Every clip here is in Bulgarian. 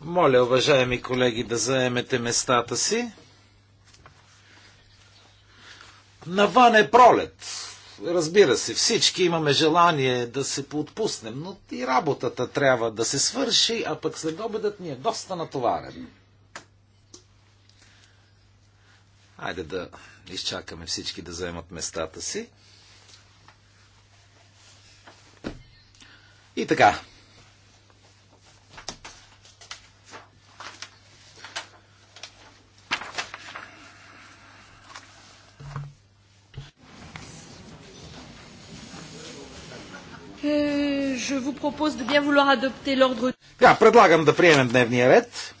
Моля, уважаеми колеги, да заемете местата си. Навън е пролет. Разбира се, всички имаме желание да се поотпуснем, но и работата трябва да се свърши, а пък след обедът ни е доста натоварен. Айде да изчакаме всички да заемат местата си. И така, Euh, je vous propose de bien vouloir adopter l'ordre. Така, предлагам да приемем дневния ред.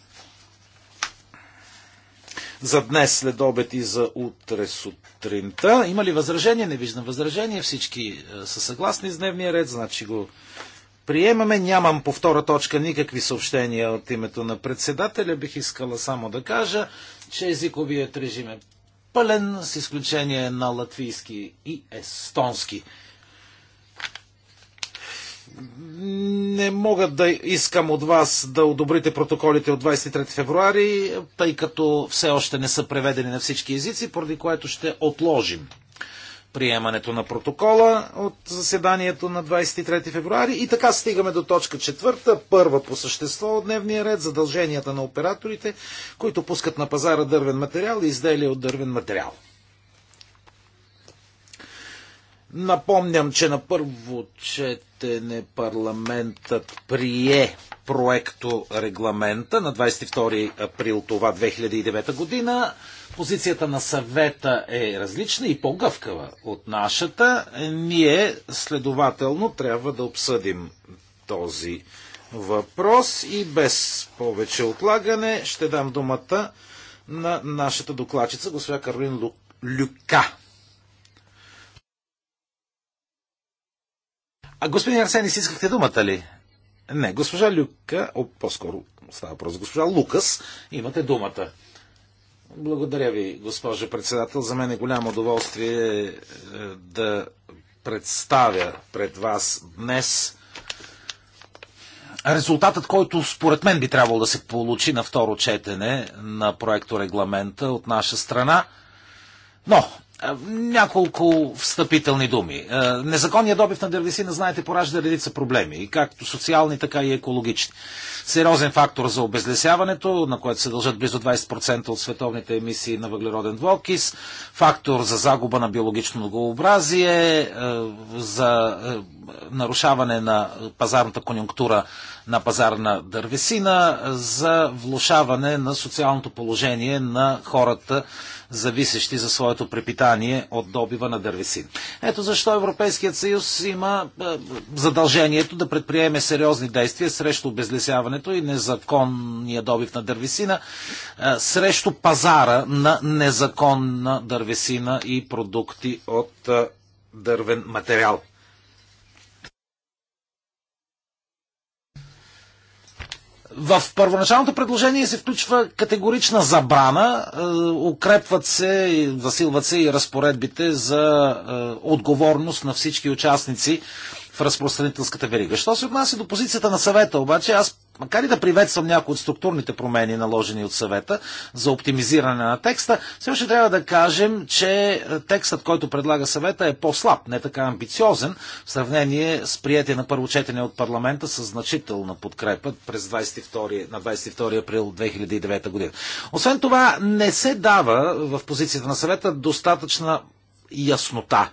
За днес, след обед и за утре сутринта. Има ли възражение? Не виждам възражение. Всички е, са съгласни с дневния ред, значи го приемаме. Нямам по втора точка никакви съобщения от името на председателя. Бих искала само да кажа, че езиковият режим е пълен, с изключение на латвийски и естонски не мога да искам от вас да одобрите протоколите от 23 февруари, тъй като все още не са преведени на всички езици, поради което ще отложим приемането на протокола от заседанието на 23 февруари. И така стигаме до точка четвърта, първа по същество от дневния ред, задълженията на операторите, които пускат на пазара дървен материал и изделия от дървен материал. Напомням, че на първо четене парламентът прие проекто регламента на 22 април това 2009 година. Позицията на съвета е различна и по-гъвкава от нашата. Ние, следователно, трябва да обсъдим този въпрос и без повече отлагане ще дам думата на нашата докладчица, госпожа Каролин Лю... Люка. А господин Арсенис, искахте думата ли? Не, госпожа Люка, о, по-скоро става въпрос госпожа Лукас, имате думата. Благодаря ви, госпожо председател. За мен е голямо удоволствие е, да представя пред вас днес резултатът, който според мен би трябвало да се получи на второ четене на проекто регламента от наша страна. Но е, няколко встъпителни думи. Е, незаконният добив на дървесина, знаете, поражда редица проблеми, и както социални, така и екологични. Сериозен фактор за обезлесяването, на което се дължат близо 20% от световните емисии на въглероден двокис, фактор за загуба на биологично многообразие, е, за нарушаване на пазарната конюнктура на пазарна дървесина, за влушаване на социалното положение на хората, зависещи за своето препитание от добива на дървесин. Ето защо Европейският съюз има е, задължението да предприеме сериозни действия срещу обезлесяването и незаконния добив на дървесина, е, срещу пазара на незаконна дървесина и продукти от е, дървен материал. В първоначалното предложение се включва категорична забрана, е, укрепват се, засилват се и разпоредбите за е, отговорност на всички участници в разпространителската верига. Що се отнася до позицията на съвета, обаче аз макар и да приветствам някои от структурните промени, наложени от съвета за оптимизиране на текста, все още трябва да кажем, че е, текстът, който предлага съвета е по-слаб, не така амбициозен в сравнение с приятие на първо четене от парламента с значителна подкрепа през 22, на 22 април 2009 година. Освен това, не се дава в позицията на съвета достатъчна яснота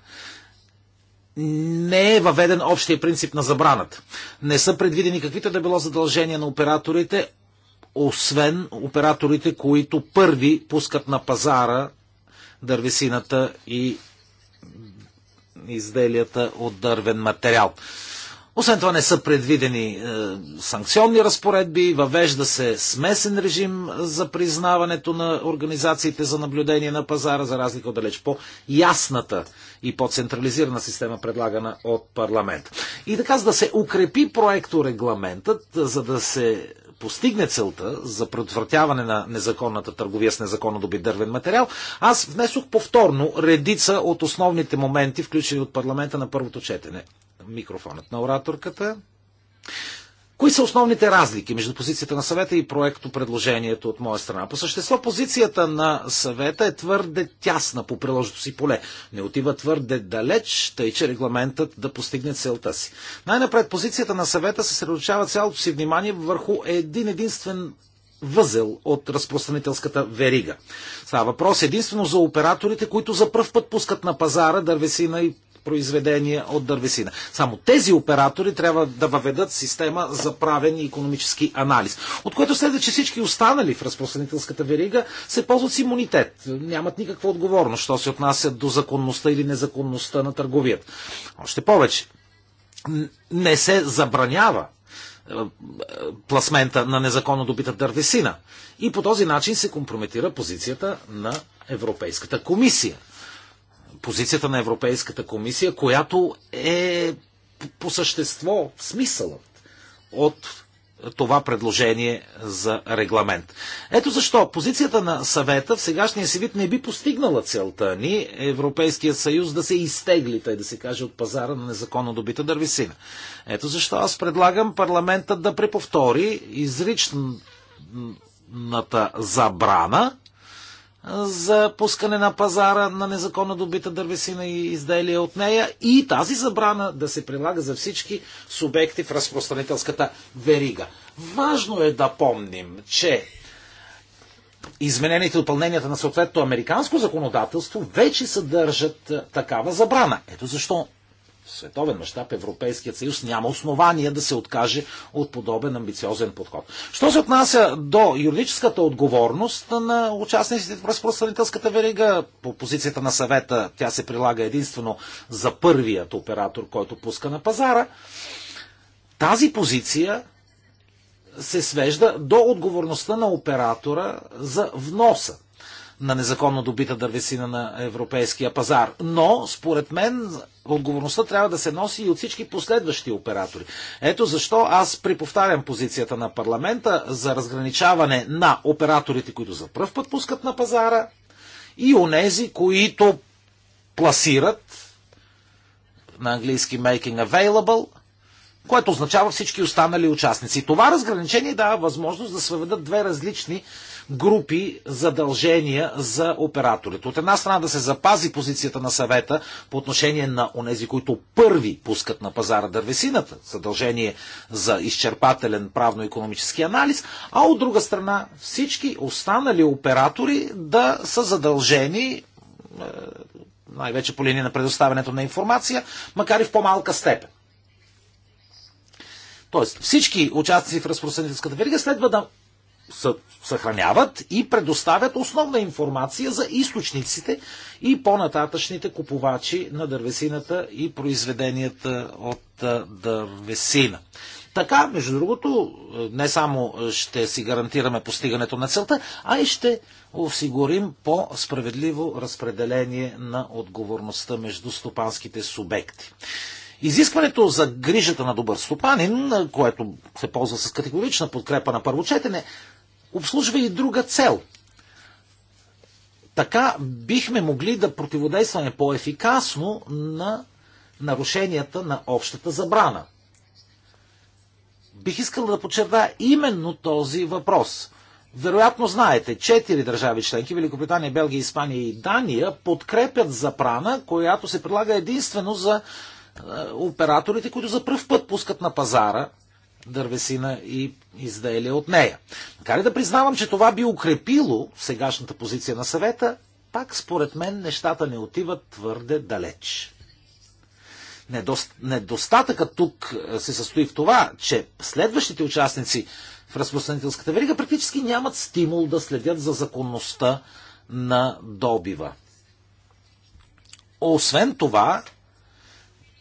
не е въведен общия принцип на забраната. Не са предвидени каквито да било задължения на операторите, освен операторите, които първи пускат на пазара дървесината и изделията от дървен материал. Освен това не са предвидени е, санкционни разпоредби, въвежда се смесен режим за признаването на организациите за наблюдение на пазара, за разлика от далеч по-ясната и по-централизирана система, предлагана от парламент. И така, за да се укрепи проекторегламентът, за да се постигне целта за предотвратяване на незаконната търговия с незаконно добит дървен материал, аз внесох повторно редица от основните моменти, включени от парламента на първото четене. Микрофонът на ораторката. Кои са основните разлики между позицията на съвета и проекто предложението от моя страна? По същество позицията на съвета е твърде тясна по приложното си поле. Не отива твърде далеч, тъй че регламентът да постигне целта си. Най-напред позицията на съвета се средочава цялото си внимание върху един единствен възел от разпространителската верига. Става въпрос единствено за операторите, които за първ път пускат на пазара дървесина и произведения от дървесина. Само тези оператори трябва да въведат система за правен и економически анализ, от което следва, че всички останали в разпространителската верига се ползват с имунитет. Нямат никаква отговорност, що се отнасят до законността или незаконността на търговията. Още повече, не се забранява е, е, пласмента на незаконно добита дървесина. И по този начин се компрометира позицията на Европейската комисия позицията на Европейската комисия, която е по същество смисълът от това предложение за регламент. Ето защо позицията на съвета в сегашния си вид не би постигнала целта ни Европейския съюз да се изтегли, тъй да се каже, от пазара на незаконно добита дървесина. Ето защо аз предлагам парламентът да преповтори изричната забрана за пускане на пазара на незаконно добита дървесина и изделия от нея и тази забрана да се прилага за всички субекти в разпространителската верига. Важно е да помним, че изменените допълненията на съответно американско законодателство вече съдържат такава забрана. Ето защо в световен мащаб Европейският съюз няма основания да се откаже от подобен амбициозен подход. Що се отнася до юридическата отговорност на участниците в разпространителската верига, по позицията на съвета тя се прилага единствено за първият оператор, който пуска на пазара, тази позиция се свежда до отговорността на оператора за вноса на незаконно добита дървесина на европейския пазар. Но, според мен, отговорността трябва да се носи и от всички последващи оператори. Ето защо аз приповтарям позицията на парламента за разграничаване на операторите, които за пръв път пускат на пазара и онези, които пласират на английски making available, което означава всички останали участници. Това разграничение дава възможност да сведат две различни групи задължения за операторите. От една страна да се запази позицията на съвета по отношение на онези, които първи пускат на пазара дървесината, задължение за изчерпателен правно-економически анализ, а от друга страна всички останали оператори да са задължени е, най-вече по линия на предоставянето на информация, макар и в по-малка степен. Тоест, всички участници в разпространителската верига следва да съхраняват и предоставят основна информация за източниците и по-нататъчните купувачи на дървесината и произведенията от дървесина. Така, между другото, не само ще си гарантираме постигането на целта, а и ще осигурим по-справедливо разпределение на отговорността между стопанските субекти. Изискването за грижата на добър стопанин, което се ползва с категорична подкрепа на първо четене, обслужва и друга цел. Така бихме могли да противодействаме по-ефикасно на нарушенията на общата забрана. Бих искал да подчертая именно този въпрос. Вероятно знаете, четири държави членки, Великобритания, Белгия, Испания и Дания, подкрепят забрана, която се прилага единствено за е, операторите, които за първ път пускат на пазара дървесина и изделия от нея. Макар и да признавам, че това би укрепило сегашната позиция на съвета, пак според мен нещата не отиват твърде далеч. Недостатъкът тук е, се състои в това, че следващите участници в разпространителската верига практически нямат стимул да следят за законността на добива. Освен това,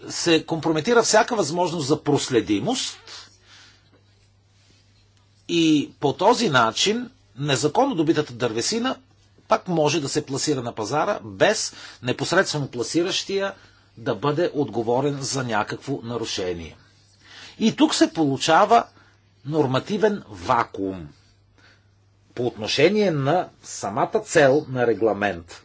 се компрометира всяка възможност за проследимост и по този начин незаконно добитата дървесина пак може да се пласира на пазара, без непосредствено пласиращия да бъде отговорен за някакво нарушение. И тук се получава нормативен вакуум по отношение на самата цел на регламент.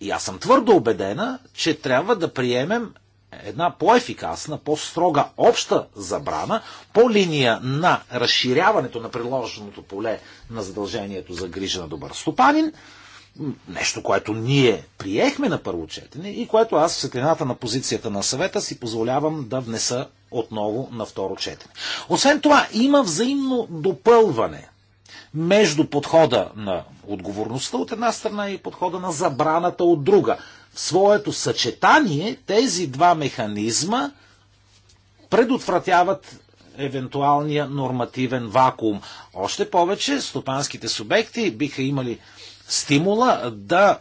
И аз съм твърдо убедена, че трябва да приемем една по-ефикасна, по-строга обща забрана по линия на разширяването на приложеното поле на задължението за грижа на добър стопанин, нещо, което ние приехме на първо четене и което аз в светлината на позицията на съвета си позволявам да внеса отново на второ четене. Освен това, има взаимно допълване между подхода на отговорността от една страна и подхода на забраната от друга в своето съчетание тези два механизма предотвратяват евентуалния нормативен вакуум. Още повече стопанските субекти биха имали стимула да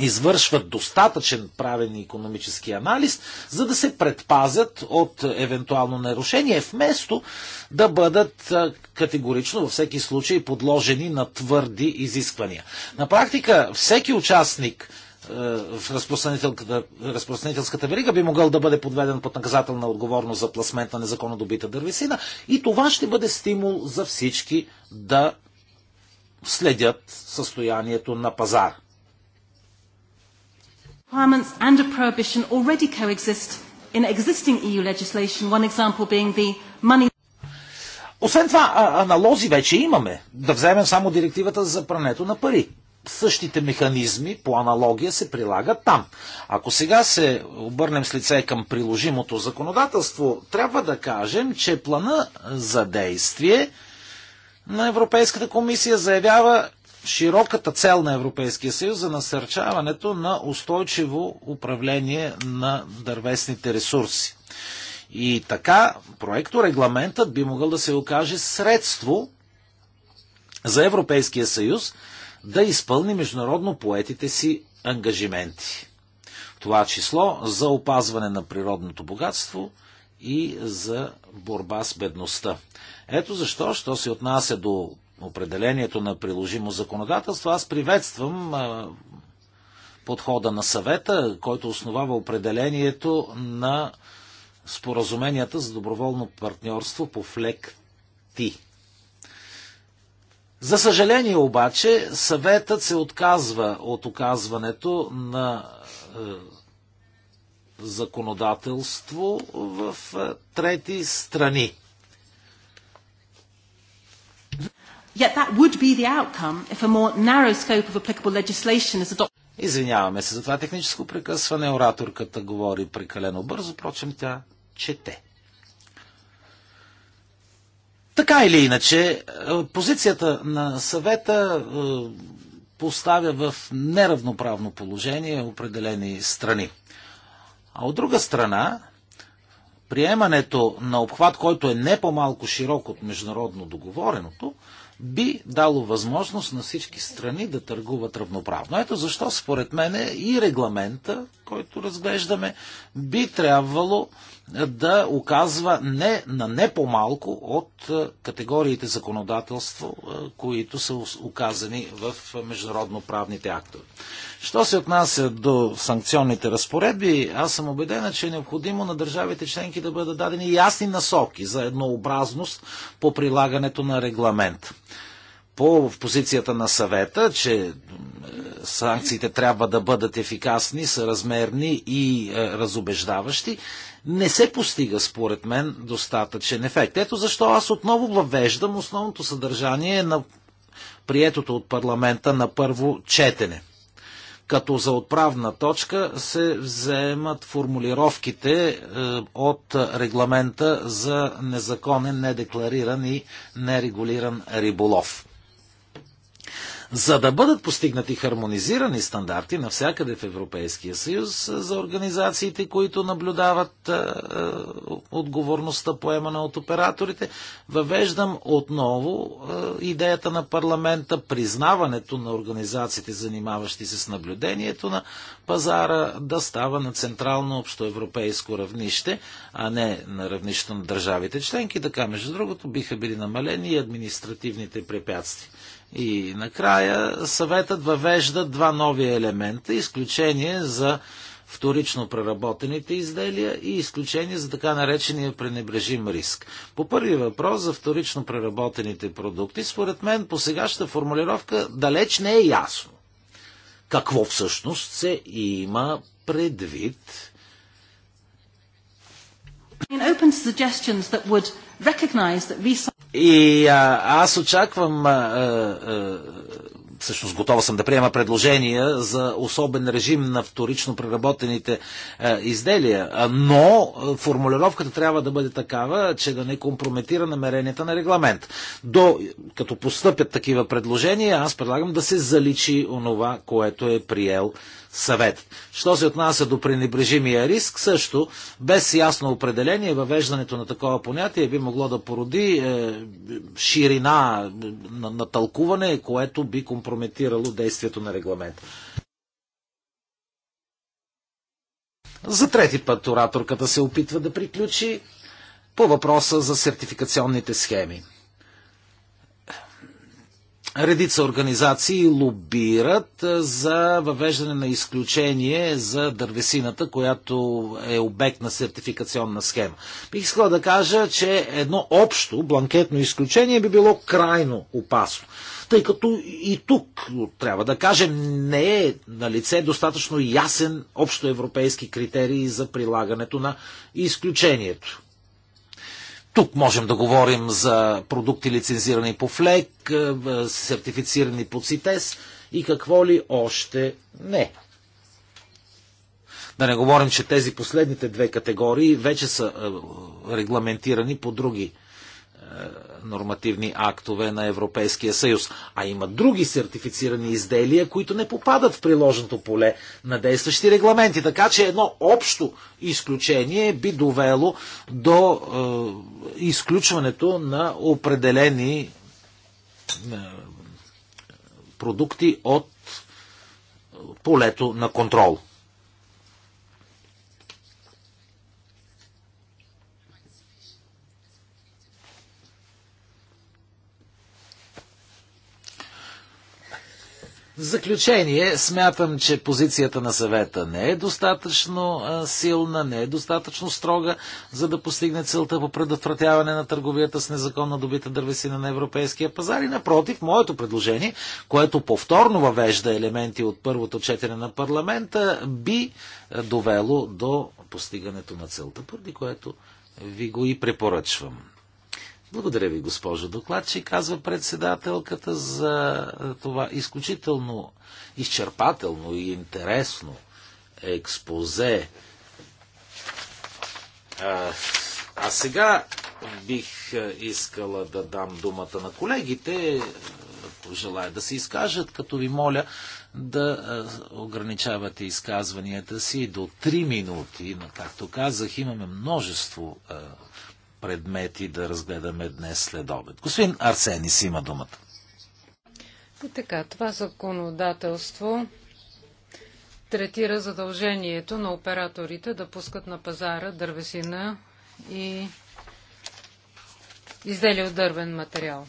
извършват достатъчен правен и економически анализ, за да се предпазят от евентуално нарушение, вместо да бъдат категорично във всеки случай подложени на твърди изисквания. На практика всеки участник е, в разпространителската верига би могъл да бъде подведен под наказателна отговорност за пласмент на незаконно добита дървесина. И това ще бъде стимул за всички да следят състоянието на пазар. Requirements and a prohibition already coexist in existing EU legislation, one example being the money освен това, аналози вече имаме. Да вземем само директивата за прането на пари същите механизми по аналогия се прилагат там. Ако сега се обърнем с лице към приложимото законодателство, трябва да кажем, че плана за действие на Европейската комисия заявява широката цел на Европейския съюз за насърчаването на устойчиво управление на дървесните ресурси. И така, проекторегламентът би могъл да се окаже средство за Европейския съюз да изпълни международно поетите си ангажименти. В това число за опазване на природното богатство и за борба с бедността. Ето защо, що се отнася до определението на приложимо законодателство, аз приветствам подхода на съвета, който основава определението на споразуменията за доброволно партньорство по флек ти. За съжаление обаче, съветът се отказва от оказването на е, законодателство в е, трети страни. Извиняваме се за това техническо прекъсване. Ораторката говори прекалено бързо, впрочем тя чете. Така или иначе, е, позицията на съвета е, поставя в неравноправно положение определени страни. А от друга страна, приемането на обхват, който е не по-малко широк от международно договореното, би дало възможност на всички страни да търгуват равноправно. Ето защо, според мен, и регламента който разглеждаме, би трябвало да оказва не на не по-малко от е, категориите законодателство, е, които са оказани в международно-правните актове. Що се отнася до санкционните разпоредби, аз съм убедена, че е необходимо на държавите членки да бъдат дадени ясни насоки за еднообразност по прилагането на регламент по в позицията на съвета, че е, санкциите трябва да бъдат ефикасни, съразмерни и е, разобеждаващи, не се постига, според мен, достатъчен ефект. Ето защо аз отново въвеждам основното съдържание на приетото от парламента на първо четене. Като за отправна точка се вземат формулировките е, от регламента за незаконен, недеклариран и нерегулиран риболов за да бъдат постигнати хармонизирани стандарти навсякъде в Европейския съюз е, за организациите, които наблюдават е, е, отговорността поемана от операторите, въвеждам отново е, идеята на парламента, признаването на организациите, занимаващи се с наблюдението на пазара да става на централно общоевропейско равнище, а не на равнището на държавите членки. Така, между другото, биха били намалени и административните препятствия. И накрая съветът въвежда два нови елемента. Изключение за вторично преработените изделия и изключение за така наречения пренебрежим риск. По първи въпрос за вторично преработените продукти, според мен по сегашната формулировка далеч не е ясно. Какво всъщност се има предвид? In open suggestions that would recognize that и а, аз очаквам, а, а, всъщност готова съм да приема предложения за особен режим на вторично преработените а, изделия, но формулировката трябва да бъде такава, че да не компрометира намеренията на регламент. До, като постъпят такива предложения, аз предлагам да се заличи онова, което е приел съвет. Що се отнася до пренебрежимия риск, също без ясно определение въвеждането на такова понятие би могло да породи е, ширина на, на тълкуване, което би компрометирало действието на регламент. За трети път ораторката се опитва да приключи по въпроса за сертификационните схеми редица организации лобират за въвеждане на изключение за дървесината, която е обект на сертификационна схема. Бих искал да кажа, че едно общо бланкетно изключение би било крайно опасно. Тъй като и тук, трябва да кажем, не е на лице достатъчно ясен общоевропейски критерий за прилагането на изключението. Тук можем да говорим за продукти лицензирани по ФЛЕК, е, е, сертифицирани по ЦИТЕС и какво ли още не. Да не говорим, че тези последните две категории вече са е, регламентирани по други е, нормативни актове на Европейския съюз. А има други сертифицирани изделия, които не попадат в приложното поле на действащи регламенти. Така че едно общо изключение би довело до е, изключването на определени е, продукти от полето на контрол. В заключение, смятам, че позицията на съвета не е достатъчно силна, не е достатъчно строга, за да постигне целта по предотвратяване на търговията с незаконно добита дървесина на европейския пазар. И напротив, моето предложение, което повторно въвежда елементи от първото четене на парламента, би довело до постигането на целта, поради което ви го и препоръчвам. Благодаря ви, госпожо докладчи, казва председателката за е, това изключително изчерпателно и интересно експозе. А, а сега бих е, искала да дам думата на колегите, е, ако желая да се изкажат, като ви моля да ограничавате изказванията си до 3 минути. Но, както казах, имаме множество предмети да разгледаме днес след обед. Господин Арсенис има думата. И така, това законодателство третира задължението на операторите да пускат на пазара дървесина и изделия от дървен материал.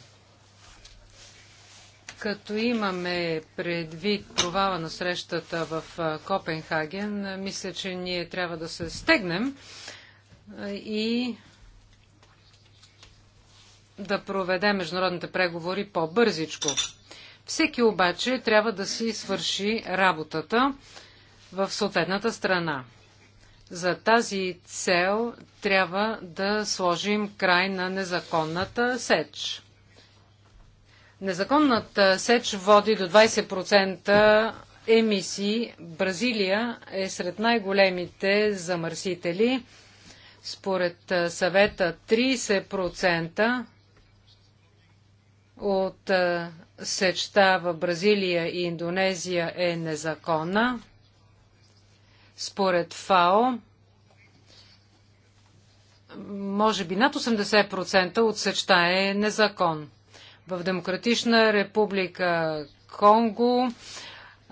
Като имаме предвид провала на срещата в Копенхаген, мисля, че ние трябва да се стегнем и да проведе международните преговори по-бързичко. Всеки обаче трябва да си свърши работата в съответната страна. За тази цел трябва да сложим край на незаконната сеч. Незаконната сеч води до 20% емисии. Бразилия е сред най-големите замърсители. Според съвета 30% от е, сечта в Бразилия и Индонезия е незаконна. Според ФАО, може би над 80% от сечта е незакон. В Демократична република Конго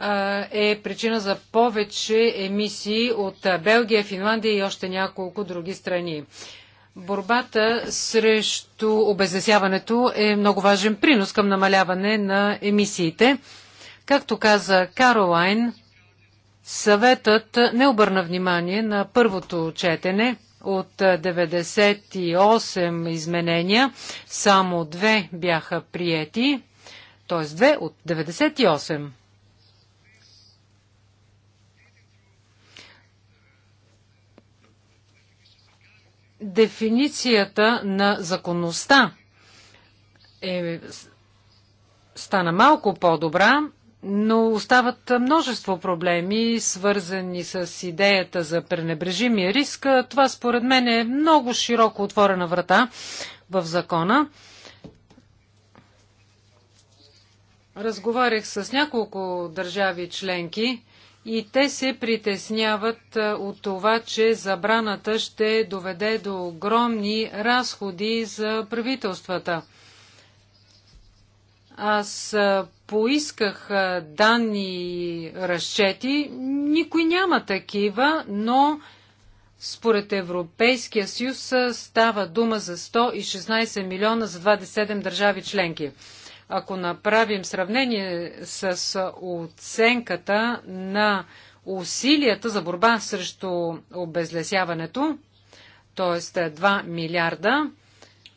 е, е причина за повече емисии от Белгия, Финландия и още няколко други страни. Борбата срещу обезлесяването е много важен принос към намаляване на емисиите. Както каза Каролайн, съветът не обърна внимание на първото четене от 98 изменения, само две бяха приети, т.е. две от 98. дефиницията на законността е, стана малко по-добра, но остават множество проблеми, свързани с идеята за пренебрежимия риск. Това според мен е много широко отворена врата в закона. Разговарях с няколко държави членки и те се притесняват от това, че забраната ще доведе до огромни разходи за правителствата. Аз поисках данни и разчети. Никой няма такива, но според Европейския съюз става дума за 116 милиона за 27 държави членки. Ако направим сравнение с оценката на усилията за борба срещу обезлесяването, т.е. 2 милиарда,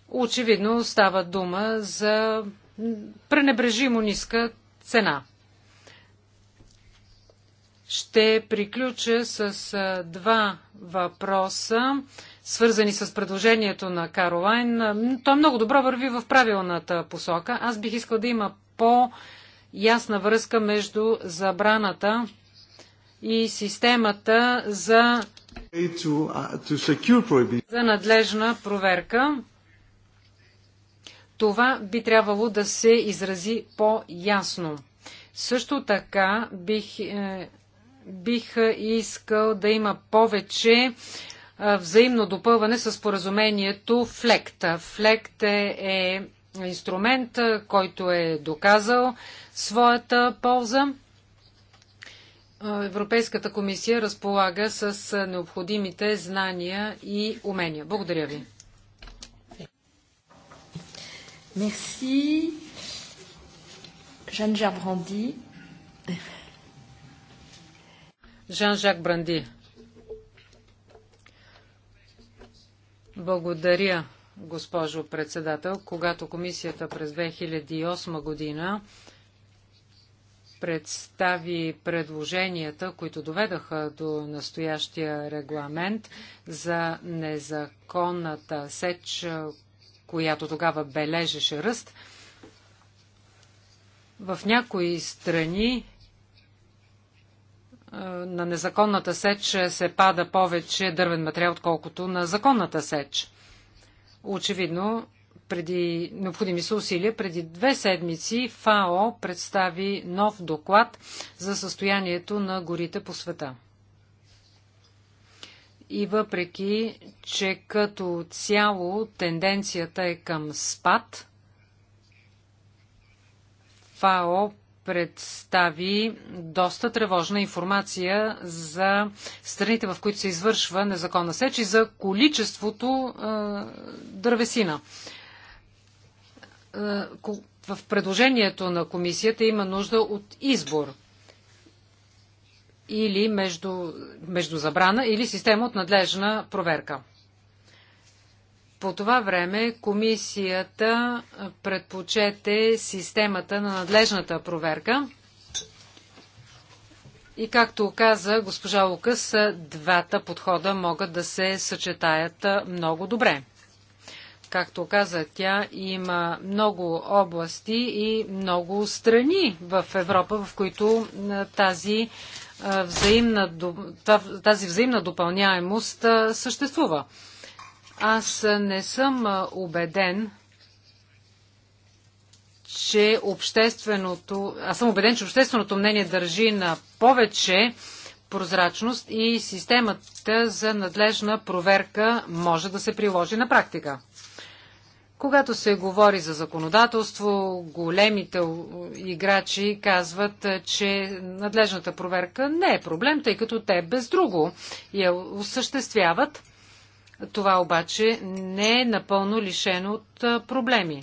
очевидно става дума за пренебрежимо ниска цена. Ще приключа с два въпроса, свързани с предложението на Каролайн. То е много добро, върви в правилната посока. Аз бих искал да има по-ясна връзка между забраната и системата за, uh, за надлежна проверка. Това би трябвало да се изрази по-ясно. Също така бих, е, бих искал да има повече взаимно допълване с поразумението ФЛЕКТ. ФЛЕКТ е, е инструмент, който е доказал своята полза. Европейската комисия разполага с необходимите знания и умения. Благодаря ви. Мерси. Жан-Жак Бранди. Жан-Жак Бранди. Благодаря, госпожо председател. Когато комисията през 2008 година представи предложенията, които доведаха до настоящия регламент за незаконната сеч, която тогава бележеше ръст, в някои страни на незаконната сеч се пада повече дървен материал, отколкото на законната сеч. Очевидно, преди, необходими са усилия. Преди две седмици ФАО представи нов доклад за състоянието на горите по света. И въпреки, че като цяло тенденцията е към спад, ФАО представи доста тревожна информация за страните, в които се извършва незаконна сеч и за количеството е, дървесина. Е, в предложението на комисията има нужда от избор или между, между забрана или система от надлежна проверка. По това време комисията предпочете системата на надлежната проверка. И както каза госпожа Лукас, двата подхода могат да се съчетаят много добре. Както каза тя, има много области и много страни в Европа, в които тази взаимна, тази взаимна допълняемост съществува. Аз не съм убеден, че общественото, аз съм убеден, че общественото мнение държи на повече прозрачност и системата за надлежна проверка може да се приложи на практика. Когато се говори за законодателство, големите играчи казват, че надлежната проверка не е проблем, тъй като те без друго я осъществяват. Това обаче не е напълно лишено от проблеми.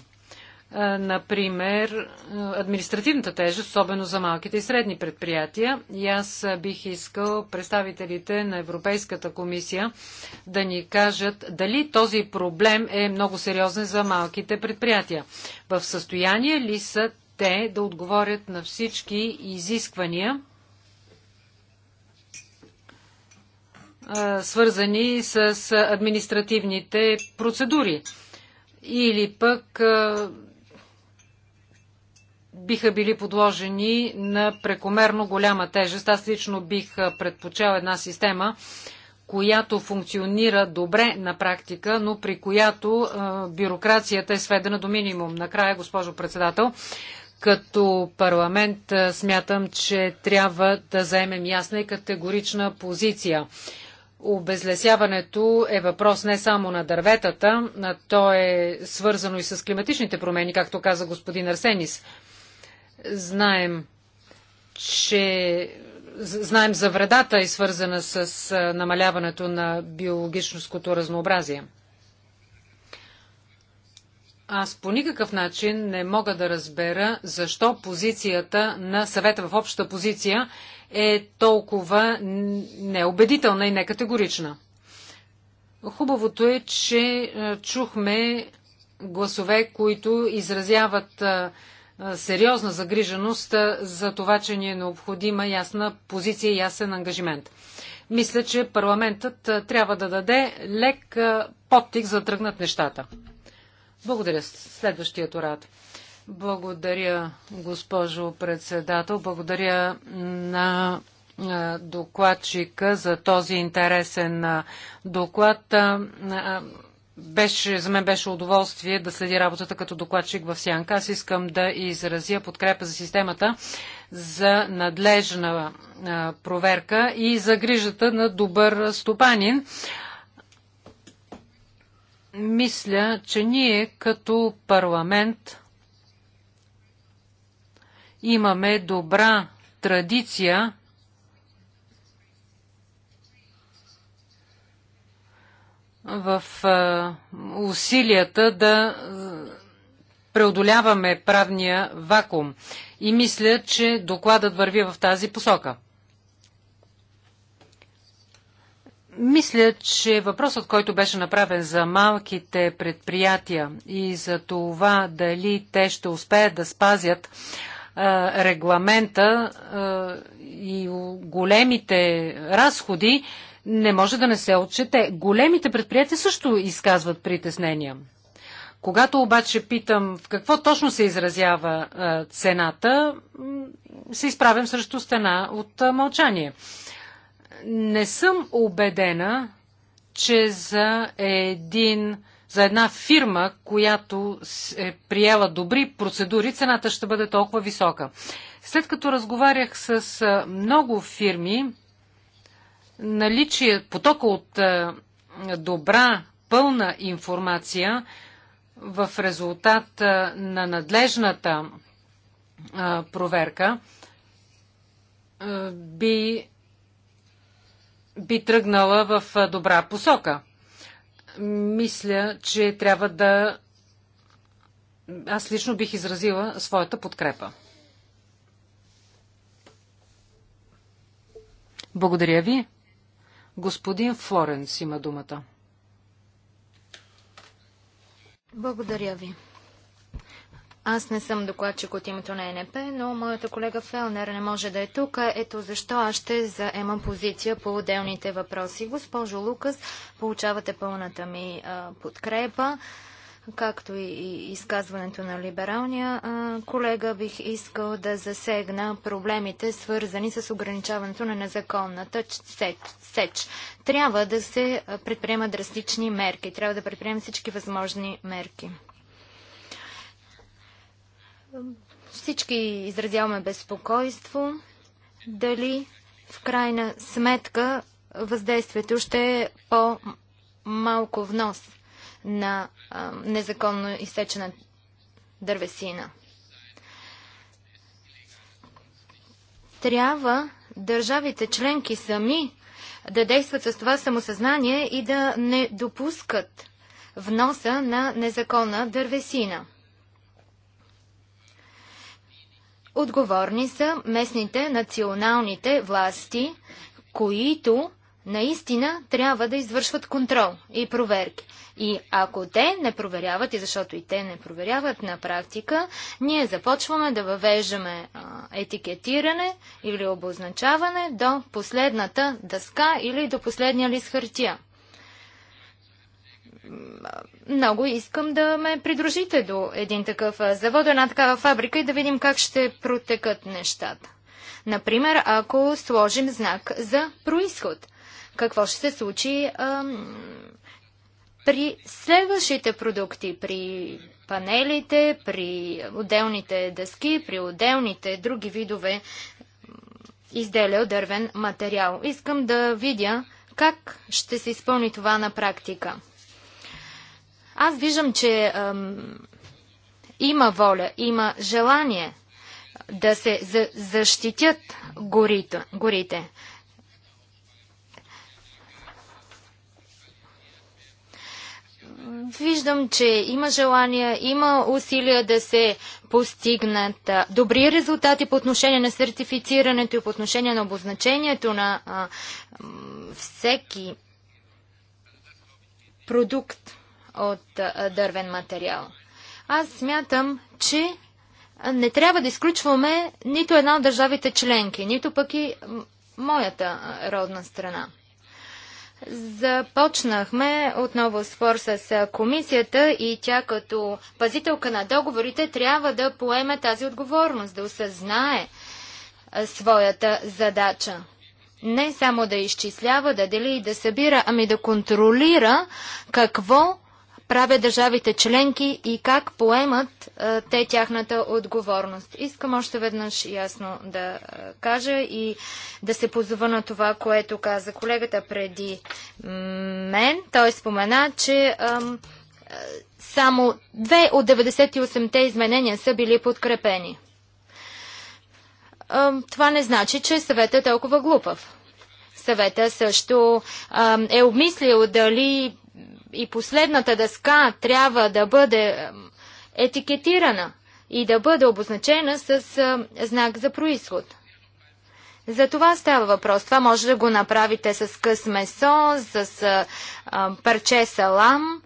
Например, административната тежест, особено за малките и средни предприятия. И аз бих искал представителите на Европейската комисия да ни кажат дали този проблем е много сериозен за малките предприятия. В състояние ли са те да отговорят на всички изисквания свързани с административните процедури. Или пък биха били подложени на прекомерно голяма тежест. Аз лично бих предпочел една система, която функционира добре на практика, но при която бюрокрацията е сведена до минимум. Накрая, госпожо председател, като парламент смятам, че трябва да заемем ясна и категорична позиция Обезлесяването е въпрос не само на дърветата, а то е свързано и с климатичните промени, както каза господин Арсенис. Знаем, че знаем за вредата и свързана с намаляването на биологическото разнообразие. Аз по никакъв начин не мога да разбера защо позицията на съвета в обща позиция е толкова неубедителна и некатегорична. Хубавото е, че е, чухме гласове, които изразяват е, е, сериозна загриженост за това, че ни е необходима ясна позиция и ясен ангажимент. Мисля, че парламентът трябва да даде лек подтик за да тръгнат нещата. Благодаря. Следващият орат. Благодаря, госпожо председател. Благодаря на докладчика за този интересен доклад. Беше, за мен беше удоволствие да следи работата като докладчик в Сянка. Аз искам да изразя подкрепа за системата за надлежна проверка и за грижата на добър стопанин. Мисля, че ние като парламент Имаме добра традиция в усилията да преодоляваме правния вакуум. И мисля, че докладът върви в тази посока. Мисля, че въпросът, който беше направен за малките предприятия и за това дали те ще успеят да спазят регламента и големите разходи, не може да не се отчете. Големите предприятия също изказват притеснения. Когато обаче питам в какво точно се изразява цената, се изправям срещу стена от мълчание. Не съм убедена, че за един за една фирма, която е приела добри процедури, цената ще бъде толкова висока. След като разговарях с много фирми, наличие, потока от добра, пълна информация в резултат на надлежната проверка би, би тръгнала в добра посока мисля, че трябва да. Аз лично бих изразила своята подкрепа. Благодаря ви. Господин Флоренс има думата. Благодаря ви. Аз не съм докладчик от името на ЕНП, но моята колега Фелнер не може да е тук. Ето защо аз ще заемам позиция по отделните въпроси. Госпожо Лукас, получавате пълната ми а, подкрепа, както и, и изказването на либералния а, колега. Бих искал да засегна проблемите, свързани с ограничаването на незаконната сеч. сеч. Трябва да се предприемат драстични мерки. Трябва да предприемем всички възможни мерки. Всички изразяваме безпокойство дали в крайна сметка въздействието ще е по-малко внос на а, незаконно изсечена дървесина. Трябва държавите членки сами да действат с това самосъзнание и да не допускат вноса на незаконна дървесина. Отговорни са местните националните власти, които наистина трябва да извършват контрол и проверки. И ако те не проверяват, и защото и те не проверяват на практика, ние започваме да въвеждаме етикетиране или обозначаване до последната дъска или до последния лист хартия много искам да ме придружите до един такъв завод, една такава фабрика и да видим как ще протекат нещата. Например, ако сложим знак за происход, какво ще се случи ам, при следващите продукти, при панелите, при отделните дъски, при отделните други видове изделия от дървен материал. Искам да видя как ще се изпълни това на практика. Аз виждам, че ам, има воля, има желание да се за, защитят горите. горите. Виждам, че има желание, има усилия да се постигнат добри резултати по отношение на сертифицирането и по отношение на обозначението на а, всеки продукт от дървен материал. Аз смятам, че не трябва да изключваме нито една от държавите членки, нито пък и моята родна страна. Започнахме отново спор с комисията и тя като пазителка на договорите трябва да поеме тази отговорност, да осъзнае своята задача. Не само да изчислява, да дели и да събира, ами да контролира какво правят държавите членки и как поемат а, те тяхната отговорност. Искам още веднъж ясно да а, кажа и да се позова на това, което каза колегата преди мен. Той спомена, че ам, само две от 98-те изменения са били подкрепени. Ам, това не значи, че съветът е толкова глупав. Съвета също ам, е обмислил дали и последната дъска трябва да бъде етикетирана и да бъде обозначена с знак за происход. За това става въпрос. Това може да го направите с къс месо, с е, парче салам,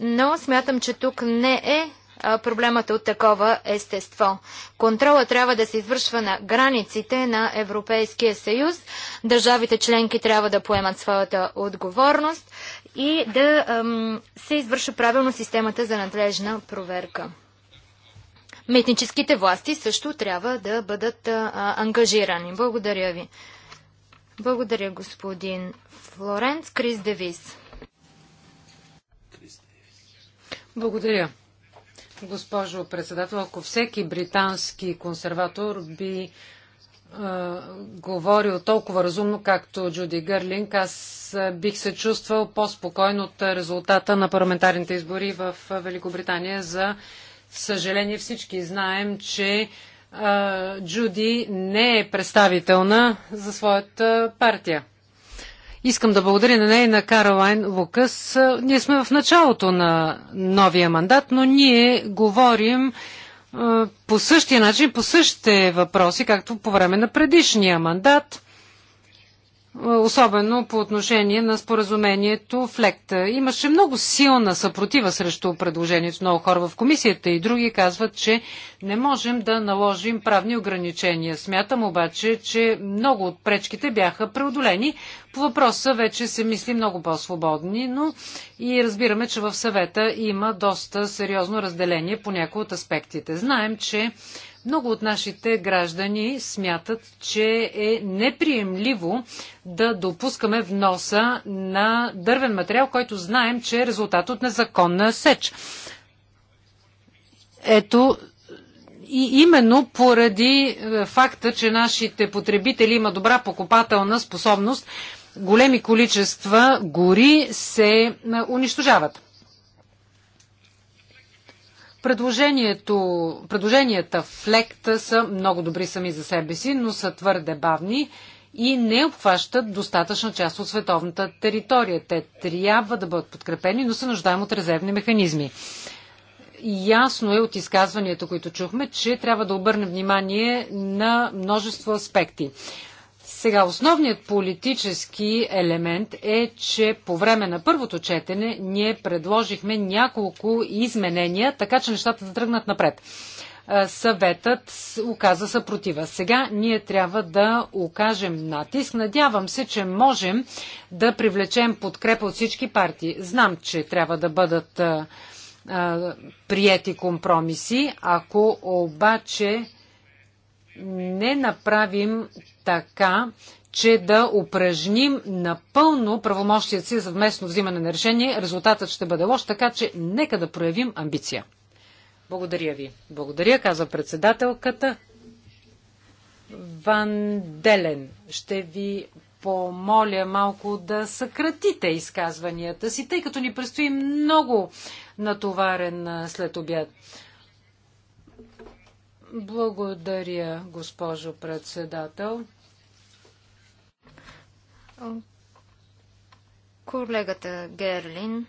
но смятам, че тук не е, е проблемът от такова естество. Контрола трябва да се извършва на границите на Европейския съюз. Държавите членки трябва да поемат своята отговорност и да ам, се извърши правилно системата за надлежна проверка. Митническите власти също трябва да бъдат а, ангажирани. Благодаря ви. Благодаря, господин Флоренц. Крис Девис. Благодаря. Госпожо председател, ако всеки британски консерватор би говорил толкова разумно, както Джуди Гърлинг, аз бих се чувствал по-спокоен от резултата на парламентарните избори в Великобритания. За съжаление всички знаем, че Джуди не е представителна за своята партия. Искам да благодаря на нея и на Каролайн Лукас. Ние сме в началото на новия мандат, но ние говорим е, по същия начин, по същите въпроси, както по време на предишния мандат особено по отношение на споразумението в лекта. Имаше много силна съпротива срещу предложението. Много хора в комисията и други казват, че не можем да наложим правни ограничения. Смятам обаче, че много от пречките бяха преодолени. По въпроса вече се мисли много по-свободни, но и разбираме, че в съвета има доста сериозно разделение по някои от аспектите. Знаем, че много от нашите граждани смятат, че е неприемливо да допускаме вноса на дървен материал, който знаем, че е резултат от незаконна сеч. Ето, и именно поради е, факта, че нашите потребители има добра покупателна способност, големи количества гори се е, унищожават. Предложението, предложенията в лекта са много добри сами за себе си, но са твърде бавни и не обхващат достатъчна част от световната територия. Те трябва да бъдат подкрепени, но се нуждаем от резервни механизми. Ясно е от изказванията, които чухме, че трябва да обърнем внимание на множество аспекти. Сега, основният политически елемент е, че по време на първото четене ние предложихме няколко изменения, така че нещата да тръгнат напред. Съветът оказа съпротива. Сега ние трябва да окажем натиск. Надявам се, че можем да привлечем подкрепа от всички партии. Знам, че трябва да бъдат а, а, приети компромиси. Ако обаче не направим така, че да упражним напълно правомощият си за вместно взимане на решение. Резултатът ще бъде лош, така че нека да проявим амбиция. Благодаря ви. Благодаря, каза председателката. Ван Делен, ще ви помоля малко да съкратите изказванията си, тъй като ни предстои много натоварен след обяд. Благодаря, госпожо председател. Колегата Герлин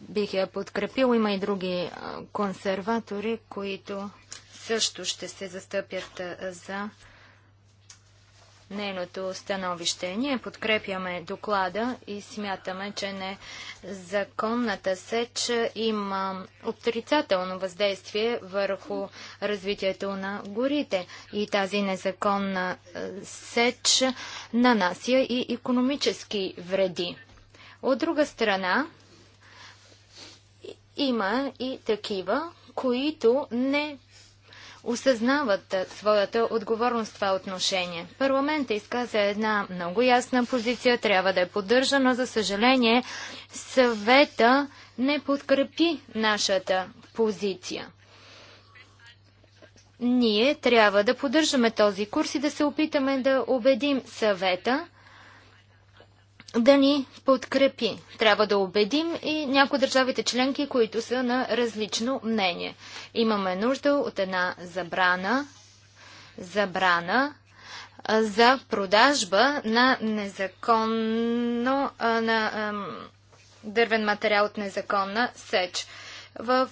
бих я подкрепил. Има и други консерватори, които също ще се застъпят за нейното становище. Ние подкрепяме доклада и смятаме, че незаконната сеч има отрицателно въздействие върху развитието на горите. И тази незаконна е, сеч нанася и економически вреди. От друга страна, има и такива, които не осъзнават своята отговорност в това отношение. Парламента изказа една много ясна позиция, трябва да е поддържана. За съжаление, съвета не подкрепи нашата позиция. Ние трябва да поддържаме този курс и да се опитаме да убедим съвета – да ни подкрепи. Трябва да убедим и някои държавите членки, които са на различно мнение. Имаме нужда от една забрана, забрана за продажба на незаконно, на дървен материал от незаконна сеч. В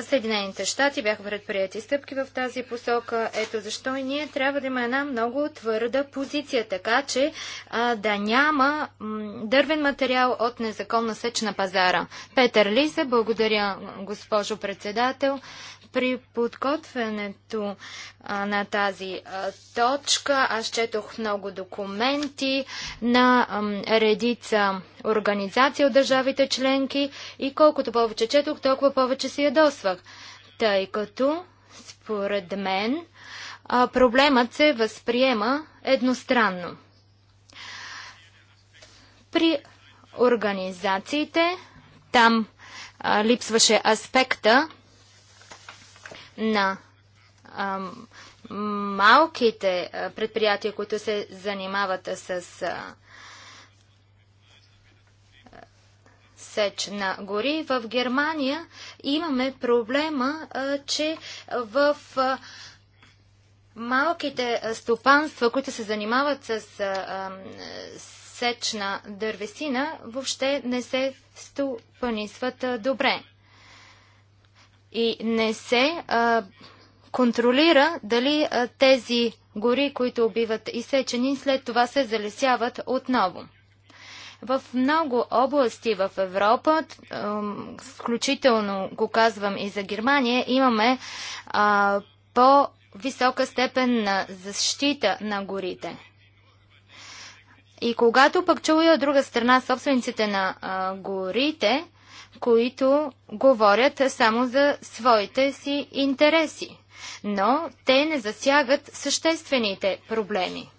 Съединените щати бяха предприяти стъпки в тази посока. Ето защо и ние трябва да има една много твърда позиция, така че а, да няма дървен материал от незаконна сеч на пазара. Петър Лиза, благодаря, госпожо председател. При подготвянето а, на тази а, точка аз четох много документи на а, редица организации от държавите членки и колкото повече четох, толкова повече си ядос. Е прекъсвах, тъй като според мен проблемът се възприема едностранно. При организациите там а, липсваше аспекта на а, малките предприятия, които се занимават с а, сеч на гори. В Германия имаме проблема, че в малките стопанства, които се занимават с сеч на дървесина, въобще не се стопанисват добре. И не се контролира дали тези гори, които убиват изсечени, след това се залесяват отново. В много области в Европа, включително го казвам и за Германия, имаме а, по висока степен на защита на горите. И когато пък чуя от друга страна собствениците на а, горите, които говорят само за своите си интереси, но те не засягат съществените проблеми.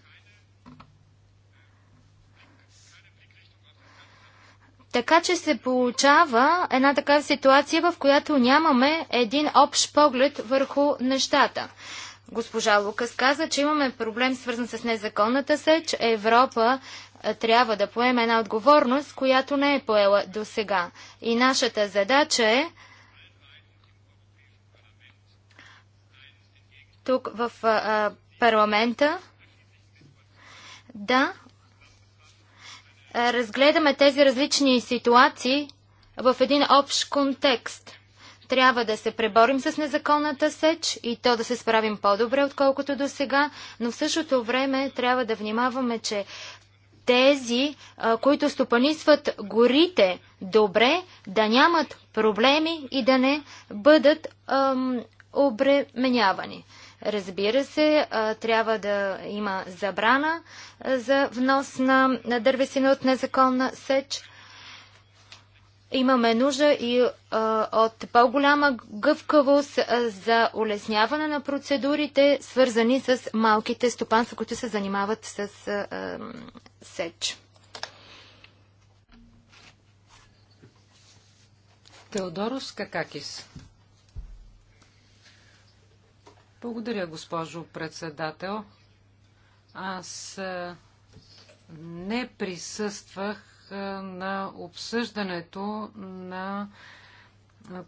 Така че се получава една такава ситуация, в която нямаме един общ поглед върху нещата. Госпожа Лукас каза, че имаме проблем свързан с незаконната сеч. Европа е, трябва да поеме една отговорност, която не е поела до сега. И нашата задача е тук в а, е, е, парламента да разгледаме тези различни ситуации в един общ контекст. Трябва да се преборим с незаконната сеч и то да се справим по-добре, отколкото до сега, но в същото време трябва да внимаваме, че тези, които стопанисват горите добре, да нямат проблеми и да не бъдат ам, обременявани. Разбира се, трябва да има забрана за внос на дървесина от незаконна сеч. Имаме нужда и а, от по-голяма гъвкавост а, за улесняване на процедурите, свързани с малките стопанства, които се занимават с а, сеч. Теодорос Какакис благодаря, госпожо председател. Аз не присъствах на обсъждането на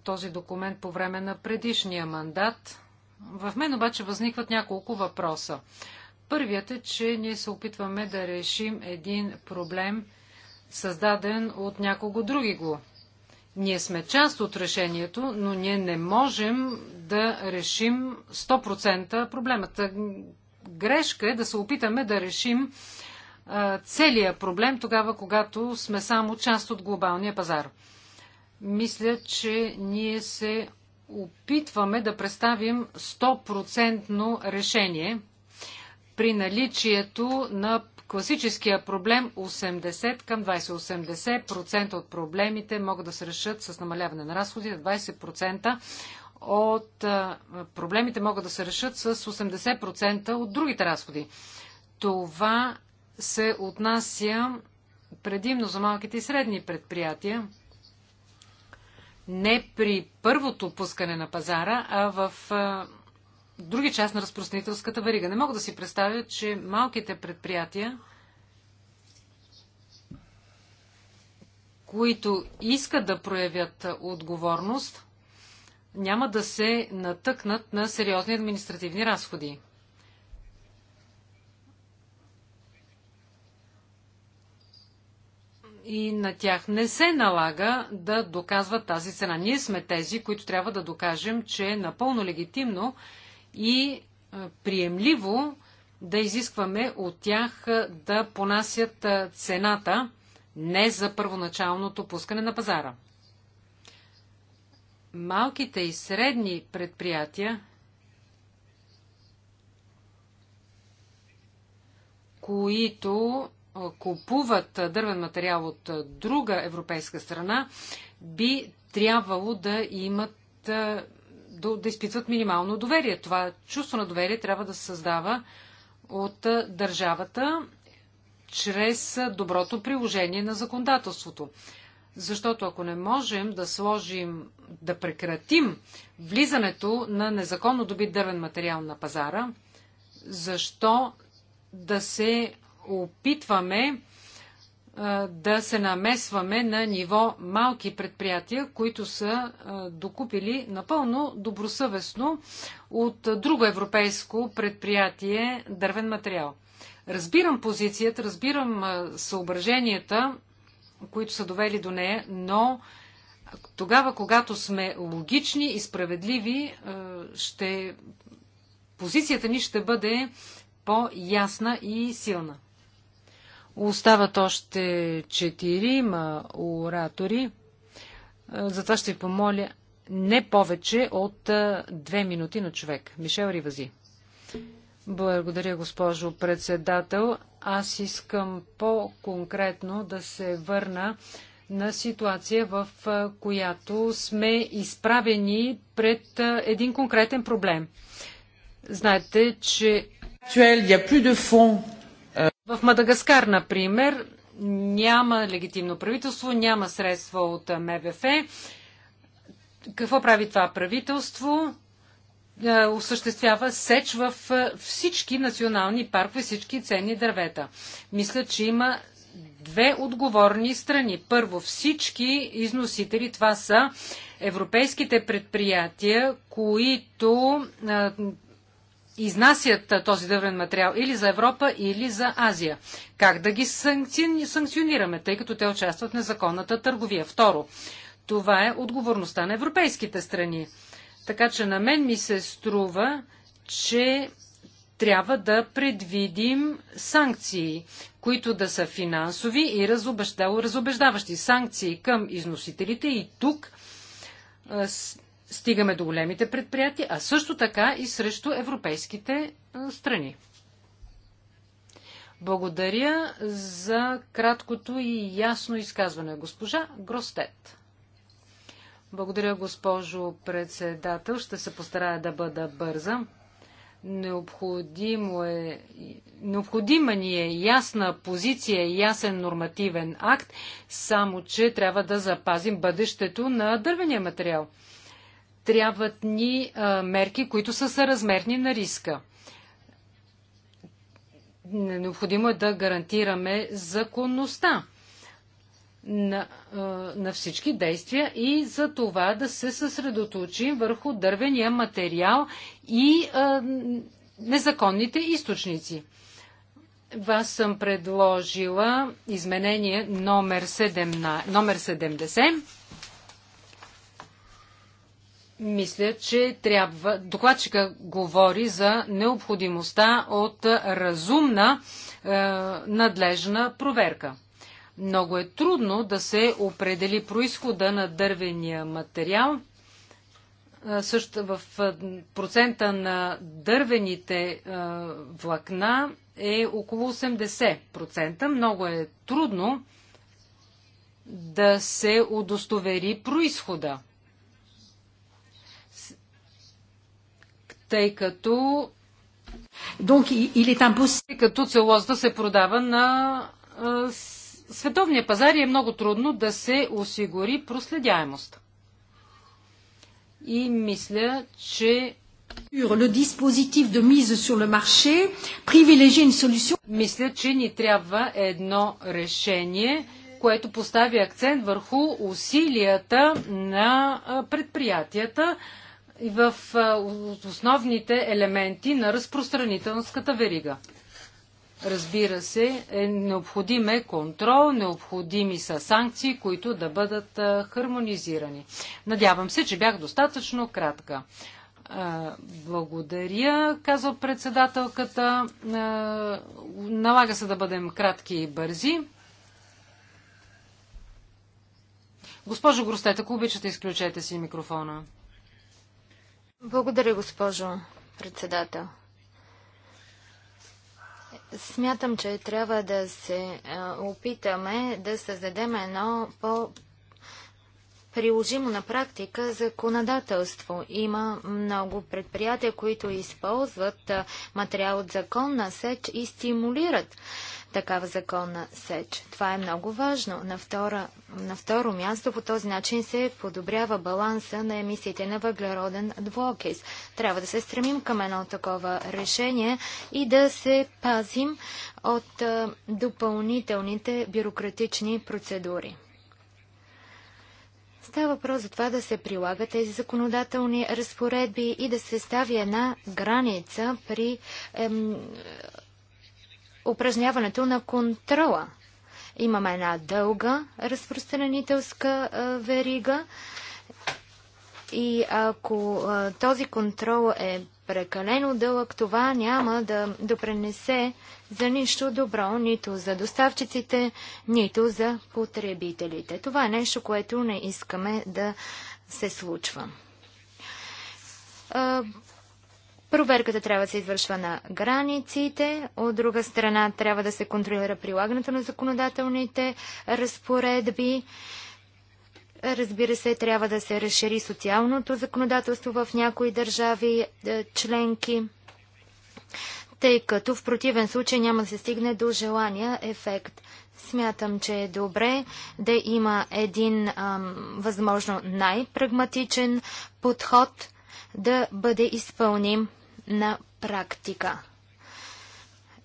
този документ по време на предишния мандат. В мен обаче възникват няколко въпроса. Първият е, че ние се опитваме да решим един проблем, създаден от някого други го ние сме част от решението, но ние не можем да решим 100% проблемата. Грешка е да се опитаме да решим целия проблем тогава, когато сме само част от глобалния пазар. Мисля, че ние се опитваме да представим 100% решение – при наличието на класическия проблем 80 към 20. 80% от проблемите могат да се решат с намаляване на разходите, 20% от проблемите могат да се решат с 80% от другите разходи. Това се отнася предимно за малките и средни предприятия, не при първото пускане на пазара, а в други част на разпространителската варига. Не мога да си представя, че малките предприятия, които искат да проявят отговорност, няма да се натъкнат на сериозни административни разходи. и на тях не се налага да доказват тази цена. Ние сме тези, които трябва да докажем, че е напълно легитимно и приемливо да изискваме от тях да понасят цената не за първоначалното пускане на пазара. Малките и средни предприятия, които купуват дървен материал от друга европейска страна, би трябвало да имат да, да изпитват минимално доверие. Това чувство на доверие трябва да се създава от държавата чрез доброто приложение на законодателството. Защото ако не можем да сложим, да прекратим влизането на незаконно добит дървен материал на пазара, защо да се опитваме да се намесваме на ниво малки предприятия, които са докупили напълно добросъвестно от друго европейско предприятие дървен материал. Разбирам позицията, разбирам съображенията, които са довели до нея, но тогава, когато сме логични и справедливи, ще... позицията ни ще бъде по-ясна и силна. Остават още четирима оратори. Е, затова ще ви помоля не повече от е, две минути на човек. Мишел Ривази. Благодаря, госпожо председател. Аз искам по-конкретно да се върна на ситуация, в е, която сме изправени пред един конкретен проблем. Знаете, че в Мадагаскар, например, няма легитимно правителство, няма средства от МВФ. Какво прави това правителство? Е, осъществява сеч в е, всички национални паркове, всички ценни дървета. Мисля, че има две отговорни страни. Първо, всички износители, това са европейските предприятия, които е, изнасят този дървен материал или за Европа, или за Азия. Как да ги санкционираме, тъй като те участват в незаконната търговия? Второ, това е отговорността на европейските страни. Така че на мен ми се струва, че трябва да предвидим санкции, които да са финансови и разобеждаващи санкции към износителите и тук стигаме до големите предприятия, а също така и срещу европейските страни. Благодаря за краткото и ясно изказване. Госпожа Гростет. Благодаря, госпожо председател. Ще се постарая да бъда бърза. Необходимо е, необходима ни е ясна позиция, ясен нормативен акт, само че трябва да запазим бъдещето на дървения материал. Трябват ни а, мерки, които са съразмерни на риска. Необходимо е да гарантираме законността на, на всички действия и за това да се съсредоточим върху дървения материал и а, незаконните източници. Вас съм предложила изменение номер, 7, номер 70 мисля, че трябва. Докладчика говори за необходимостта от разумна е, надлежна проверка. Много е трудно да се определи происхода на дървения материал. Е, също в е, процента на дървените е, влакна е около 80%. Много е трудно да се удостовери происхода. тъй като Donc, il est impossible... тъй като целозата се продава на а, световния пазар и е много трудно да се осигури проследяемост. И мисля, че Le dispositif de mise sur le marché privilégie une solution. Мисля, че ни трябва едно решение, което поставя акцент върху усилията на предприятията в основните елементи на разпространителската верига. Разбира се, е необходим е контрол, необходими са санкции, които да бъдат хармонизирани. Надявам се, че бях достатъчно кратка. Благодаря, казва председателката. Налага се да бъдем кратки и бързи. Госпожо Гростет, ако обичате, изключете си микрофона. Благодаря, госпожо председател. Смятам, че трябва да се опитаме да създадем едно по приложимо на практика законодателство. Има много предприятия, които използват материал от законна сеч и стимулират такава законна сеч. Това е много важно. На, втора, на второ място по този начин се подобрява баланса на емисиите на въглероден двуокис. Трябва да се стремим към едно такова решение и да се пазим от а, допълнителните бюрократични процедури. Става въпрос за това да се прилагат тези законодателни разпоредби и да се стави една граница при ем, упражняването на контрола. Имаме една дълга разпространителска верига и ако този контрол е прекалено дълъг, това няма да допренесе за нищо добро, нито за доставчиците, нито за потребителите. Това е нещо, което не искаме да се случва. Проверката трябва да се извършва на границите, от друга страна трябва да се контролира прилагането на законодателните разпоредби. Разбира се, трябва да се разшири социалното законодателство в някои държави е, членки, тъй като в противен случай няма да се стигне до желания ефект. Смятам, че е добре да има един ам, възможно най-прагматичен подход да бъде изпълним на практика.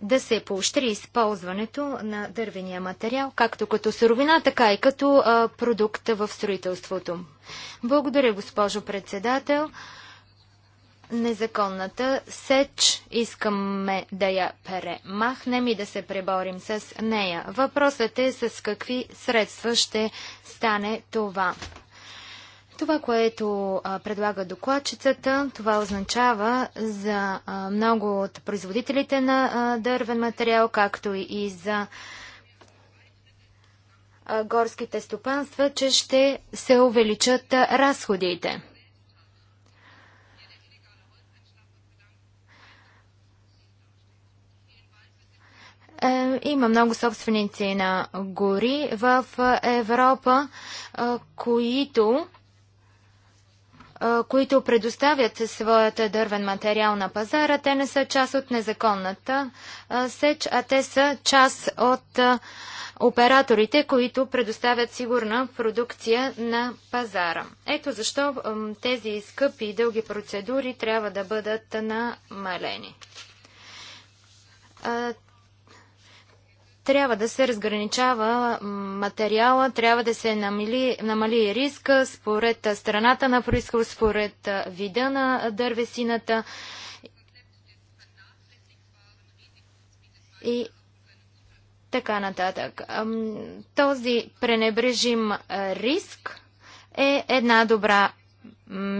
Да се поощри използването на дървения материал, както като суровина, така и като а, продукт в строителството. Благодаря, госпожо председател. Незаконната сеч искаме да я премахнем и да се преборим с нея. Въпросът е с какви средства ще стане това. Това, което а, предлага докладчицата, това означава за а, много от производителите на а, дървен материал, както и за горските стопанства, че ще се увеличат разходите. Е, има много собственици на гори в Европа, които които предоставят своята дървен материал на пазара, те не са част от незаконната сеч, а те са част от операторите, които предоставят сигурна продукция на пазара. Ето защо тези скъпи и дълги процедури трябва да бъдат намалени. Трябва да се разграничава материала, трябва да се намали, намали риска според страната на происход, според вида на дървесината. И така нататък. Този пренебрежим риск е една добра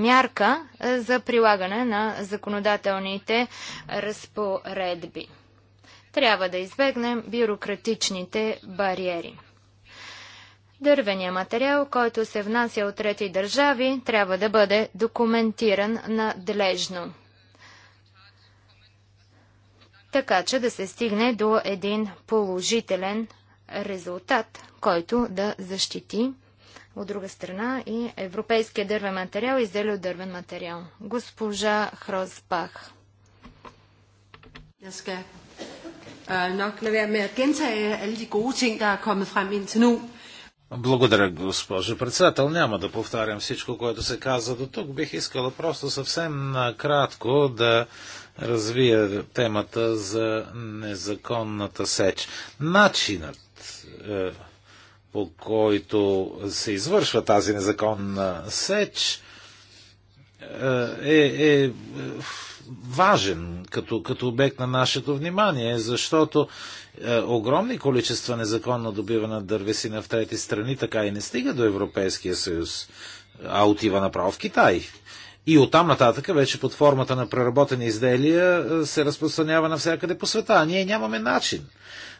мярка за прилагане на законодателните разпоредби. Трябва да избегнем бюрократичните бариери. Дървения материал, който се внася от трети държави, трябва да бъде документиран надлежно, така че да се стигне до един положителен резултат, който да защити от друга страна и европейския дървен материал, и зелен дървен материал. Госпожа Хросбах. Øh, nok lade være med at gentage alle de gode ting, der er kommet frem indtil nu. Благодаря, госпожо председател. Няма да повтарям всичко, което се каза до тук. Бих искала просто съвсем кратко да развия темата за незаконната сеч. Начинът е, по който се извършва тази незаконна сеч е, е, е важен като, като обект на нашето внимание, защото е, огромни количества незаконно добивана дървесина в трети страни така и не стига до Европейския съюз, а отива направо в Китай. И оттам нататък вече под формата на преработени изделия е, се разпространява навсякъде по света. А ние нямаме начин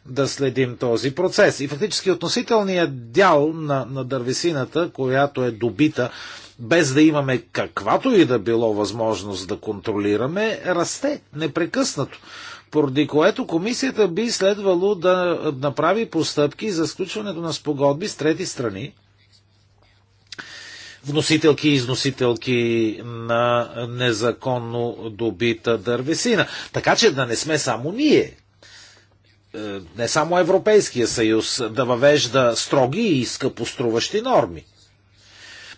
да следим този процес. И фактически относителният дял на, на дървесината, която е добита без да имаме каквато и да било възможност да контролираме, расте непрекъснато. Поради което комисията би следвало да направи постъпки за сключването на спогодби с трети страни, вносителки и износителки на незаконно добита дървесина. Така че да не сме само ние, е, не само Европейския съюз, да въвежда строги и скъпоструващи норми.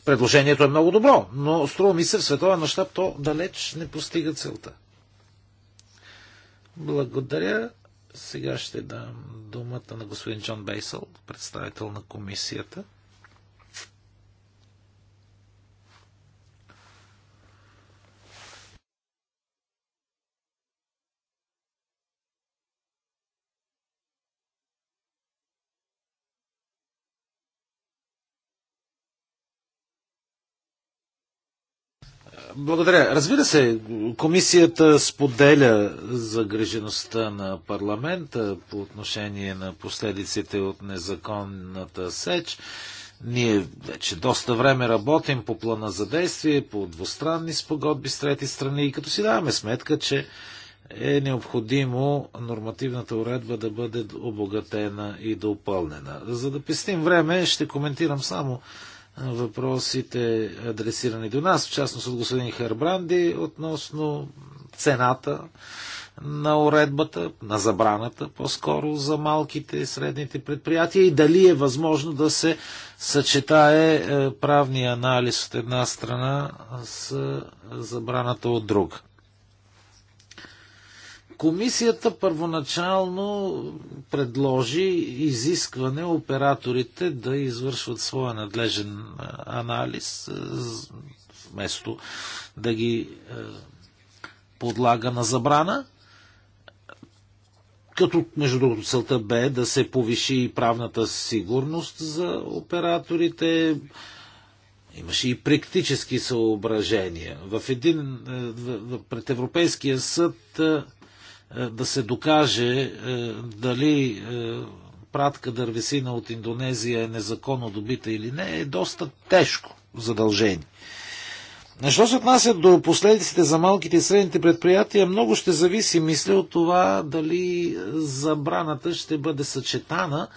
Предложението е много добро, но струва ми се в световен мащаб то далеч не постига целта. Благодаря. Сега ще дам думата на господин Джон Бейсъл, представител на комисията. Благодаря. Разбира се, комисията споделя загрежеността на парламента по отношение на последиците от незаконната сеч. Ние вече доста време работим по плана за действие, по двустранни спогодби с трети страни и като си даваме сметка, че е необходимо нормативната уредба да бъде обогатена и допълнена. За да пестим време, ще коментирам само въпросите адресирани до нас, в частност от господин Хербранди, относно цената на уредбата, на забраната по-скоро за малките и средните предприятия и дали е възможно да се съчетае е, правния анализ от една страна с е, забраната от друга. Комисията първоначално предложи изискване операторите да извършват своя надлежен анализ, вместо да ги подлага на забрана. Като, между другото, целта бе да се повиши и правната сигурност за операторите, Имаше и практически съображения. В един, пред Европейския съд е, да се докаже е, дали е, пратка дървесина от Индонезия е незаконно добита или не, е доста тежко задължение. Що се отнася до последиците за малките и средните предприятия, много ще зависи, мисля, от това дали забраната ще бъде съчетана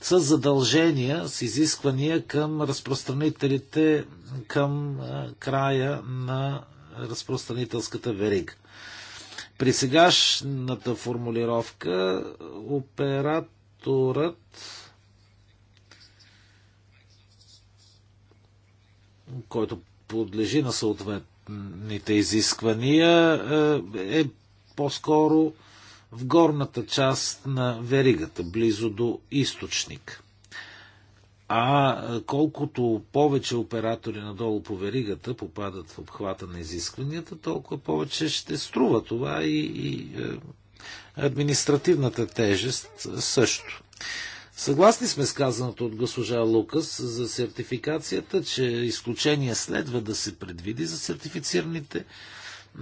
с задължения, с изисквания към разпространителите към края на разпространителската верига. При сегашната формулировка операторът който подлежи на съответните изисквания, е, е по-скоро в горната част на веригата, близо до източник. А колкото повече оператори надолу по веригата попадат в обхвата на изискванията, толкова повече ще струва това и, и е, административната тежест също. Съгласни сме с казаното от госпожа Лукас за сертификацията, че изключение следва да се предвиди за сертифицираните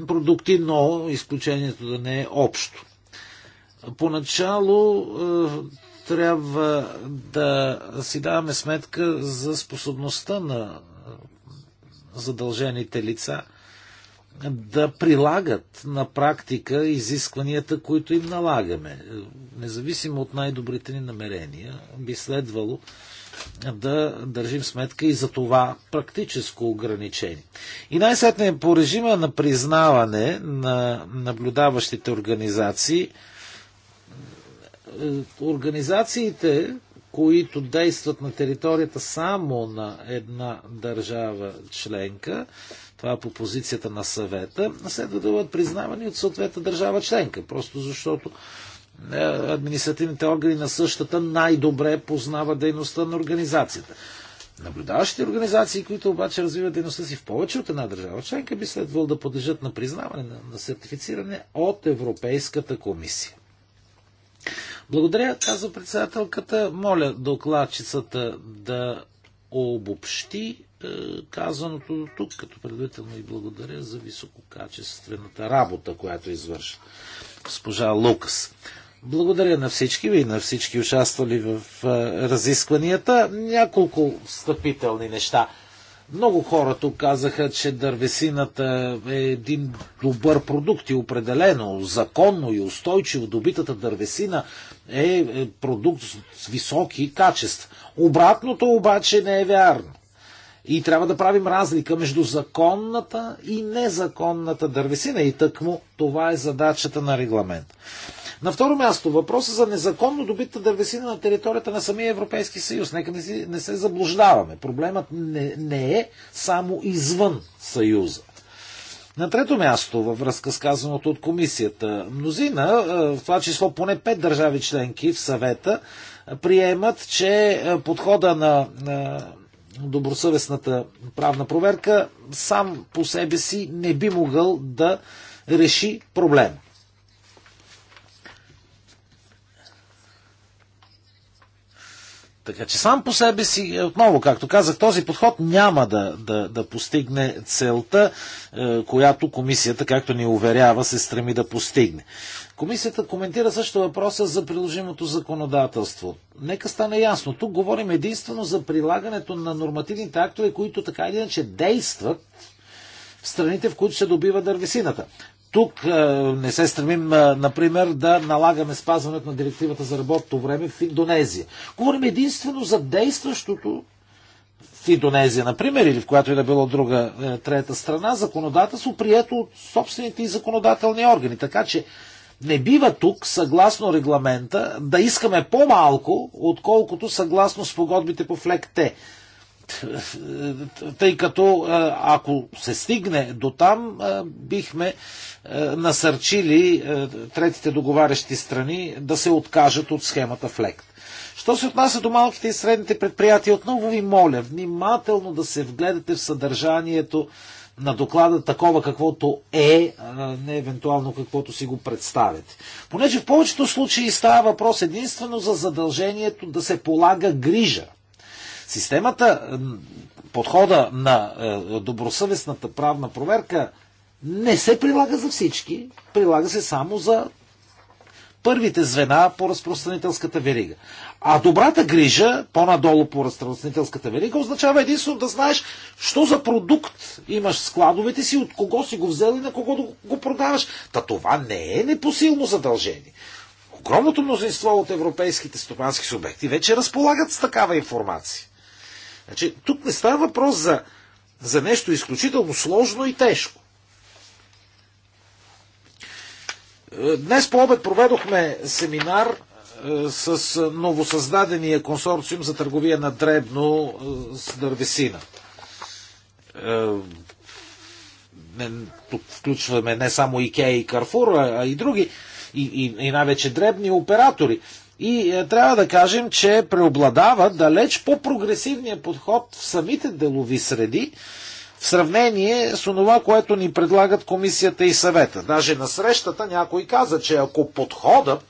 продукти, но изключението да не е общо. Поначало е, трябва да си даваме сметка за способността на задължените лица да прилагат на практика изискванията, които им налагаме. Независимо от най-добрите ни намерения, би следвало да държим сметка и за това практическо ограничение. И най-сетне по режима на признаване на наблюдаващите организации – е, организациите, които действат на територията само на една държава членка, това е по позицията на съвета, следва да бъдат признавани от съответна държава членка, просто защото е, административните органи на същата най-добре познават дейността на организацията. Наблюдаващите организации, които обаче развиват дейността си в повече от една държава членка, би следвало да подлежат на признаване, на сертифициране от Европейската комисия. Благодаря, казва председателката. Моля докладчицата да обобщи е, казаното до тук, като предварително и благодаря за висококачествената работа, която извършва госпожа Лукас. Благодаря на всички ви и на всички участвали в е, разискванията. Няколко встъпителни неща. Много хора тук казаха, че дървесината е един добър продукт и определено, законно и устойчиво добитата дървесина е, е продукт с високи качества. Обратното обаче не е вярно. И трябва да правим разлика между законната и незаконната дървесина. И тъкмо това е задачата на регламент. На второ място, въпроса за незаконно добита дървесина на територията на самия Европейски съюз. Нека не, си, не се заблуждаваме. Проблемът не, не е само извън съюза. На трето място, във връзка с казаното от комисията, мнозина, е, в това число поне пет държави членки в съвета, приемат, че е, подхода на, добросъвестната правна проверка сам по себе си не би могъл да реши проблема. Така че сам по себе си, е, отново, както казах, този подход няма да, да, да постигне целта, е, която комисията, както ни уверява, се стреми да постигне. Комисията коментира също въпроса за приложимото законодателство. Нека стане ясно, тук говорим единствено за прилагането на нормативните актове, които така или иначе действат в страните, в които се добива дървесината тук е, не се стремим, е, например, да налагаме спазването на директивата за работното време в Индонезия. Говорим единствено за действащото в Индонезия, например, или в която и да било друга е, трета страна, законодателство, прието от собствените и законодателни органи. Така че не бива тук, съгласно регламента, да искаме по-малко, отколкото съгласно с погодбите по флекте тъй като ако се стигне до там, бихме насърчили третите договарящи страни да се откажат от схемата ФЛЕКТ. Що се отнася до малките и средните предприятия, отново ви моля, внимателно да се вгледате в съдържанието на доклада такова каквото е, не евентуално каквото си го представят. Понеже в повечето случаи става въпрос единствено за задължението да се полага грижа Системата, подхода на е, добросъвестната правна проверка не се прилага за всички, прилага се само за първите звена по разпространителската верига. А добрата грижа по-надолу по разпространителската верига означава единствено да знаеш, що за продукт имаш в складовете си, от кого си го взел и на кого го продаваш. Та това не е непосилно задължение. Огромното мнозинство от европейските стопански субекти вече разполагат с такава информация. Значи, тук не става въпрос за, за нещо изключително сложно и тежко. Е, днес по обед проведохме семинар е, с новосъздадения консорциум за търговия на дребно е, с дървесина. Тук включваме не само Икея и Карфур, а и други, и, и, и най-вече дребни оператори. И е, трябва да кажем, че преобладава далеч по-прогресивния подход в самите делови среди, в сравнение с това, което ни предлагат комисията и съвета. Даже на срещата някой каза, че ако подходът,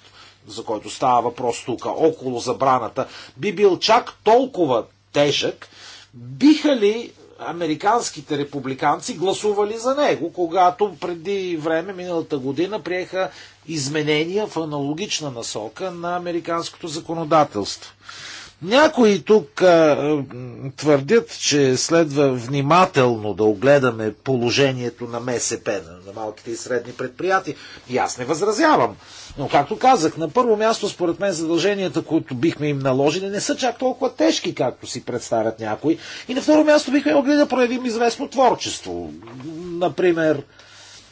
за който става въпрос тук, около забраната, би бил чак толкова тежък, биха ли американските републиканци гласували за него, когато преди време, миналата година, приеха изменения в аналогична насока на американското законодателство. Някои тук а, твърдят, че следва внимателно да огледаме положението на МСП, на, на малките и средни предприятия. И аз не възразявам. Но, както казах, на първо място, според мен, задълженията, които бихме им наложили, не са чак толкова тежки, както си представят някои. И на второ място бихме могли да проявим известно творчество. Например,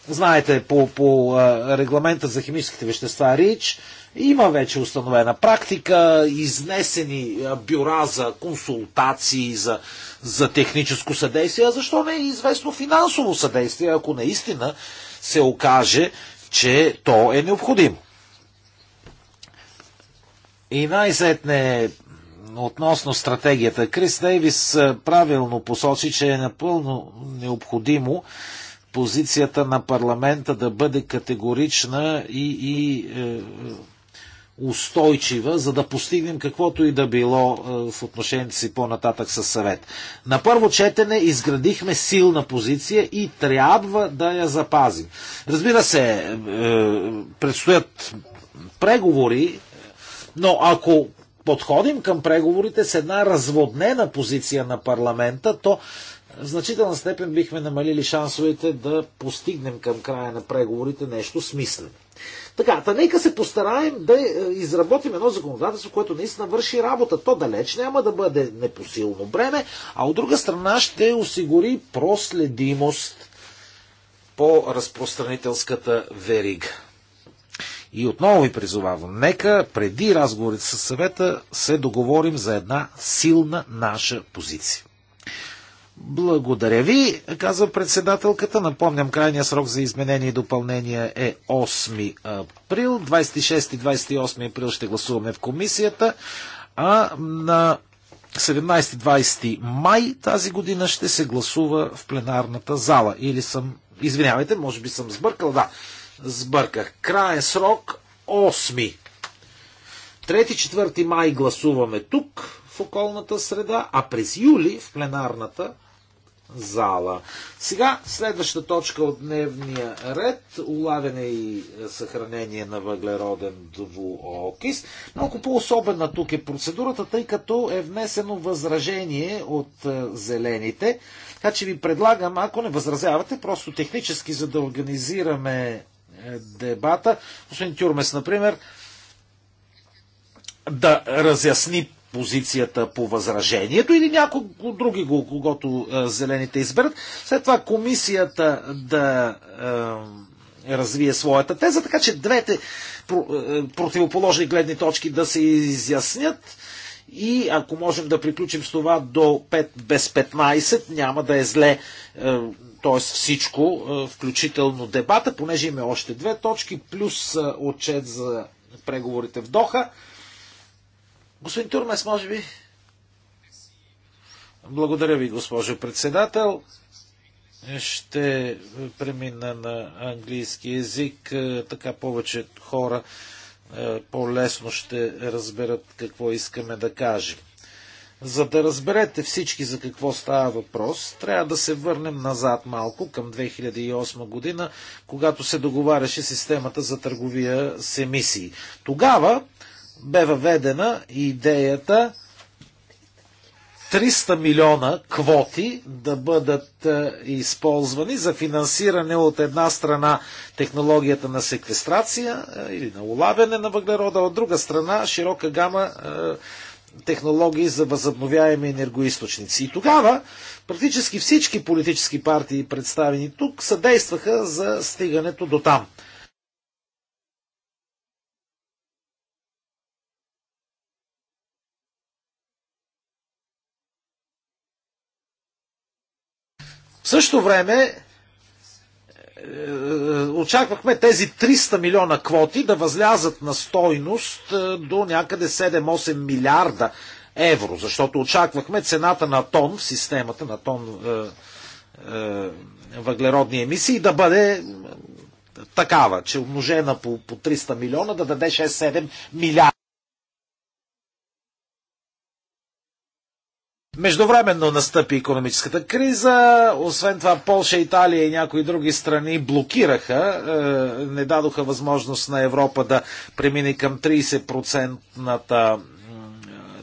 Знаете, по, по регламента за химическите вещества РИЧ има вече установена практика, изнесени бюра за консултации, за, за техническо съдействие, а защо не е известно финансово съдействие, ако наистина се окаже, че то е необходимо. И най-сетне относно стратегията. Крис Дейвис правилно посочи, че е напълно необходимо позицията на парламента да бъде категорична и, и е, устойчива, за да постигнем каквото и да било е, в отношението си по-нататък със съвет. На първо четене изградихме силна позиция и трябва да я запазим. Разбира се, е, е предстоят преговори, но ако подходим към преговорите с една разводнена позиция на парламента, то в значителна степен бихме намалили шансовете да постигнем към края на преговорите нещо смислено. Така, та нека се постараем да е, изработим едно законодателство, което наистина върши работа. То далеч няма да бъде непосилно бреме, а от друга страна ще осигури проследимост по разпространителската верига. И отново ви призовавам, нека преди разговорите с съвета се договорим за една силна наша позиция. Благодаря ви, казва председателката. Напомням, крайния срок за изменение и допълнение е 8 април. 26 и 28 април ще гласуваме в комисията, а на 17-20 май тази година ще се гласува в пленарната зала. Или съм, извинявайте, може би съм сбъркал, да, сбърках. Краен срок 8. 3-4 май гласуваме тук в околната среда, а през юли в пленарната зала. Сега следваща точка от дневния ред улавяне и съхранение на въглероден двуокис. Малко по-особена тук е процедурата, тъй като е внесено възражение от е, зелените. Така че ви предлагам, ако не възразявате, просто технически, за да организираме е, дебата, господин Тюрмес, например, да разясни позицията по възражението или някого други, когато е, зелените изберат. След това комисията да е, развие своята теза, така че двете е, противоположни гледни точки да се изяснят и ако можем да приключим с това до 5 без 15, няма да е зле, т.е. всичко, е, включително дебата, понеже има още две точки, плюс отчет за преговорите в Доха. Господин Турмес, може би? Благодаря ви, госпожо председател. Ще премина на английски язик, е, така повече хора е, по-лесно ще разберат какво искаме да кажем. За да разберете всички за какво става въпрос, трябва да се върнем назад малко към 2008 година, когато се договаряше системата за търговия с емисии. Тогава бе въведена идеята 300 милиона квоти да бъдат е, използвани за финансиране от една страна технологията на секвестрация е, или на улавяне на въглерода, от друга страна широка гама е, технологии за възобновяеми енергоисточници. И тогава практически всички политически партии, представени тук, съдействаха за стигането до там. В същото време е, е, очаквахме тези 300 милиона квоти да възлязат на стойност е, до някъде 7-8 милиарда евро, защото очаквахме цената на тон в системата на тон въглеродни емисии да бъде такава, че умножена по, по 300 милиона да даде 6-7 милиарда. Междувременно настъпи економическата криза, освен това Полша, Италия и някои други страни блокираха, е, не дадоха възможност на Европа да премине към 30%-ната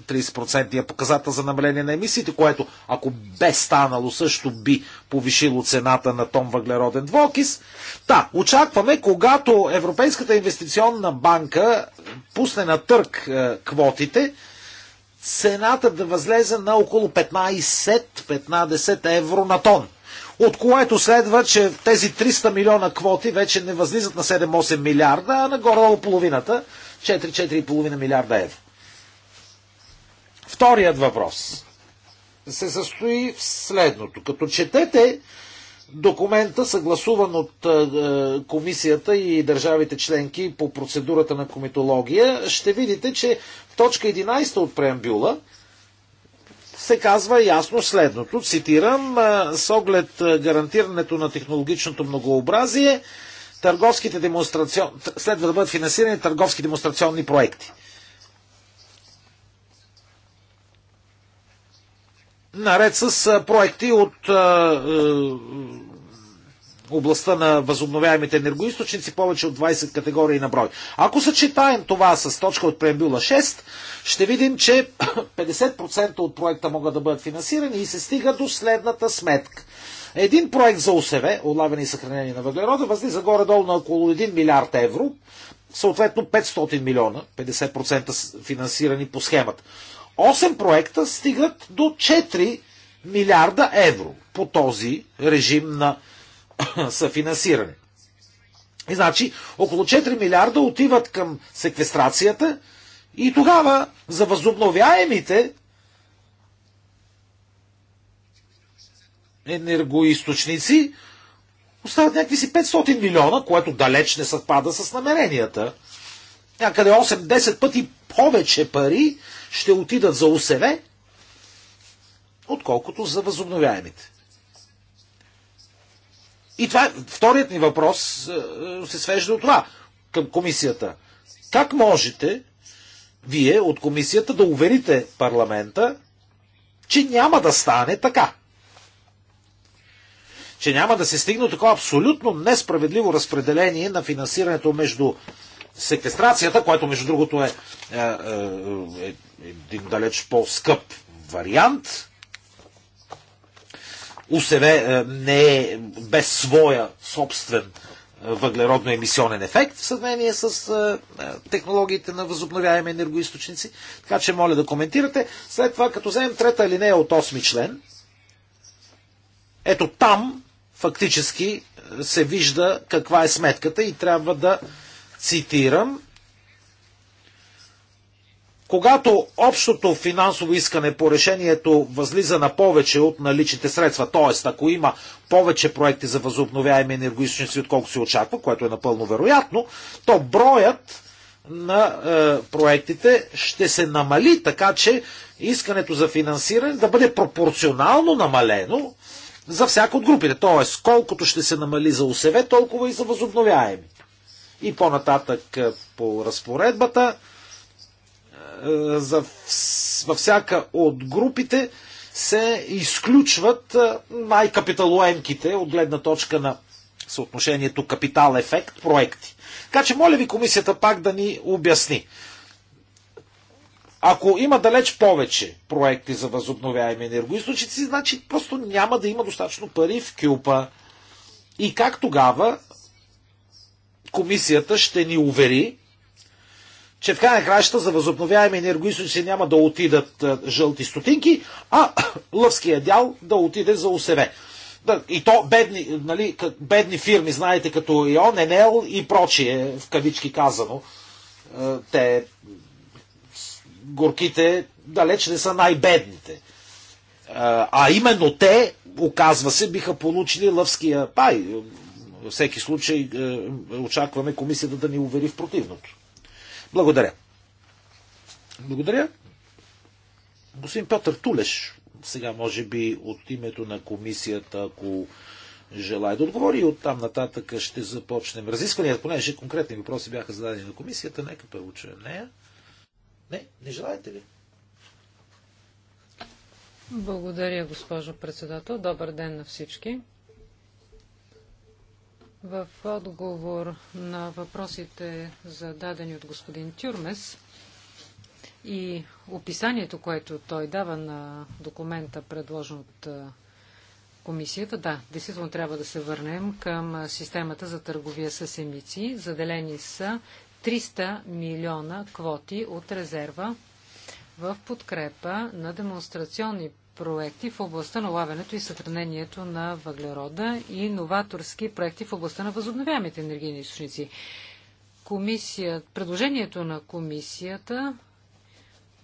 30% показател за намаление на емисиите, което ако бе станало също би повишило цената на тон въглероден двокис. Та, очакваме, когато Европейската инвестиционна банка пусне на търк е, квотите, цената да възлезе на около 15-15 евро на тон. От което следва, че тези 300 милиона квоти вече не възлизат на 7-8 милиарда, а нагоре половината, 4-4,5 милиарда евро. Вторият въпрос се състои в следното. Като четете документа, съгласуван от е, е, комисията и държавите членки по процедурата на комитология, ще видите, че в точка 11 от преамбюла се казва ясно следното. Цитирам, е, с оглед гарантирането на технологичното многообразие, търговските демонстрацион... следва да бъдат финансирани търговски демонстрационни проекти. наред с проекти от областта на възобновяемите енергоисточници, повече от 20 категории на брой. Ако съчетаем това с точка от преамбюла 6, ще видим, че 50% от проекта могат да бъдат финансирани и се стига до следната сметка. Един проект за ОСВ, улавяне и съхранение на въглерода, възлиза горе-долу на около 1 милиард евро, съответно 500 милиона, 50% финансирани по схемата. 8 проекта стигат до 4 милиарда евро по този режим на съфинансиране. И значи, около 4 милиарда отиват към секвестрацията и тогава за възобновяемите енергоисточници остават някакви си 500 милиона, което далеч не съвпада с намеренията. Някъде 8-10 пъти повече пари ще отидат за усеве, отколкото за възобновяемите. И това, е вторият ни въпрос е, е, се свежда от това към комисията. Как можете вие от комисията да уверите парламента, че няма да стане така? Че няма да се стигне такова абсолютно несправедливо разпределение на финансирането между секвестрацията, което между другото е, е, е, е един далеч по-скъп вариант. УСВ е, не е без своя собствен е, въглеродно емисионен ефект в сравнение с е, е, технологиите на възобновяеми енергоисточници. Така че моля да коментирате. След това, като вземем трета линия от 8 член, ето там фактически се вижда каква е сметката и трябва да цитирам, когато общото финансово искане по решението възлиза на повече от наличните средства, т.е. ако има повече проекти за възобновяеми енергоисточници, отколкото се очаква, което е напълно вероятно, то броят на е, проектите ще се намали, така че искането за финансиране да бъде пропорционално намалено за всяка от групите. Т.е. колкото ще се намали за ОСВ, толкова и за възобновяеми. И по-нататък е, по разпоредбата е, за, във всяка от групите се изключват е, най-капиталоемките от гледна точка на съотношението капитал-ефект проекти. Така че моля ви комисията пак да ни обясни. Ако има далеч повече проекти за възобновяеми енергоисточници, значи просто няма да има достатъчно пари в Кюпа. И как тогава комисията ще ни увери, че в крайна краща за възобновяеми енергоисторици няма да отидат е, жълти стотинки, а лъвския дял да отиде за ОСВ. Да, и то бедни, нали, бедни фирми, знаете, като ИОН, НЛ и прочие, в кавички казано. Е, те, горките, далеч не са най-бедните. Е, а именно те, оказва се, биха получили лъвския пай, във всеки случай е, очакваме комисията да ни увери в противното. Благодаря. Благодаря. Господин Петър Тулеш, сега може би от името на комисията, ако желая да отговори и там нататък ще започнем разисквания, понеже конкретни въпроси бяха зададени на комисията, нека първо чуем нея. Не, не желаете ли? Благодаря, госпожо председател. Добър ден на всички. В отговор на въпросите зададени от господин Тюрмес и описанието, което той дава на документа, предложен от комисията, да, действително трябва да се върнем към системата за търговия с емиции. Заделени са 300 милиона квоти от резерва в подкрепа на демонстрационни проекти в областта на лавянето и съхранението на въглерода и новаторски проекти в областта на възобновяемите енергийни източници. Комисия, предложението на комисията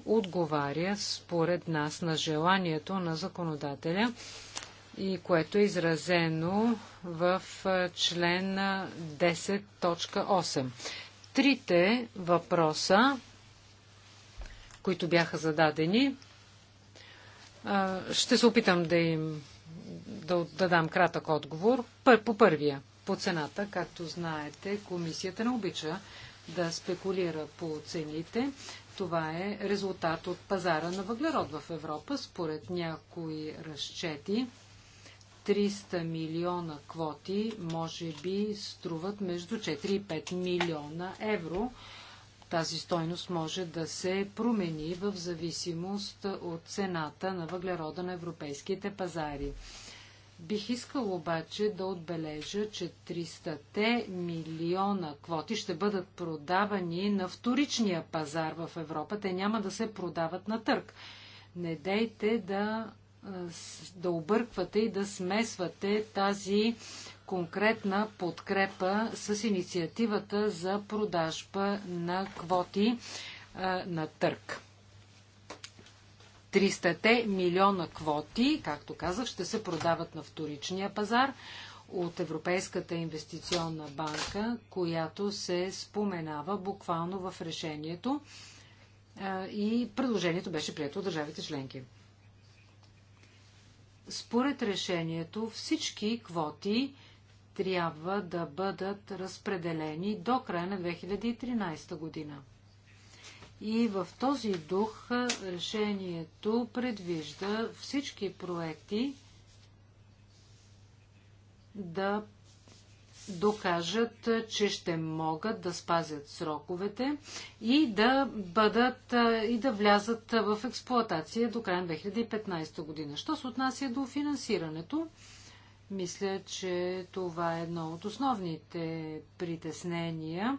отговаря според нас на желанието на законодателя и което е изразено в член 10.8. Трите въпроса, които бяха зададени, ще се опитам да им да, да дам кратък отговор. Пър, по първия, по цената, както знаете, комисията не обича да спекулира по цените. Това е резултат от пазара на въглерод в Европа. Според някои разчети, 300 милиона квоти може би струват между 4 и 5 милиона евро тази стойност може да се промени в зависимост от цената на въглерода на европейските пазари. Бих искал обаче да отбележа, че 300-те милиона квоти ще бъдат продавани на вторичния пазар в Европа. Те няма да се продават на търг. Не дейте да, да обърквате и да смесвате тази конкретна подкрепа с инициативата за продажба на квоти на търк. 300 милиона квоти, както казах, ще се продават на вторичния пазар от Европейската инвестиционна банка, която се споменава буквално в решението и предложението беше прието от държавите членки. Според решението всички квоти, трябва да бъдат разпределени до края на 2013 година. И в този дух решението предвижда всички проекти да докажат, че ще могат да спазят сроковете и да бъдат и да влязат в експлоатация до края на 2015 година. Що се отнася до финансирането, мисля, че това е едно от основните притеснения,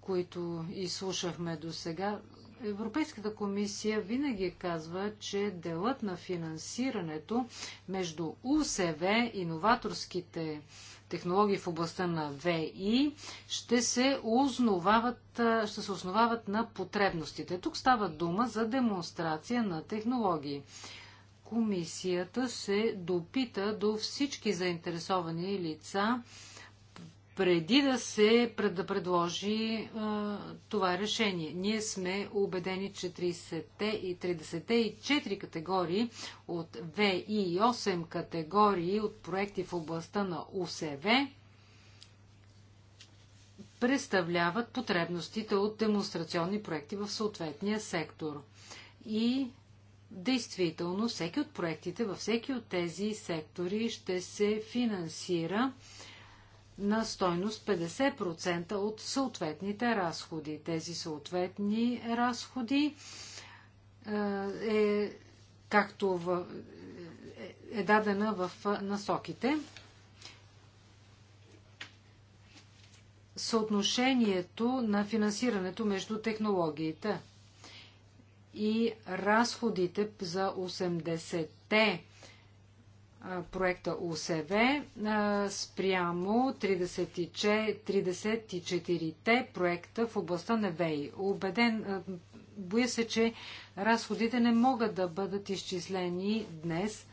които изслушахме до сега. Европейската комисия винаги казва, че делът на финансирането между УСВ, иноваторските технологии в областта на ВИ, ще се, основават, ще се основават на потребностите. Тук става дума за демонстрация на технологии комисията се допита до всички заинтересовани лица преди да се да предложи а, това решение. Ние сме убедени, че 30 и категории от В и 8 категории от проекти в областта на УСВ представляват потребностите от демонстрационни проекти в съответния сектор. И Действително, всеки от проектите във всеки от тези сектори ще се финансира на стойност 50% от съответните разходи. Тези съответни разходи е, е както в, е, е дадена в насоките. Съотношението на финансирането между технологиите и разходите за 80-те проекта УСВ спрямо 34-те проекта в областта на ВЕИ. Обеден, боя се, че разходите не могат да бъдат изчислени днес.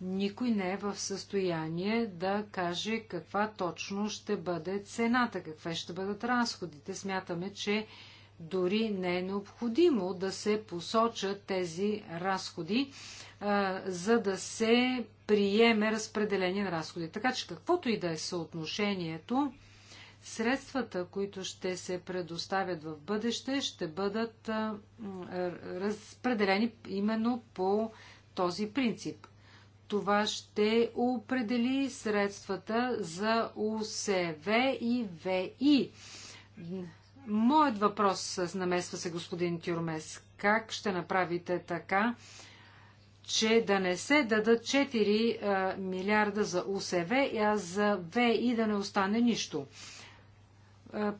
Никой не е в състояние да каже каква точно ще бъде цената, каква ще бъдат разходите. Смятаме, че дори не е необходимо да се посочат тези разходи, а, за да се приеме разпределение на разходи. Така че каквото и да е съотношението, средствата, които ще се предоставят в бъдеще, ще бъдат а, разпределени именно по този принцип. Това ще определи средствата за УСВ и ВИ Моят въпрос намесва се господин Тюрмес. Как ще направите така, че да не се дадат 4 милиарда за УСВ, а за ВИ да не остане нищо?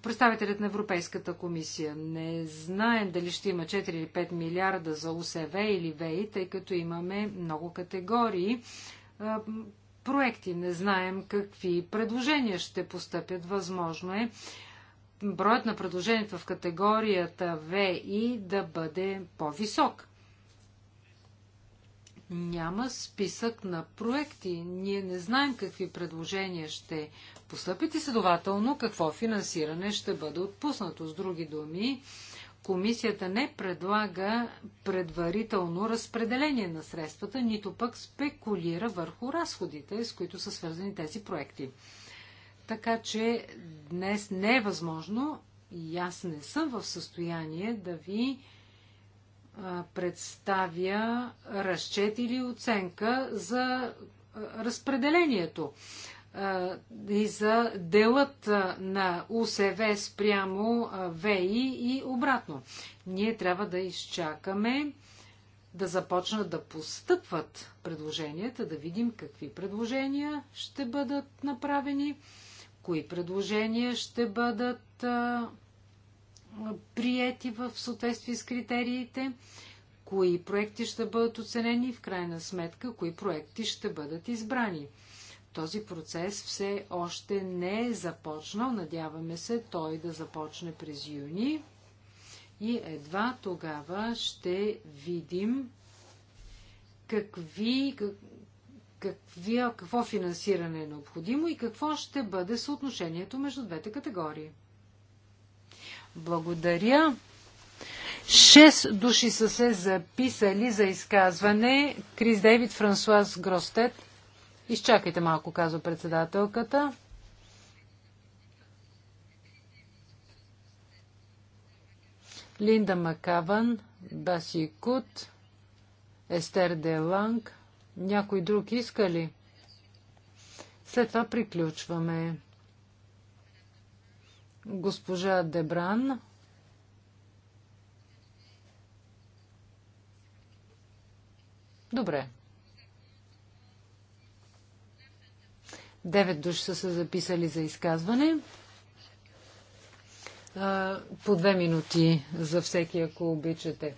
Представителят на Европейската комисия. Не знаем дали ще има 4 или 5 милиарда за УСВ или ВИ, тъй като имаме много категории проекти. Не знаем какви предложения ще постъпят. Възможно е броят на предложението в категорията В И да бъде по-висок. Няма списък на проекти. Ние не знаем какви предложения ще постъпят и следователно какво финансиране ще бъде отпуснато. С други думи, комисията не предлага предварително разпределение на средствата, нито пък спекулира върху разходите, с които са свързани тези проекти. Така че днес не е възможно и аз не съм в състояние да ви представя разчет или оценка за разпределението и за делът на УСВ спрямо ВИ и обратно. Ние трябва да изчакаме да започнат да постъпват предложенията, да видим какви предложения ще бъдат направени кои предложения ще бъдат а, приети в съответствие с критериите, кои проекти ще бъдат оценени и в крайна сметка кои проекти ще бъдат избрани. Този процес все още не е започнал. Надяваме се той да започне през юни. И едва тогава ще видим какви, как, какви, какво финансиране е необходимо и какво ще бъде съотношението между двете категории. Благодаря. Шест души са се записали за изказване. Крис Дейвид, Франсуаз Гростет. Изчакайте малко, казва председателката. Линда Макаван, Баси Кут, Естер Деланг, някой друг иска ли? След това приключваме. Госпожа Дебран. Добре. Девет души са се записали за изказване. По две минути за всеки, ако обичате.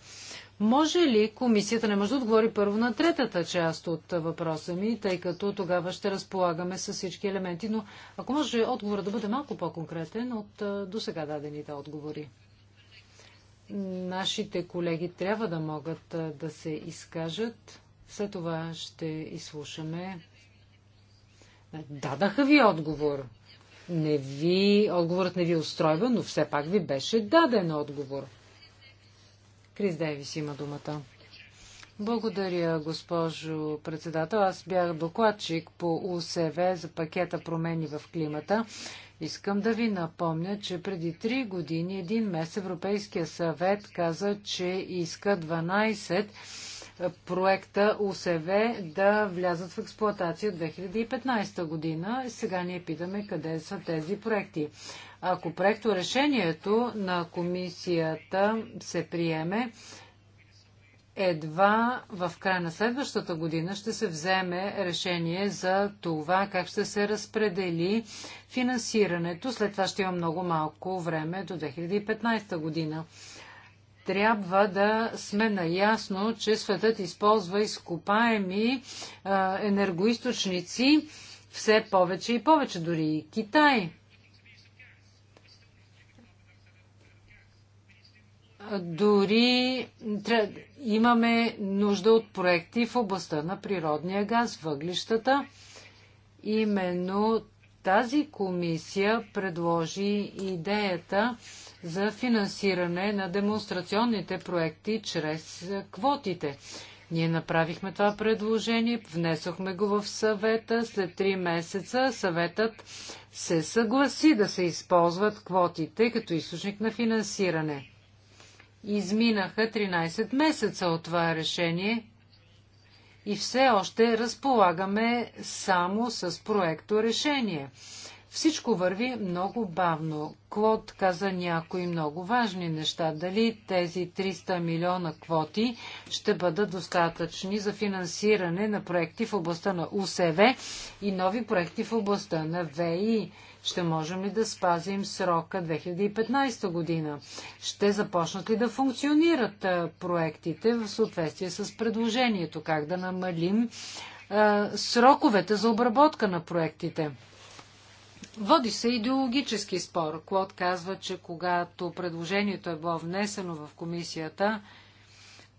Може ли комисията не може да отговори първо на третата част от въпроса ми, тъй като тогава ще разполагаме с всички елементи, но ако може отговорът да бъде малко по-конкретен от до сега дадените отговори. Нашите колеги трябва да могат да се изкажат. След това ще изслушаме. Дадаха ви отговор. Не ви, отговорът не ви устройва, но все пак ви беше даден отговор – Крис Дейвис има думата. Благодаря, госпожо председател. Аз бях докладчик по УСВ за пакета промени в климата. Искам да ви напомня, че преди 3 години, един месец, Европейския съвет каза, че иска 12 проекта УСВ да влязат в експлуатация от 2015 година. Сега ние питаме къде са тези проекти. Ако проекто решението на комисията се приеме, едва в края на следващата година ще се вземе решение за това как ще се разпредели финансирането. След това ще има много малко време до 2015 година. Трябва да сме наясно, че светът използва изкопаеми енергоисточници все повече и повече, дори и Китай – Дори имаме нужда от проекти в областта на природния газ, въглищата. Именно тази комисия предложи идеята за финансиране на демонстрационните проекти чрез квотите. Ние направихме това предложение, внесохме го в съвета. След три месеца съветът се съгласи да се използват квотите като източник на финансиране. Изминаха 13 месеца от това решение и все още разполагаме само с проекто решение. Всичко върви много бавно. Клод каза някои много важни неща. Дали тези 300 милиона квоти ще бъдат достатъчни за финансиране на проекти в областта на УСВ и нови проекти в областта на ВИ. Ще можем ли да спазим срока 2015 година? Ще започнат ли да функционират проектите в съответствие с предложението? Как да намалим а, сроковете за обработка на проектите? Води се идеологически спор. Клод казва, че когато предложението е било внесено в комисията,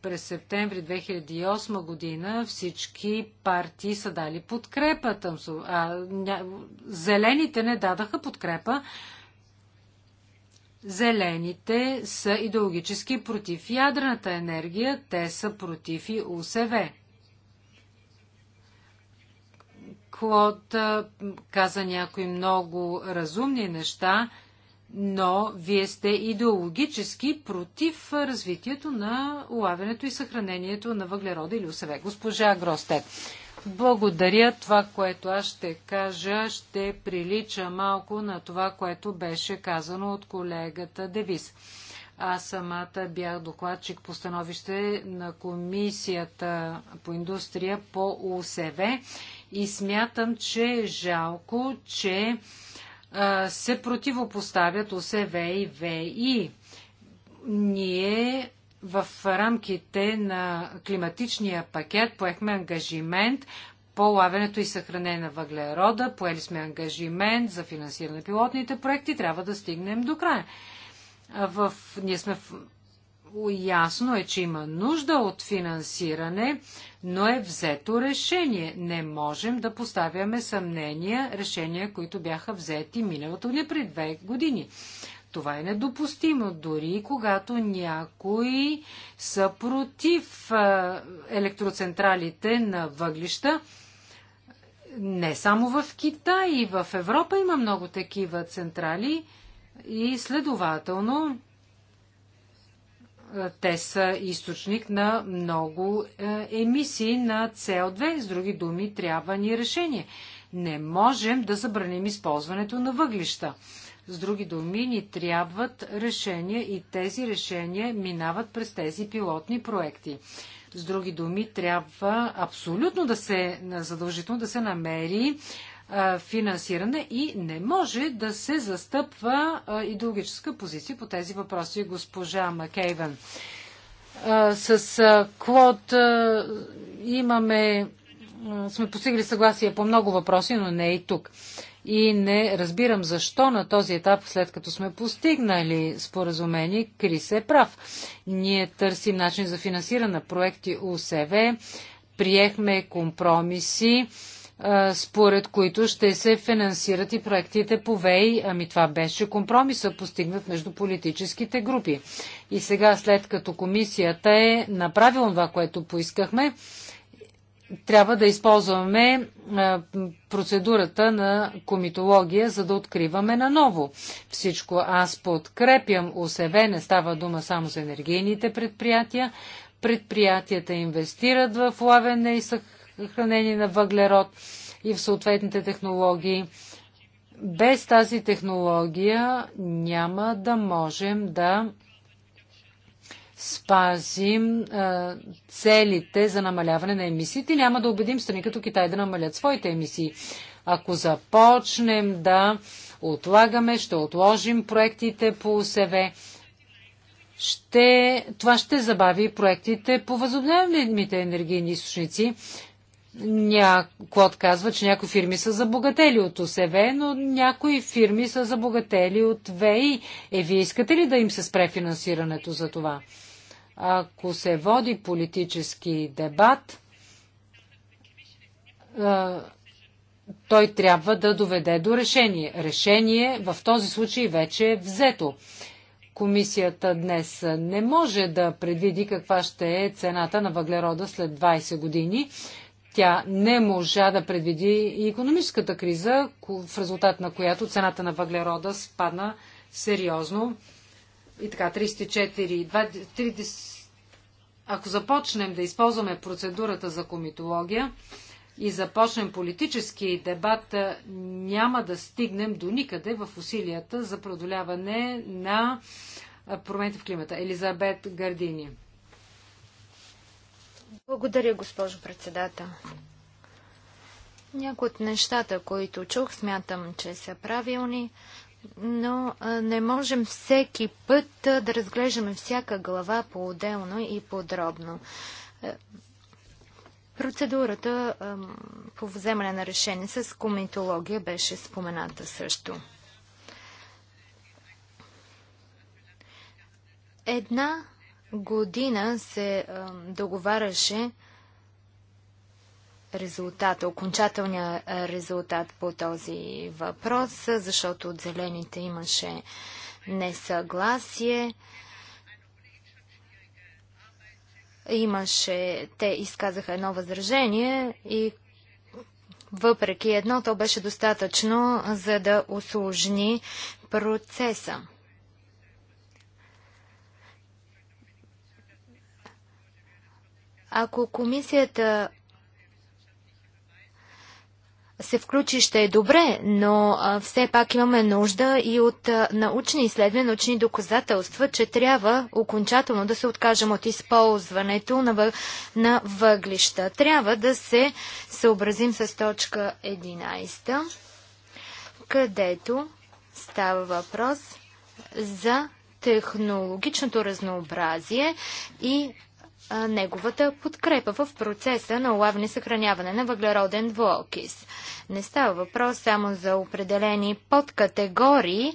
през септември 2008 година всички партии са дали подкрепа. Тъмсо, а, ня, зелените не дадаха подкрепа. Зелените са идеологически против ядрената енергия, те са против и УСВ. Клод каза някои много разумни неща но вие сте идеологически против развитието на улавянето и съхранението на въглерода или ОСВ. Госпожа Гростет, благодаря. Това, което аз ще кажа, ще прилича малко на това, което беше казано от колегата Девис. Аз самата бях докладчик по становище на Комисията по индустрия по ОСВ и смятам, че е жалко, че се противопоставят ОСВ и ВИ. Ние в рамките на климатичния пакет поехме ангажимент по лавенето и съхранение на въглерода, поели сме ангажимент за финансиране на пилотните проекти, трябва да стигнем до края. В... Ние сме в... Ясно е, че има нужда от финансиране, но е взето решение. Не можем да поставяме съмнения решения, които бяха взети миналото не при две години. Това е недопустимо, дори когато някои са против електроцентралите на въглища. Не само в Китай, и в Европа има много такива централи и следователно е, те са източник на много е, емисии на CO2. С други думи, трябва ни решение. Не можем да забраним използването на въглища. С други думи, ни трябват решения и тези решения минават през тези пилотни проекти. С други думи, трябва абсолютно да се, задължително да се намери е, финансиране и не може да се застъпва идеологическа позиция по тези въпроси. Госпожа Макейвен. С Клод имаме сме постигли съгласие по много въпроси, но не и тук. И не разбирам защо на този етап, след като сме постигнали споразумение, Крис е прав. Ние търсим начин за финансиране на проекти УСВ, приехме компромиси, според които ще се финансират и проектите по ВЕИ. Ами това беше компромиса, постигнат между политическите групи. И сега, след като комисията е направила това, което поискахме, трябва да използваме процедурата на комитология, за да откриваме наново всичко. Аз подкрепям ОСВ, не става дума само за енергийните предприятия. Предприятията инвестират в лавене и хранение на въглерод и в съответните технологии. Без тази технология няма да можем да спазим а, целите за намаляване на емисиите няма да убедим страни като Китай да намалят своите емисии. Ако започнем да отлагаме, ще отложим проектите по СВ, ще, това ще забави проектите по възобновяемите енергийни източници Ня... Клод казва, че някои фирми са забогатели от ОСВ, но някои фирми са забогатели от ВИ. Е, вие искате ли да им се спре финансирането за това? Ако се води политически дебат, той трябва да доведе до решение. Решение в този случай вече е взето. Комисията днес не може да предвиди каква ще е цената на въглерода след 20 години тя не можа да предвиди и економическата криза, в резултат на която цената на въглерода спадна сериозно. И така, 34, 20, 30, ако започнем да използваме процедурата за комитология и започнем политически дебат, няма да стигнем до никъде в усилията за преодоляване на промените в климата. Елизабет Гардини. Благодаря, госпожо председател. Някои от нещата, които чух, смятам, че са правилни, но не можем всеки път да разглеждаме всяка глава по-отделно и подробно. Е, процедурата по вземане на решение с комитология беше спомената също. Една година се а, договаряше резултата, окончателния резултат по този въпрос, защото от зелените имаше несъгласие. Имаше, те изказаха едно възражение и въпреки едно, то беше достатъчно, за да осложни процеса. Ако комисията се включи, ще е добре, но все пак имаме нужда и от научни изследвания, научни доказателства, че трябва окончателно да се откажем от използването на, въ... на въглища. Трябва да се съобразим с точка 11, където става въпрос за технологичното разнообразие и неговата подкрепа в процеса на улавяне и съхраняване на въглероден двуокис. Не става въпрос само за определени подкатегории,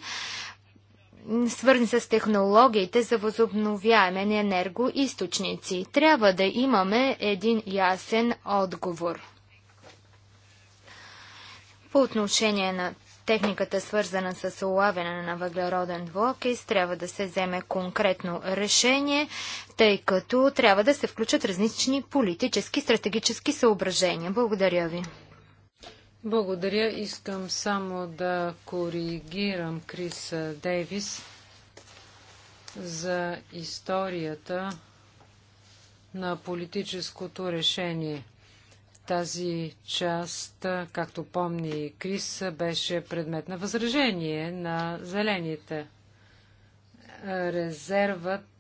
свързани с технологиите за възобновяеми енергоисточници. Трябва да имаме един ясен отговор. По отношение на техниката свързана с улавяне на въглероден двуокис, трябва да се вземе конкретно решение, тъй като трябва да се включат различни политически, стратегически съображения. Благодаря ви. Благодаря. Искам само да коригирам Крис Дейвис за историята на политическото решение. Тази част, както помни Крис, беше предмет на възражение на зелените. Резервът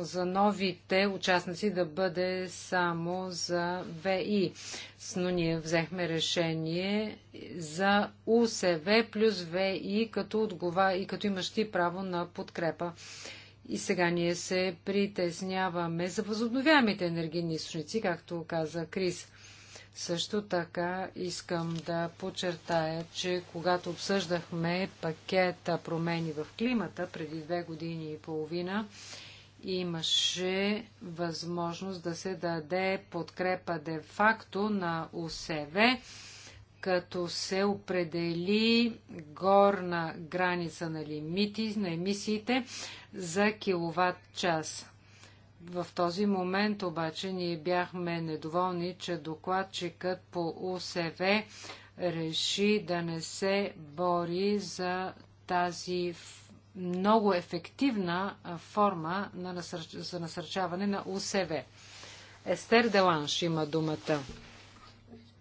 за новите участници да бъде само за ВИ. Но ние взехме решение за УСВ плюс ВИ като отгова и като имащи право на подкрепа. И сега ние се притесняваме за възобновяемите енергийни източници, както каза Крис. Също така искам да подчертая, че когато обсъждахме пакета промени в климата преди две години и половина, имаше възможност да се даде подкрепа де-факто на ОСВ, като се определи горна граница на лимити на емисиите за киловатт час. В този момент обаче ние бяхме недоволни, че докладчикът по УСВ реши да не се бори за тази много ефективна форма на насърч... за насърчаване на УСВ. Естер Деланш има думата.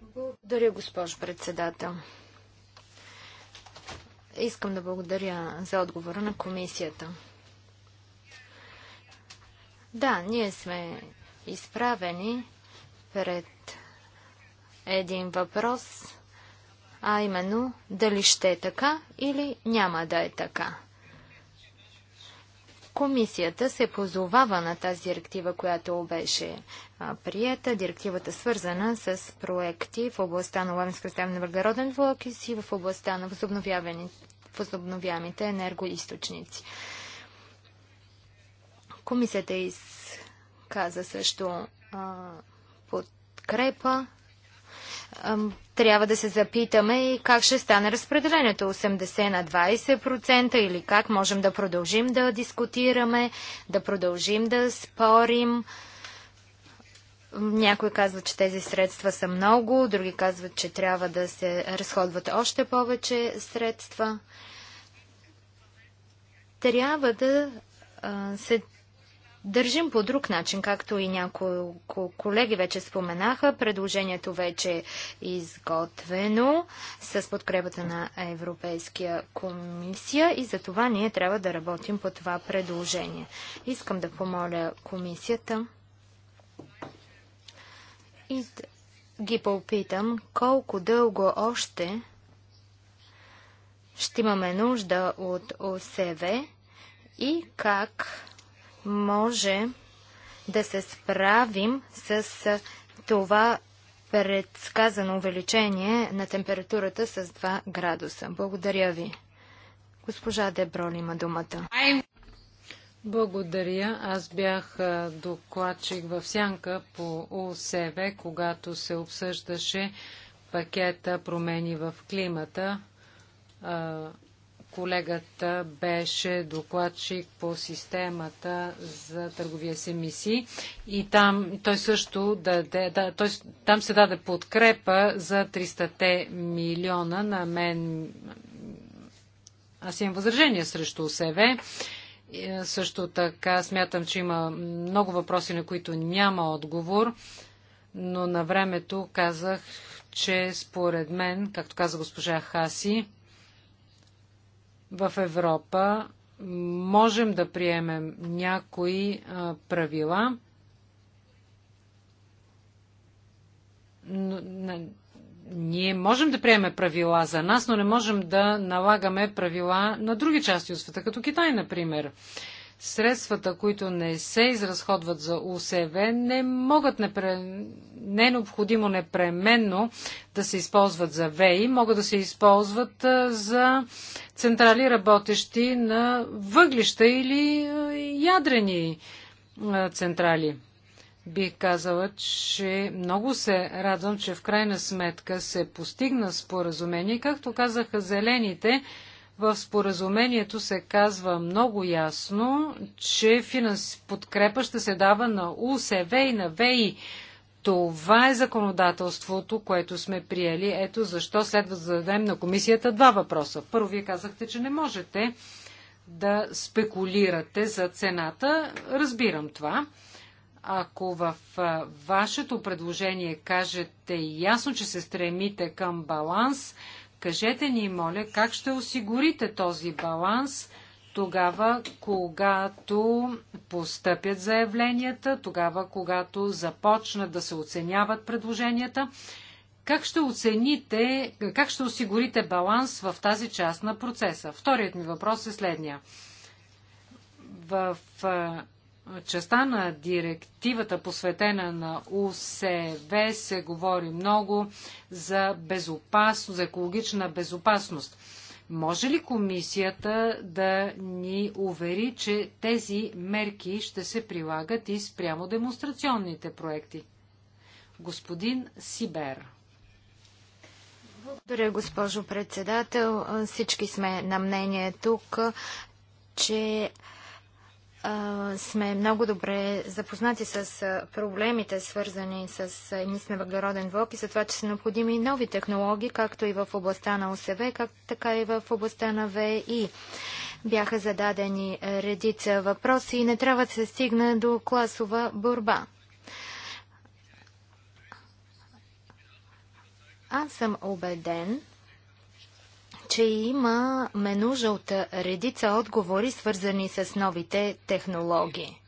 Благодаря, госпожо председател. Искам да благодаря за отговора на комисията. Да, ние сме изправени пред един въпрос, а именно дали ще е така или няма да е така. Комисията се позовава на тази директива, която беше прията. приета. Директивата свързана с проекти в областта на лавенска на въглероден влак и в областта на възобновяваните енергоисточници. Комисията изказа също а, подкрепа. А, трябва да се запитаме и как ще стане разпределението 80 на 20% или как можем да продължим да дискутираме, да продължим да спорим. Някои казват, че тези средства са много, други казват, че трябва да се разходват още повече средства. Трябва да се държим по друг начин, както и някои колеги вече споменаха. Предложението вече е изготвено с подкрепата на Европейския комисия и за това ние трябва да работим по това предложение. Искам да помоля комисията и да ги попитам колко дълго още ще имаме нужда от ОСВ и как може да се справим с това предсказано увеличение на температурата с 2 градуса. Благодаря ви. Госпожа Деброл има думата. Благодаря. Аз бях докладчик в Сянка по ОСВ, когато се обсъждаше пакета промени в климата Колегата беше докладчик по системата за търговия с емисии и там той също даде, да, той, там се даде подкрепа за 300 милиона на мен. Аз имам възражение срещу ОСВ. Е, също така смятам, че има много въпроси, на които няма отговор, но на времето казах, че според мен, както каза госпожа Хаси, в Европа можем да приемем някои правила, ние можем да приемем правила за нас, но не можем да налагаме правила на други части от света, като Китай, например средствата, които не се изразходват за УСВ, не могат непре... не е необходимо непременно да се използват за ВЕИ, могат да се използват за централи работещи на въглища или ядрени централи. Бих казала, че много се радвам, че в крайна сметка се постигна споразумение. Както казаха зелените, в споразумението се казва много ясно, че финанс... подкрепа ще се дава на УСВ и на ВИ. Това е законодателството, което сме приели. Ето защо следва да зададем на комисията два въпроса. Първо, вие казахте, че не можете да спекулирате за цената. Разбирам това. Ако в вашето предложение кажете ясно, че се стремите към баланс, Кажете ни, моля, как ще осигурите този баланс тогава, когато постъпят заявленията, тогава, когато започнат да се оценяват предложенията? Как ще оцените, как ще осигурите баланс в тази част на процеса? Вторият ми въпрос е следния. В частта на директивата, посветена на УСВ, се говори много за безопасност, за екологична безопасност. Може ли комисията да ни увери, че тези мерки ще се прилагат и спрямо демонстрационните проекти? Господин Сибер. Благодаря, госпожо председател. Всички сме на мнение тук, че сме много добре запознати с проблемите, свързани с емисия въглероден влог и за това, че са необходими нови технологии, както и в областта на ОСВ, как, така и в областта на ВИ. Бяха зададени е, редица въпроси и не трябва да се стигне до класова борба. Аз съм убеден, че има нужда от редица отговори, свързани с новите технологии.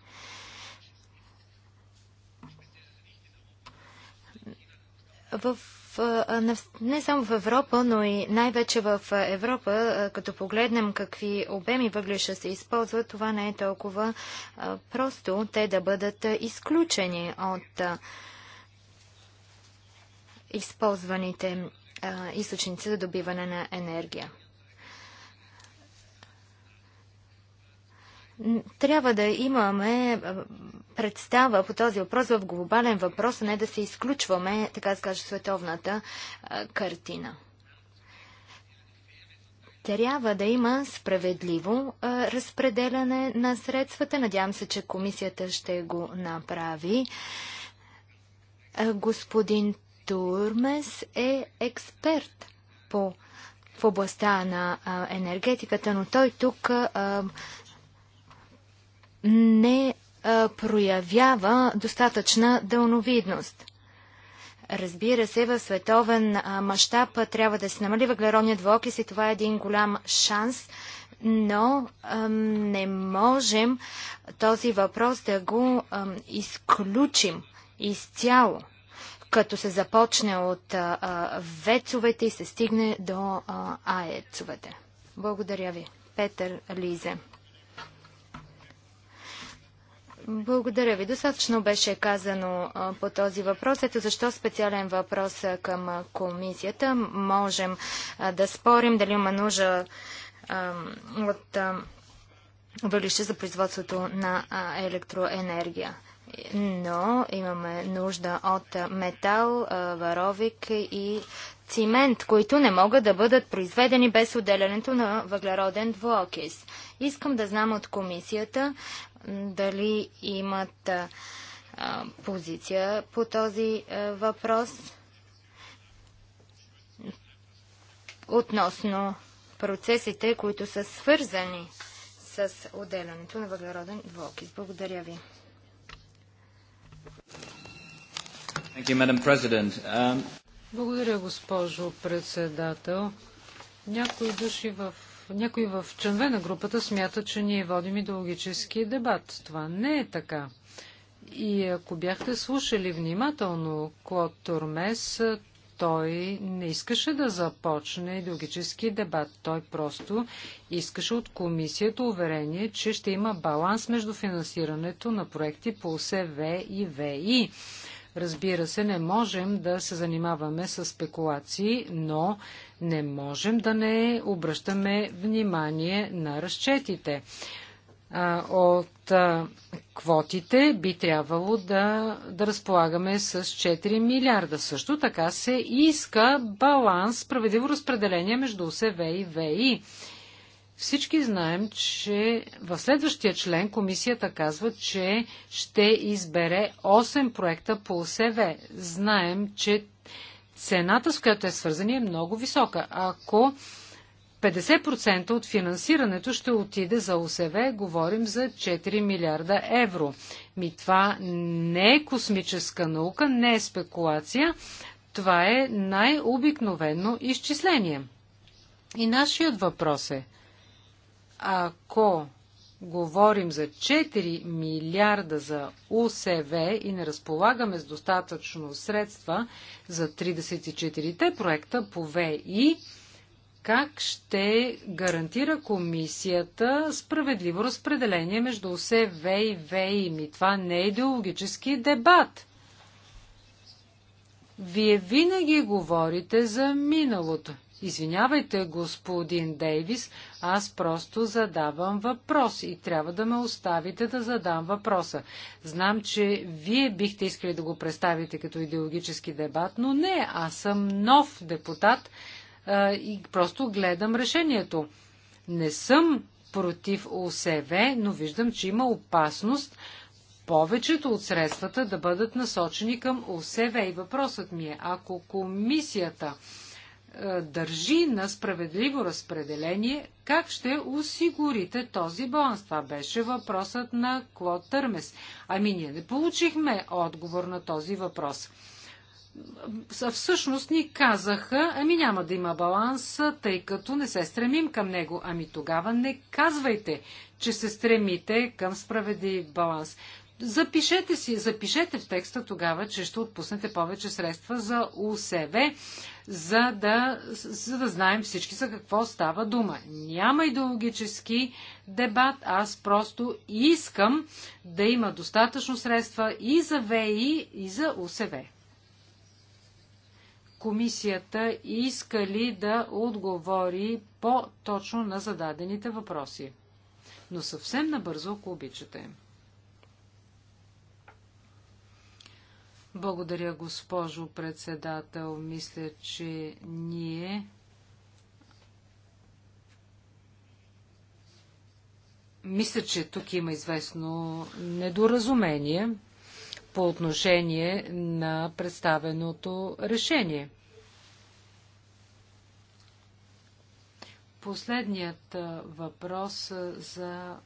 В, не само в Европа, но и най-вече в Европа, като погледнем какви обеми въглища се използват, това не е толкова просто те да бъдат изключени от използваните източници за добиване на енергия. Трябва да имаме представа по този въпрос в глобален въпрос, а не да се изключваме, така да кажа, световната картина. Трябва да има справедливо разпределяне на средствата. Надявам се, че комисията ще го направи. Господин Турмес е експерт по, в областта на а, енергетиката, но той тук а, не а, проявява достатъчна дълновидност. Разбира се, в световен мащаб трябва да се намали въглеродният двуокис и това е един голям шанс, но ам, не можем този въпрос да го ам, изключим изцяло като се започне от вецовете и се стигне до аецовете. Благодаря ви. Петър Лизе. Благодаря ви. Достатъчно беше казано по този въпрос. Ето защо специален въпрос към комисията. Можем да спорим дали има нужда от вълище за производството на електроенергия но имаме нужда от метал, варовик и цимент, които не могат да бъдат произведени без отделянето на въглероден двуокис. Искам да знам от комисията дали имат позиция по този въпрос относно процесите, които са свързани с отделянето на въглероден двуокис. Благодаря ви. Um, Благодаря, госпожо председател. Някои души в някои в членове на групата смятат, че ние водим идеологически дебат. Това не е така. И ако бяхте слушали внимателно Клод Турмес, той не искаше да започне идеологически дебат. Той просто искаше от комисията уверение, че ще има баланс между финансирането на проекти по СВ и ВИ. Разбира се, не можем да се занимаваме с спекулации, но не можем да не обръщаме внимание на разчетите. От квотите би трябвало да, да разполагаме с 4 милиарда. Също така се иска баланс, справедливо разпределение между ОСВ и ВИ. Всички знаем, че в следващия член комисията казва, че ще избере 8 проекта по ОСВ. Знаем, че цената, с която е свързани, е много висока. Ако 50% от финансирането ще отиде за ОСВ, говорим за 4 милиарда евро. Ми това не е космическа наука, не е спекулация, това е най-обикновено изчисление. И нашият въпрос е – ако говорим за 4 милиарда за УСВ и не разполагаме с достатъчно средства за 34-те проекта по ВИ, как ще гарантира комисията справедливо разпределение между УСВ и ВИ? Ми това не е идеологически дебат. Вие винаги говорите за миналото. Извинявайте, господин Дейвис, аз просто задавам въпрос и трябва да ме оставите да задам въпроса. Знам, че вие бихте искали да го представите като идеологически дебат, но не, аз съм нов депутат а, и просто гледам решението. Не съм против ОСВ, но виждам, че има опасност повечето от средствата да бъдат насочени към ОСВ. И въпросът ми е, ако комисията е, държи на справедливо разпределение, как ще осигурите този баланс? Това беше въпросът на Клод Търмес. Ами ние не получихме отговор на този въпрос. Всъщност ни казаха, ами няма да има баланс, тъй като не се стремим към него. Ами тогава не казвайте, че се стремите към справедлив баланс запишете си, запишете в текста тогава, че ще отпуснете повече средства за УСВ, за да, за да знаем всички за какво става дума. Няма идеологически дебат, аз просто искам да има достатъчно средства и за ВИ, и за УСВ. Комисията иска ли да отговори по-точно на зададените въпроси? Но съвсем набързо, ако обичате. Благодаря, госпожо председател. Мисля, че ние Мисля, че тук има известно недоразумение по отношение на представеното решение. Последният въпрос за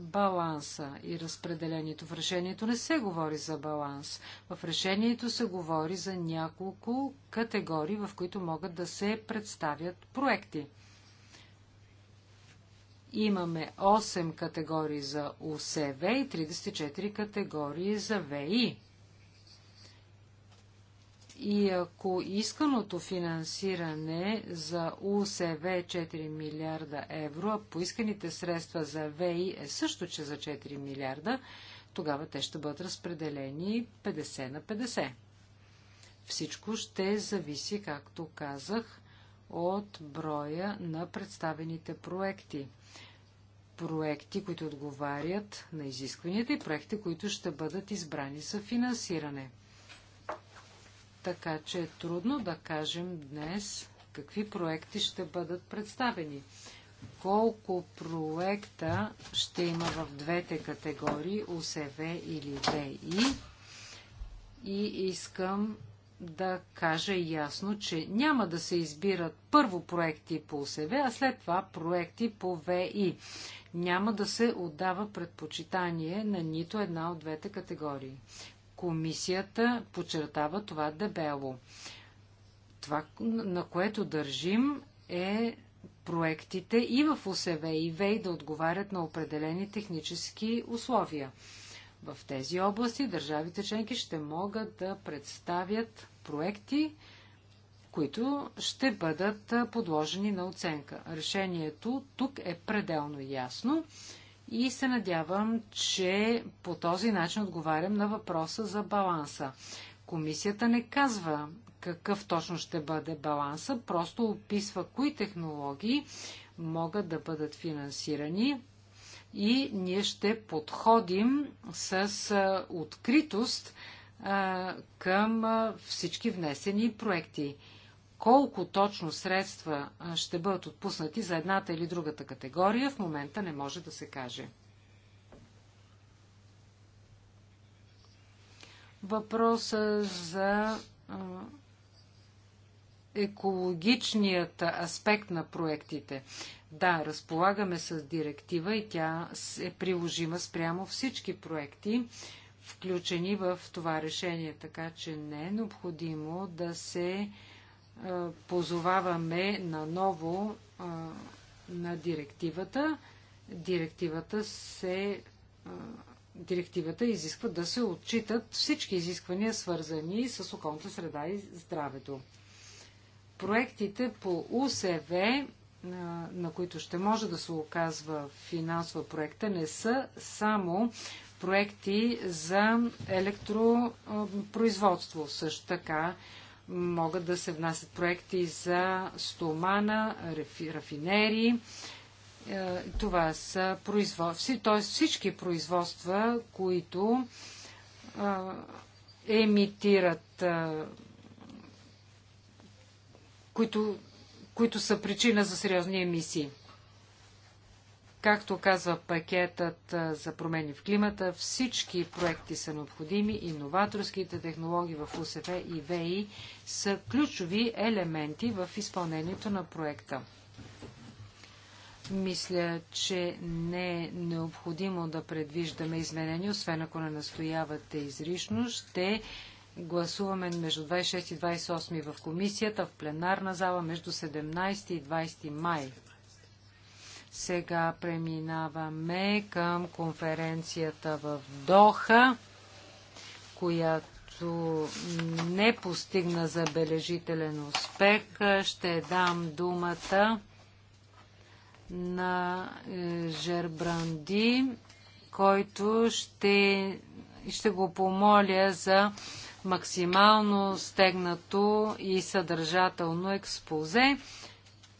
баланса и разпределението. В решението не се говори за баланс. В решението се говори за няколко категории, в които могат да се представят проекти. Имаме 8 категории за ОСВ и 34 категории за ВИ. И ако исканото финансиране за УСВ е 4 милиарда евро, а поисканите средства за ВИ е също, че за 4 милиарда, тогава те ще бъдат разпределени 50 на 50. Всичко ще зависи, както казах, от броя на представените проекти. Проекти, които отговарят на изискванията и проекти, които ще бъдат избрани за финансиране – така че е трудно да кажем днес какви проекти ще бъдат представени. Колко проекта ще има в двете категории ОСВ или ВИ. И искам да кажа ясно, че няма да се избират първо проекти по ОСВ, а след това проекти по ВИ. Няма да се отдава предпочитание на нито една от двете категории. Комисията подчертава това дебело. Това, на което държим, е проектите и в ОСВ и ВЕЙ да отговарят на определени технически условия. В тези области държавите членки ще могат да представят проекти, които ще бъдат подложени на оценка. Решението тук е пределно ясно. И се надявам, че по този начин отговарям на въпроса за баланса. Комисията не казва какъв точно ще бъде баланса, просто описва кои технологии могат да бъдат финансирани и ние ще подходим с откритост към всички внесени проекти колко точно средства ще бъдат отпуснати за едната или другата категория, в момента не може да се каже. Въпроса за екологичният аспект на проектите. Да, разполагаме с директива и тя е приложима спрямо всички проекти, включени в това решение, така че не е необходимо да се позоваваме наново на директивата. Директивата се директивата изисква да се отчитат всички изисквания, свързани с околната среда и здравето. Проектите по УСВ, на които ще може да се оказва финансова проекта, не са само проекти за електропроизводство. Също така могат да се внасят проекти за стомана, рафинери. Е, това са производства, т.е. всички производства, които емитират, които, които са причина за сериозни емисии. Както казва пакетът за промени в климата, всички проекти са необходими. Иноваторските технологии в УСФ и ВИ са ключови елементи в изпълнението на проекта. Мисля, че не е необходимо да предвиждаме изменения, освен ако не настоявате изрично. Ще гласуваме между 26 и 28 в комисията, в пленарна зала между 17 и 20 май. Сега преминаваме към конференцията в Доха, която не постигна забележителен успех. Ще дам думата на е, Жербранди, който ще, ще го помоля за максимално стегнато и съдържателно експозе.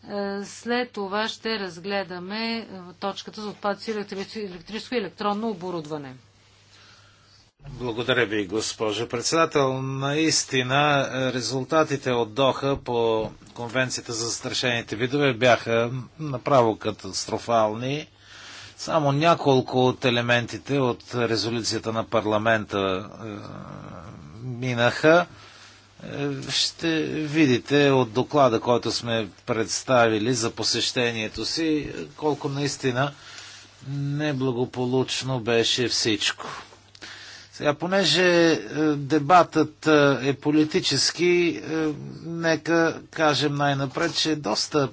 Е, след това ще разгледаме е, точката за отпадъци електрическо и електронно оборудване. Благодаря ви, госпожо председател. Наистина, е, резултатите от Доха по Конвенцията за застрашените видове бяха направо катастрофални. Само няколко от елементите от резолюцията на парламента минаха. Е, ще видите от доклада, който сме представили за посещението си, колко наистина неблагополучно беше всичко. Сега, понеже е, дебатът е, е политически, нека кажем най-напред, че е доста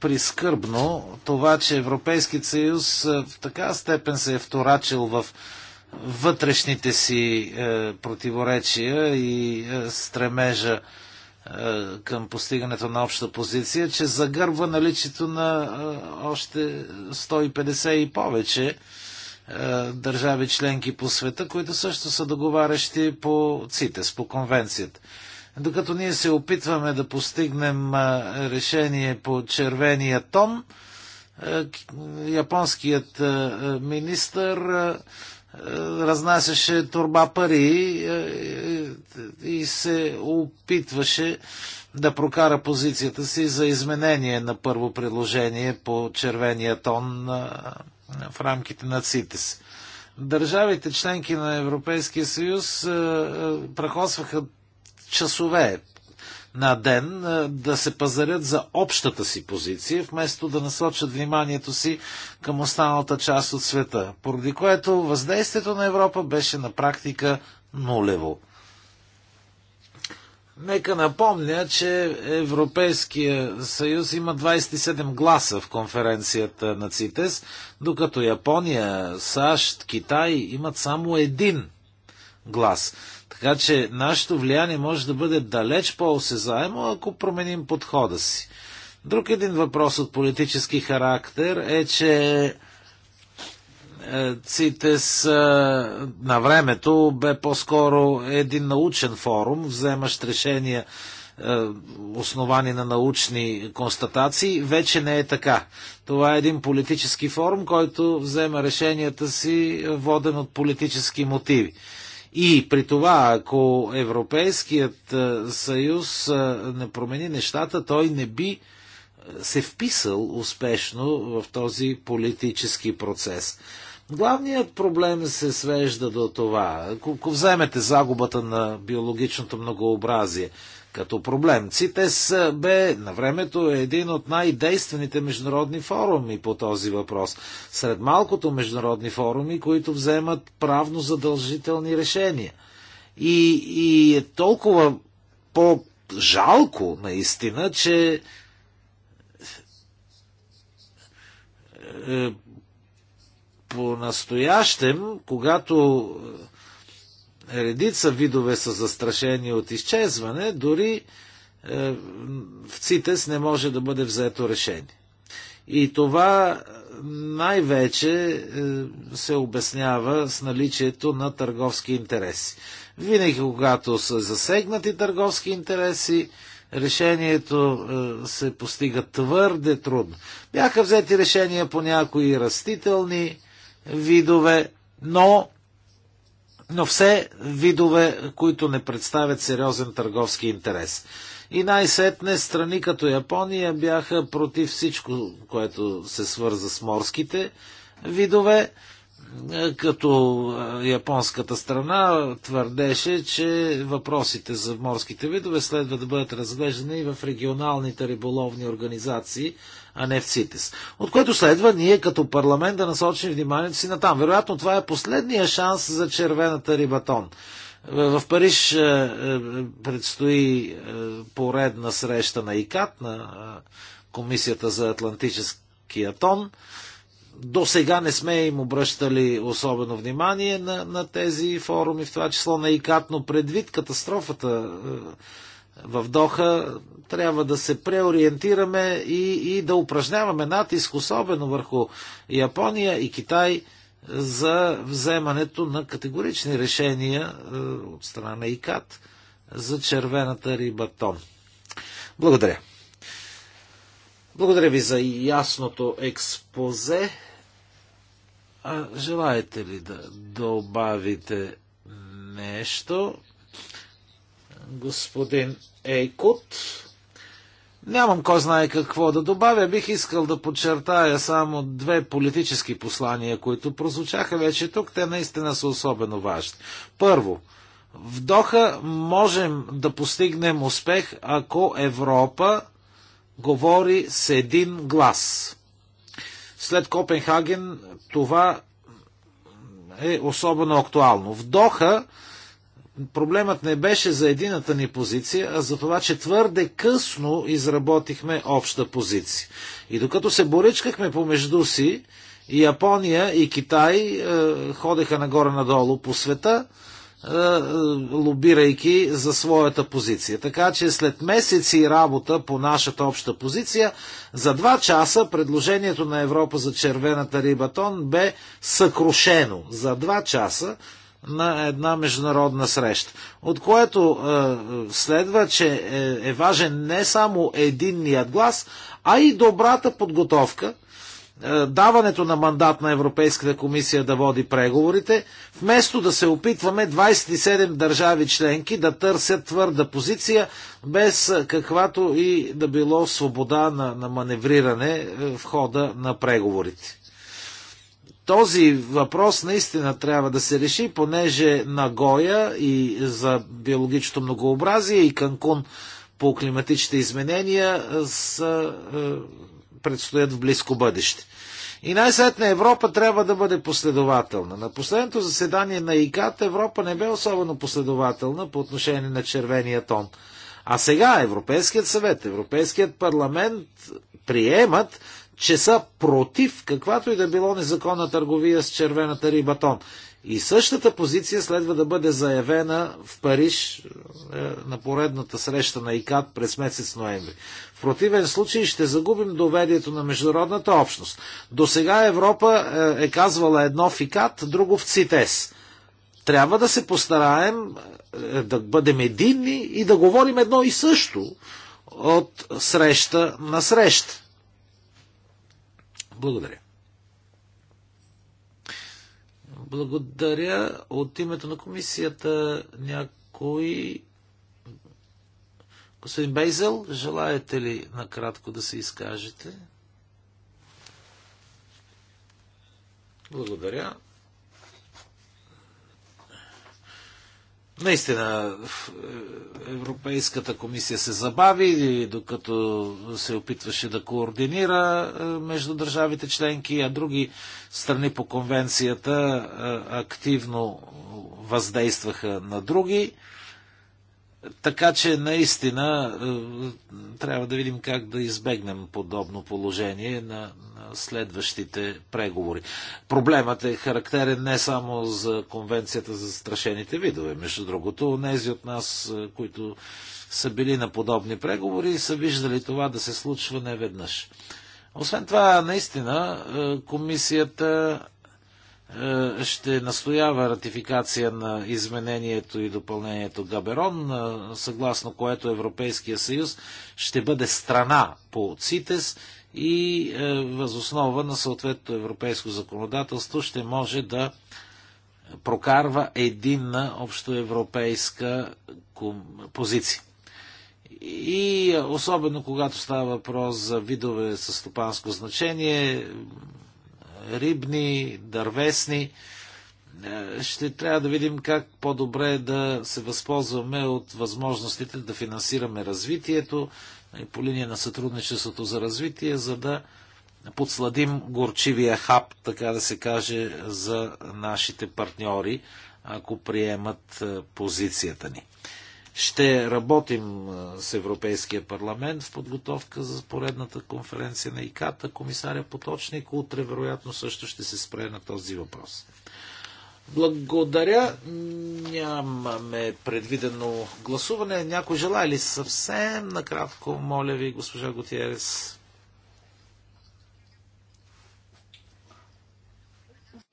прискърбно това, че Европейският съюз в така степен се е вторачил в вътрешните си е, противоречия и е, стремежа е, към постигането на обща позиция, че загърва наличието на е, още 150 и повече е, държави членки по света, които също са договарящи по ЦИТЕС, по конвенцията. Докато ние се опитваме да постигнем е, решение по червения тон, е, японският е, е министър е, разнасяше турба пари е, е, и се опитваше да прокара позицията си за изменение на първо предложение по червения тон е, в рамките на ЦИТЕС. Държавите членки на Европейския съюз прахосваха часове на ден е, да се пазарят за общата си позиция, вместо да насочат вниманието си към останалата част от света, поради което въздействието на Европа беше на практика нулево. Нека напомня, че Европейския съюз има 27 гласа в конференцията на ЦИТЕС, докато Япония, САЩ, Китай имат само един глас. Така че нашето влияние може да бъде далеч по-осезаемо, ако променим подхода си. Друг един въпрос от политически характер е, че е, ЦИТЕС на времето бе по-скоро един научен форум, вземащ решения е, основани на научни констатации, вече не е така. Това е един политически форум, който взема решенията си, воден от политически мотиви. И при това, ако Европейският е, съюз е, не промени нещата, той не би е, се вписал успешно в този политически процес. Главният проблем се свежда до това. Ако вземете загубата на биологичното многообразие, като проблем. ЦИТЕС бе на времето един от най-действените международни форуми по този въпрос. Сред малкото международни форуми, които вземат правно задължителни решения. И, и е толкова по-жалко, наистина, че е, е, по-настоящем, когато е, редица видове са застрашени от изчезване, дори е, в ЦИТЕС не може да бъде взето решение. И това е, най-вече е, се обяснява с наличието на търговски интереси. Винаги, когато са засегнати търговски интереси, решението се постига твърде трудно. Бяха взети решения по някои растителни видове, но но все видове, които не представят сериозен търговски интерес. И най-сетне страни като Япония бяха против всичко, което се свърза с морските видове е, като е, японската страна твърдеше, че въпросите за морските видове следва да бъдат разглеждани и в регионалните риболовни организации, а не в ЦИТИС. От което следва ние като парламент да насочим вниманието си на там. Вероятно това е последния шанс за червената рибатон. Е, в Париж предстои поредна среща на ИКАТ, на Комисията за Атлантическия тон до сега не сме им обръщали особено внимание на, на тези форуми, в това число на ИКАТ, но предвид катастрофата е, в Доха, трябва да се преориентираме и, и да упражняваме натиск, особено върху Япония и Китай, за вземането на категорични решения е, от страна на ИКАТ за червената риба тон. Благодаря. Благодаря ви за ясното експозе. А, желаете ли да добавите нещо? Господин Ейкот. Нямам кой знае какво да добавя. Бих искал да подчертая само две политически послания, които прозвучаха вече тук. Те наистина са особено важни. Първо, в Доха можем да постигнем успех, ако Европа говори с един глас. След Копенхаген това е особено актуално. В Доха проблемът не беше за едината ни позиция, а за това, че твърде късно изработихме обща позиция. И докато се боричкахме помежду си, и Япония и Китай е, ходеха нагоре-надолу по света, е, е, лобирайки за своята позиция. Така че след месеци работа по нашата обща позиция, за два часа предложението на Европа за червената рибатон бе съкрушено. За два часа на една международна среща. От което е, е, следва, че е, е важен не само единният глас, а и добрата подготовка – е, даването на мандат на Европейската комисия да води преговорите, вместо да се опитваме 27 държави членки да търсят твърда позиция, без каквато и да било свобода на, на маневриране е, в хода на преговорите. Този въпрос наистина трябва да се реши, понеже Нагоя и за биологичното многообразие и Канкун по климатичните изменения са е, предстоят в близко бъдеще. И най-сетне Европа трябва да бъде последователна. На последното заседание на ИКАТ Европа не бе особено последователна по отношение на червения тон. А сега Европейският съвет, Европейският парламент приемат, че са против каквато и да било незаконна търговия с червената риба тон. И същата позиция следва да бъде заявена в Париж е, на поредната среща на ИКАД през месец ноември противен случай ще загубим доверието на международната общност. До сега Европа е, е казвала едно в ИКАТ, друго в ЦИТЕС. Трябва да се постараем е, да бъдем единни и да говорим едно и също от среща на среща. Благодаря. Благодаря. От името на комисията някой Господин Бейзел, желаете ли накратко да се изкажете? Благодаря. Наистина, е, Европейската комисия се забави, докато се опитваше да координира е, между държавите членки, а други страни по конвенцията е, активно въздействаха на други. Така че наистина е, трябва да видим как да избегнем подобно положение на, следващите преговори. Проблемът е характерен не само за Конвенцията за страшените видове. Между другото, нези от нас, е, които са били на подобни преговори, са виждали това да се случва неведнъж. Освен това, наистина, е, комисията е, ще настоява ратификация на изменението и допълнението Габерон, е, съгласно което Европейския съюз ще бъде страна по ЦИТЕС и е, възоснова на съответното европейско законодателство ще може да прокарва единна общоевропейска позиция. И особено когато става въпрос за видове със стопанско значение, рибни, дървесни. Е, ще трябва да видим как по-добре да се възползваме от възможностите да финансираме развитието е, по линия на сътрудничеството за развитие, за да подсладим горчивия хап, така да се каже, за нашите партньори, ако приемат е, позицията ни. Ще работим с Европейския парламент в подготовка за поредната конференция на ИКАТА. Комисаря Поточник утре вероятно също ще се спре на този въпрос. Благодаря. Нямаме предвидено гласуване. Някой желая ли съвсем накратко, моля ви, госпожа Готиерес?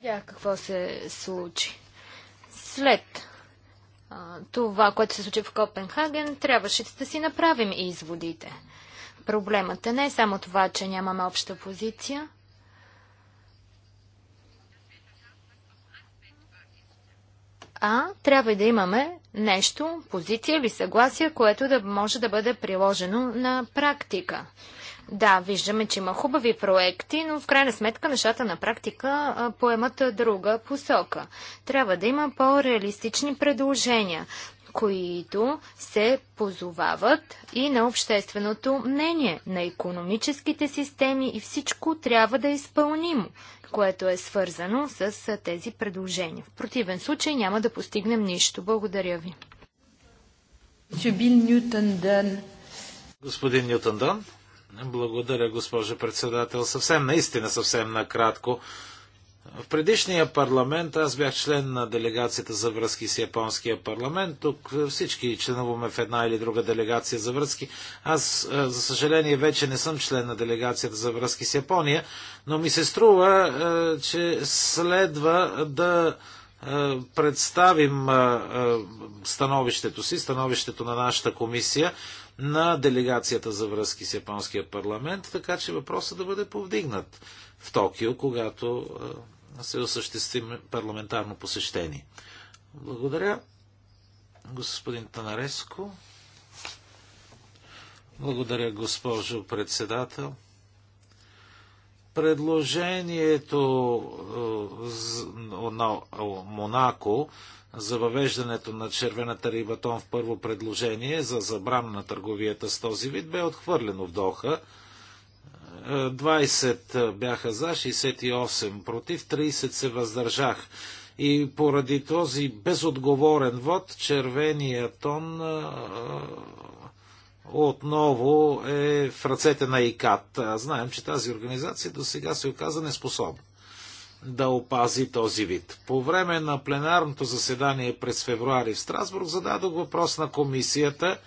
Я какво се случи. След това, което се случи в Копенхаген, трябваше да си направим и изводите. Проблемът е не е само това, че нямаме обща позиция, а трябва да имаме нещо, позиция или съгласие, което да може да бъде приложено на практика. Да, виждаме, че има хубави проекти, но в крайна сметка нещата на практика поемат друга посока. Трябва да има по-реалистични предложения, които се позовават и на общественото мнение, на економическите системи и всичко трябва да е изпълнимо, което е свързано с тези предложения. В противен случай няма да постигнем нищо. Благодаря ви. Господин Нютън Дън. Благодаря, госпожо председател. Съвсем, наистина съвсем накратко. В предишния парламент аз бях член на делегацията за връзки с японския парламент. Тук всички членуваме в една или друга делегация за връзки. Аз, е, за съжаление, вече не съм член на делегацията за връзки с Япония, но ми се струва, е, че следва да е, представим становището си, становището на нашата комисия на делегацията за връзки с Японския парламент, така че въпросът да бъде повдигнат в Токио, когато се осъществи парламентарно посещение. Благодаря, господин Танареско. Благодаря, госпожо председател. Предложението на Монако за въвеждането на червената рибатон в първо предложение за забрана на търговията с този вид бе отхвърлено в Доха. 20 е, е, бяха за, 68 против, 30 се въздържах. И поради този безотговорен вод, червения тон е, отново е в ръцете на ИКАТ. Знаем, че тази организация до сега се оказа неспособна да опази този вид. По време на пленарното заседание през февруари в Страсбург зададох въпрос на комисията.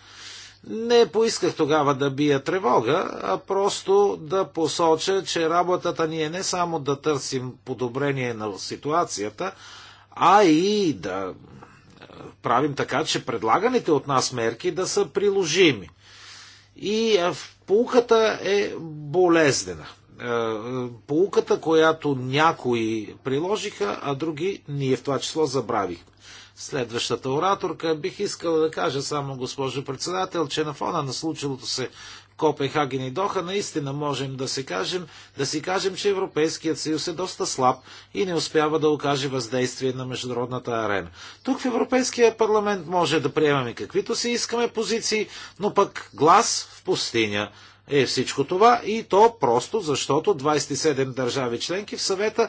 Не поисках тогава да бия тревога, а просто да посоча, че работата ни е не само да търсим подобрение на ситуацията, а и да е, правим така, че предлаганите от нас мерки да са приложими. И е, в Пулката е болезнена – е, полуката, която някои приложиха, а други ние в това число забравихме. Следващата ораторка бих искала да кажа само, госпожо председател, че на фона на случилото се в Копенхаген и Доха наистина можем да си кажем, да си кажем, че Европейският съюз е доста слаб и не успява да окаже въздействие на международната арена. Тук в Европейския парламент може да приемаме каквито си искаме позиции, но пък глас в пустиня е всичко това и то просто защото 27 държави членки в съвета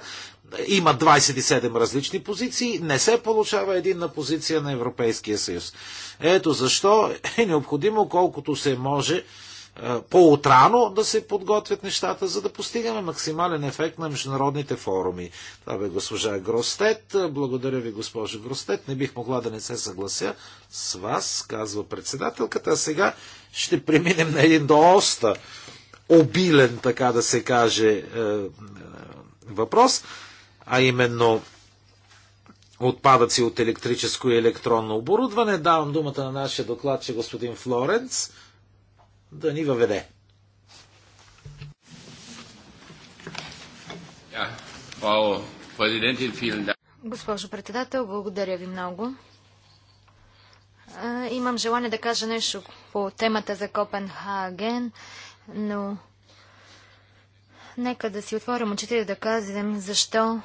има 27 различни позиции, не се получава единна позиция на Европейския съюз. Ето защо е необходимо колкото се може е, по-утрано да се подготвят нещата, за да постигаме максимален ефект на международните форуми. Това бе госпожа Гростет. Благодаря ви, госпожа Гростет. Не бих могла да не се съглася с вас, казва председателката. А сега ще преминем на един доста обилен, така да се каже, е, е, въпрос, а именно отпадъци от електрическо и електронно оборудване. Давам думата на нашия докладче господин Флоренц да ни въведе. Госпожо председател, благодаря ви много. Имам желание да кажа нещо по темата за Копенхаген, но нека да си отворим очите и да кажем защо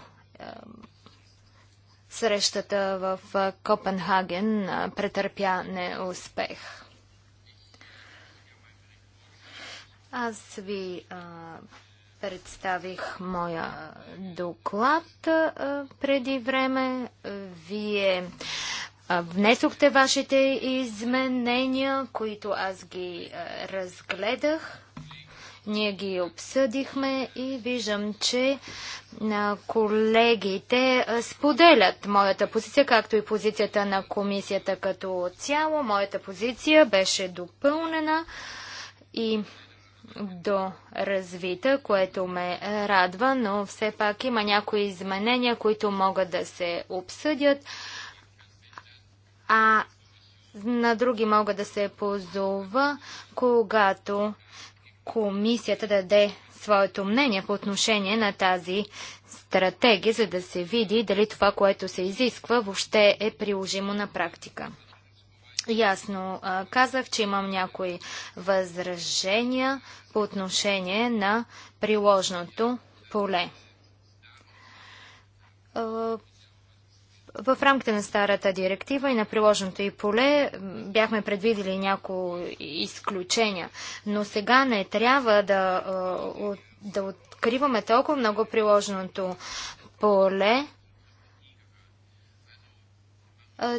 срещата в Копенхаген претърпя неуспех. Аз ви а, представих моя доклад а, преди време. Вие Внесохте вашите изменения, които аз ги е, разгледах. Ние ги обсъдихме и виждам, че колегите е, споделят моята позиция, както и позицията на комисията като цяло. Моята позиция беше допълнена и до развита, което ме радва, но все пак има някои изменения, които могат да се обсъдят а на други мога да се позова, когато комисията даде своето мнение по отношение на тази стратегия, за да се види дали това, което се изисква, въобще е приложимо на практика. Ясно казах, че имам някои възражения по отношение на приложното поле. В рамките на старата директива и на приложеното и поле бяхме предвидели някои изключения, но сега не трябва да, да откриваме толкова много приложеното поле,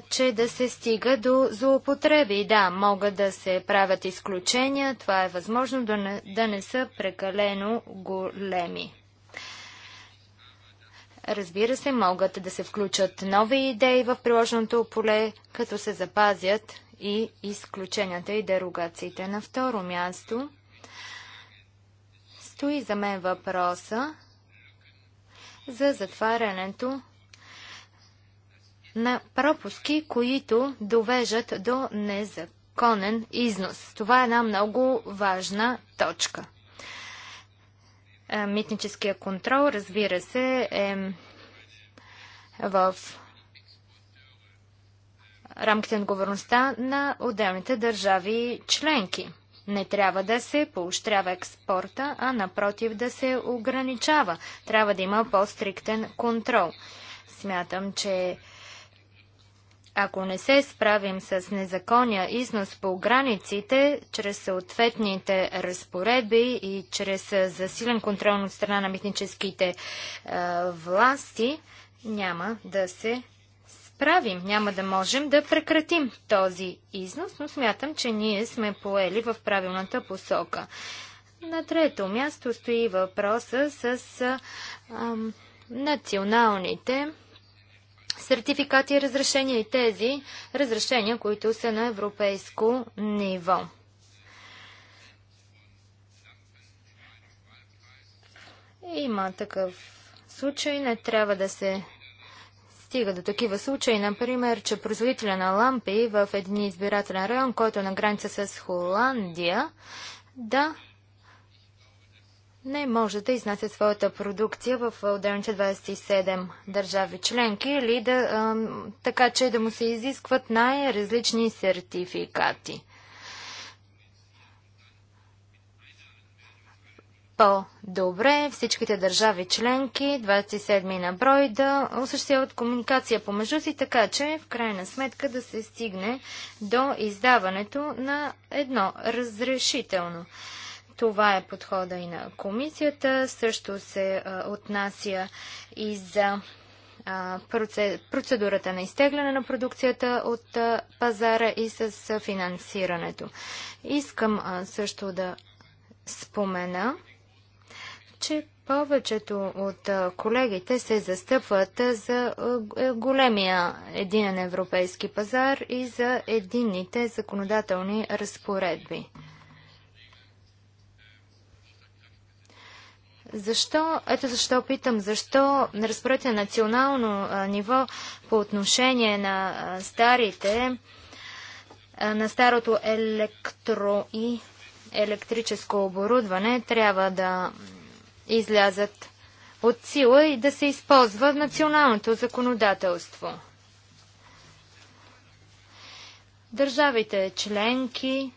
че да се стига до злоупотреби. Да, могат да се правят изключения, това е възможно да не, да не са прекалено големи. Разбира се, могат да се включат нови идеи в приложеното поле, като се запазят и изключенията и дерогациите. На второ място стои за мен въпроса за затварянето на пропуски, които довежат до незаконен износ. Това е една много важна точка. Митническия контрол, разбира се, е в рамките на отговорността на отделните държави членки. Не трябва да се поощрява експорта, а напротив да се ограничава. Трябва да има по-стриктен контрол. Смятам, че ако не се справим с незакония износ по границите, чрез съответните разпоредби и чрез засилен контрол от страна на митническите власти, няма да се правим. Няма да можем да прекратим този износ, но смятам, че ние сме поели в правилната посока. На трето място стои въпроса с а, националните сертификати и разрешения и тези разрешения, които са на европейско ниво. Има такъв случай, не трябва да се стига до такива случаи, например, че производителя на лампи в един избирателен район, който е на граница с Холандия, да не може да изнася своята продукция в отделните 27 държави членки или да, така че да му се изискват най-различни сертификати. По-добре всичките държави членки, 27 на брой, да осъществяват комуникация помежду си, така че в крайна сметка да се стигне до издаването на едно разрешително. Това е подхода и на комисията. Също се а, отнася и за а, процедурата на изтегляне на продукцията от а, пазара и с финансирането. Искам също да спомена, че повечето от колегите се застъпват за големия единен европейски пазар и за единните законодателни разпоредби. Защо, ето защо питам, защо разпоредите на национално а, ниво по отношение на а, старите, а, на старото електро и електрическо оборудване трябва да излязат от сила и да се използва националното законодателство. Държавите членки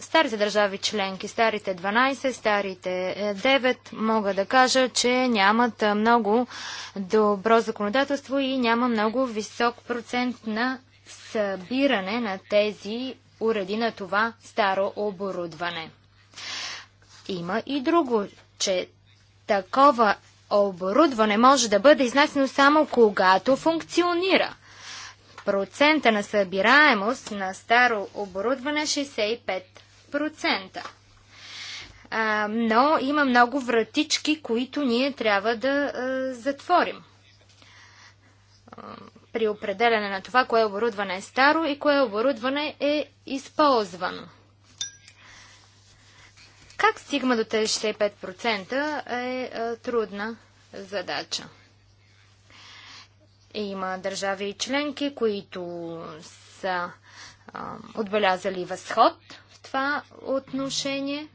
старите държави членки, старите 12, старите 9, е, мога да кажа, че нямат е, много добро законодателство и няма много висок процент на събиране на тези уреди на това старо оборудване. Има и друго, че такова оборудване може да бъде изнесено само когато функционира – процента на събираемост на старо оборудване 65%. А, но има много вратички, които ние трябва да а, затворим а, при определяне на това, кое оборудване е старо и кое оборудване е използвано. Как стигма до тези 65% е трудна задача. Има държави и членки, които са отбелязали възход в това отношение.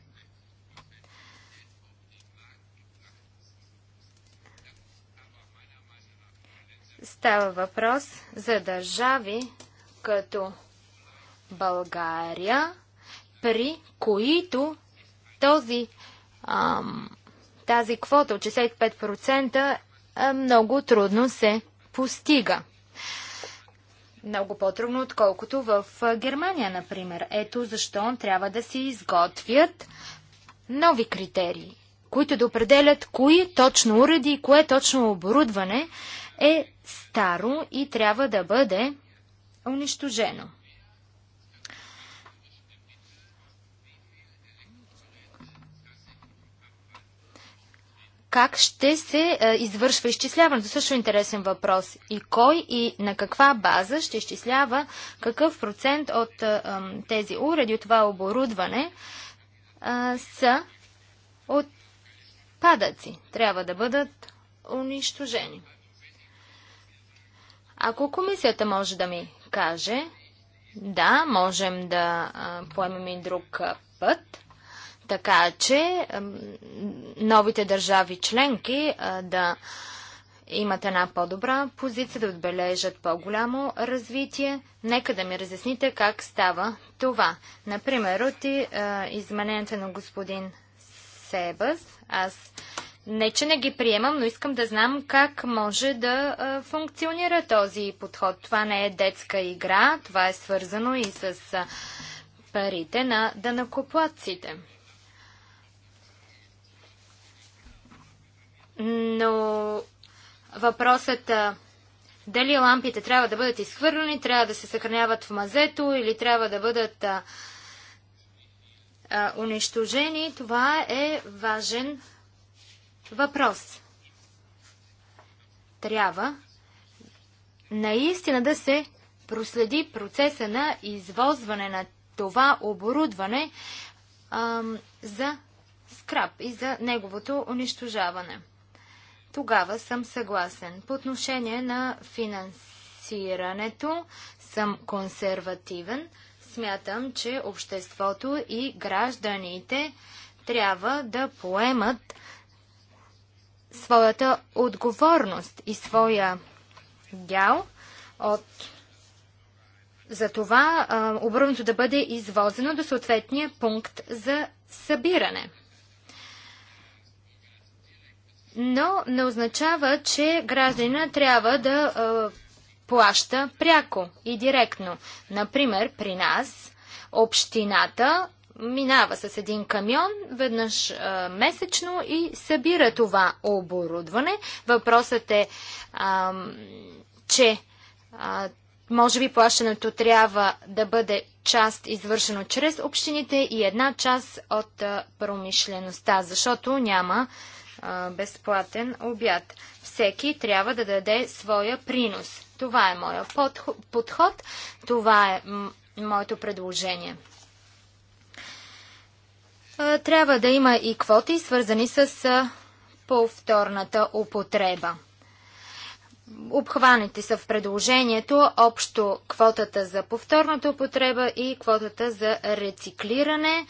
Става въпрос за държави като България, при които този, тази квота от 65% много трудно се постига. Много по-трудно, отколкото в Германия, например. Ето защо трябва да се изготвят нови критерии, които да определят кои точно уреди и кое точно оборудване е старо и трябва да бъде унищожено. как ще се а, е, извършва изчисляването? Също е интересен въпрос. И кой и на каква база ще изчислява какъв процент от а, е, тези уреди, от това оборудване а, са падъци? Трябва да бъдат унищожени. Ако комисията може да ми каже, да, можем да поемем и друг път, така че новите държави членки да имат една по-добра позиция, да отбележат по-голямо развитие. Нека да ми разясните как става това. Например, от измененията на господин Себас, аз не, че не ги приемам, но искам да знам как може да а, функционира този подход. Това не е детска игра, това е свързано и с а, парите на данакоплатците. Но въпросът дали лампите трябва да бъдат изхвърлени, трябва да се съхраняват в мазето или трябва да бъдат а, а, унищожени, това е важен въпрос. Трябва наистина да се проследи процеса на извозване на това оборудване а, за скраб и за неговото унищожаване тогава съм съгласен. По отношение на финансирането съм консервативен. Смятам, че обществото и гражданите трябва да поемат своята отговорност и своя дял от за това обръвното да бъде извозено до съответния пункт за събиране но не означава, че гражданина трябва да е, плаща пряко и директно. Например, при нас общината минава с един камион веднъж а, е, месечно и събира това оборудване. Въпросът е, а, че а, е, може би плащането трябва да бъде част извършено чрез общините и една част от а, е, промишлеността, защото няма а, безплатен обяд. Всеки трябва да даде своя принос. Това е моя подход, това е моето предложение. трябва да има и квоти, свързани с повторната употреба. Обхваните са в предложението общо квотата за повторната употреба и квотата за рециклиране.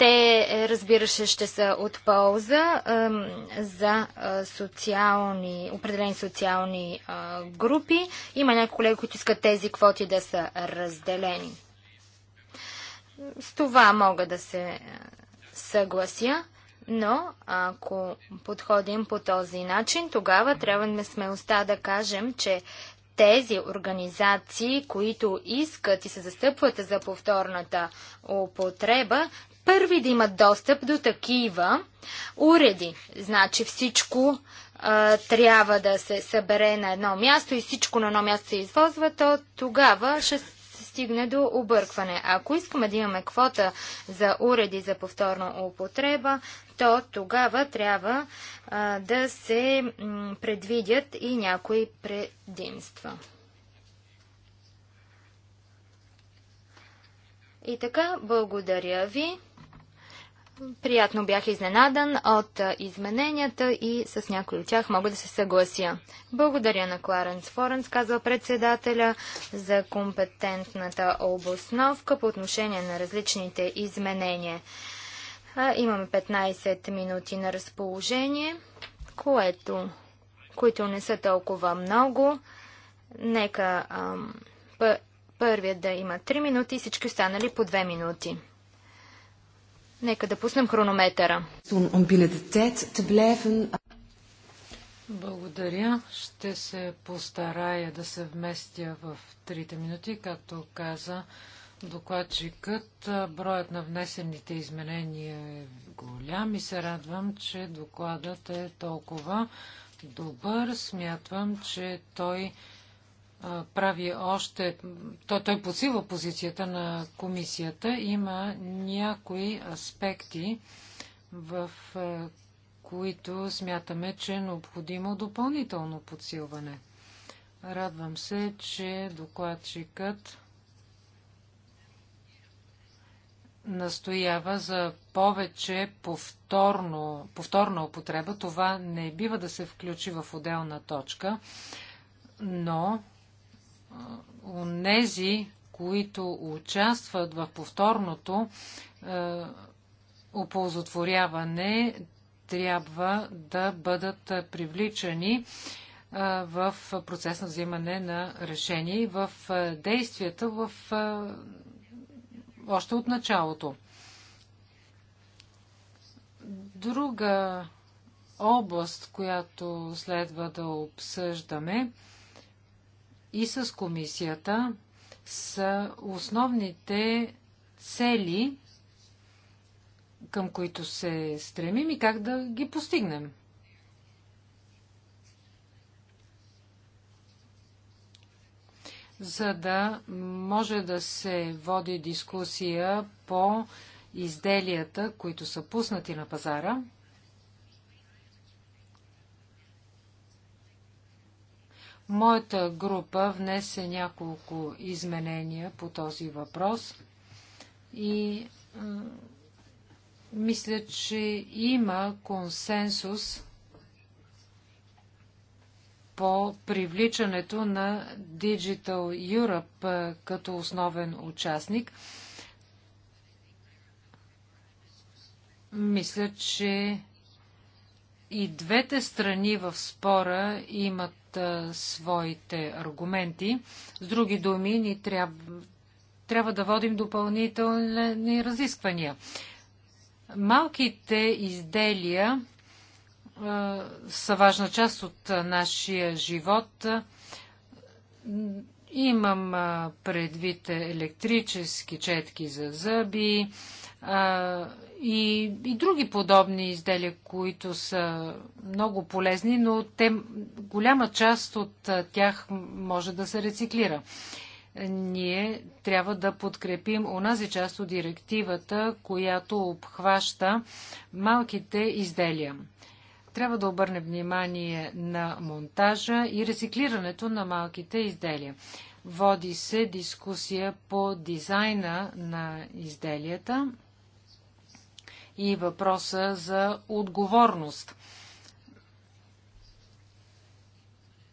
Те, е, разбираше, ще са от полза за социални, определени социални групи. Има някои колеги, които искат тези квоти да са разделени. С това мога да се съглася, но ако подходим по този начин, тогава трябва да сме уста да кажем, че тези организации, които искат и се застъпват за повторната употреба, първи да имат достъп до такива уреди. Значи всичко а, трябва да се събере на едно място и всичко на едно място се извозва, то тогава ще се стигне до объркване. Ако искаме да имаме квота за уреди за повторна употреба, то тогава трябва а, да се предвидят и някои предимства. И така, благодаря ви. Приятно бях изненадан от измененията и с някои от тях мога да се съглася. Благодаря на Кларенс Форенс, казва председателя, за компетентната обосновка по отношение на различните изменения. Имаме 15 минути на разположение, което, които не са толкова много. Нека ам, първият да има 3 минути, и всички останали по 2 минути. Нека да пуснем хронометъра. Благодаря. Ще се постарая да се вместя в трите минути, както каза докладчикът. Броят на внесените изменения е голям и се радвам, че докладът е толкова добър. Смятвам, че той прави още... Той, той подсилва позицията на комисията. Има някои аспекти, в които смятаме, че е необходимо допълнително подсилване. Радвам се, че докладчикът настоява за повече повторно, повторна употреба. Това не бива да се включи в отделна точка, но онези, които участват в повторното е, оползотворяване, трябва да бъдат привличани е, в процес на взимане на решение и в е, действията в, още от началото. Друга област, която следва да обсъждаме, и с комисията са основните цели, към които се стремим и как да ги постигнем. За да може да се води дискусия по изделията, които са пуснати на пазара – Моята група внесе няколко изменения по този въпрос и мисля, че има консенсус по привличането на Digital Europe като основен участник. Мисля, че и двете страни в спора имат а, своите аргументи. С други думи, ни тряб... трябва да водим допълнителни разисквания. Малките изделия а, са важна част от а, нашия живот. Имам предвид електрически четки за зъби, и, и други подобни изделия, които са много полезни, но те, голяма част от тях може да се рециклира. Ние трябва да подкрепим онази част от директивата, която обхваща малките изделия. Трябва да обърнем внимание на монтажа и рециклирането на малките изделия. Води се дискусия по дизайна на изделията и въпроса за отговорност.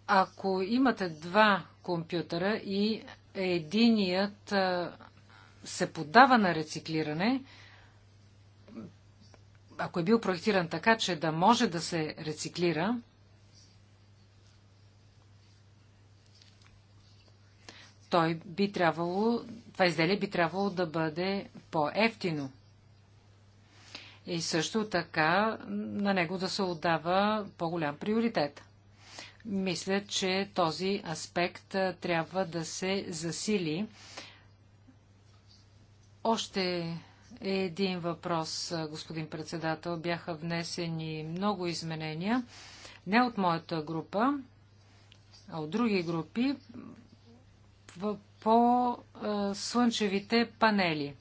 Ако имате два компютъра и единият се поддава на рециклиране, ако е бил проектиран така, че да може да се рециклира, той би трябвало, това изделие би трябвало да бъде по-ефтино и също така на него да се отдава по-голям приоритет. Мисля, че този аспект трябва да се засили. Още един въпрос, господин председател. Бяха внесени много изменения. Не от моята група, а от други групи по слънчевите панели.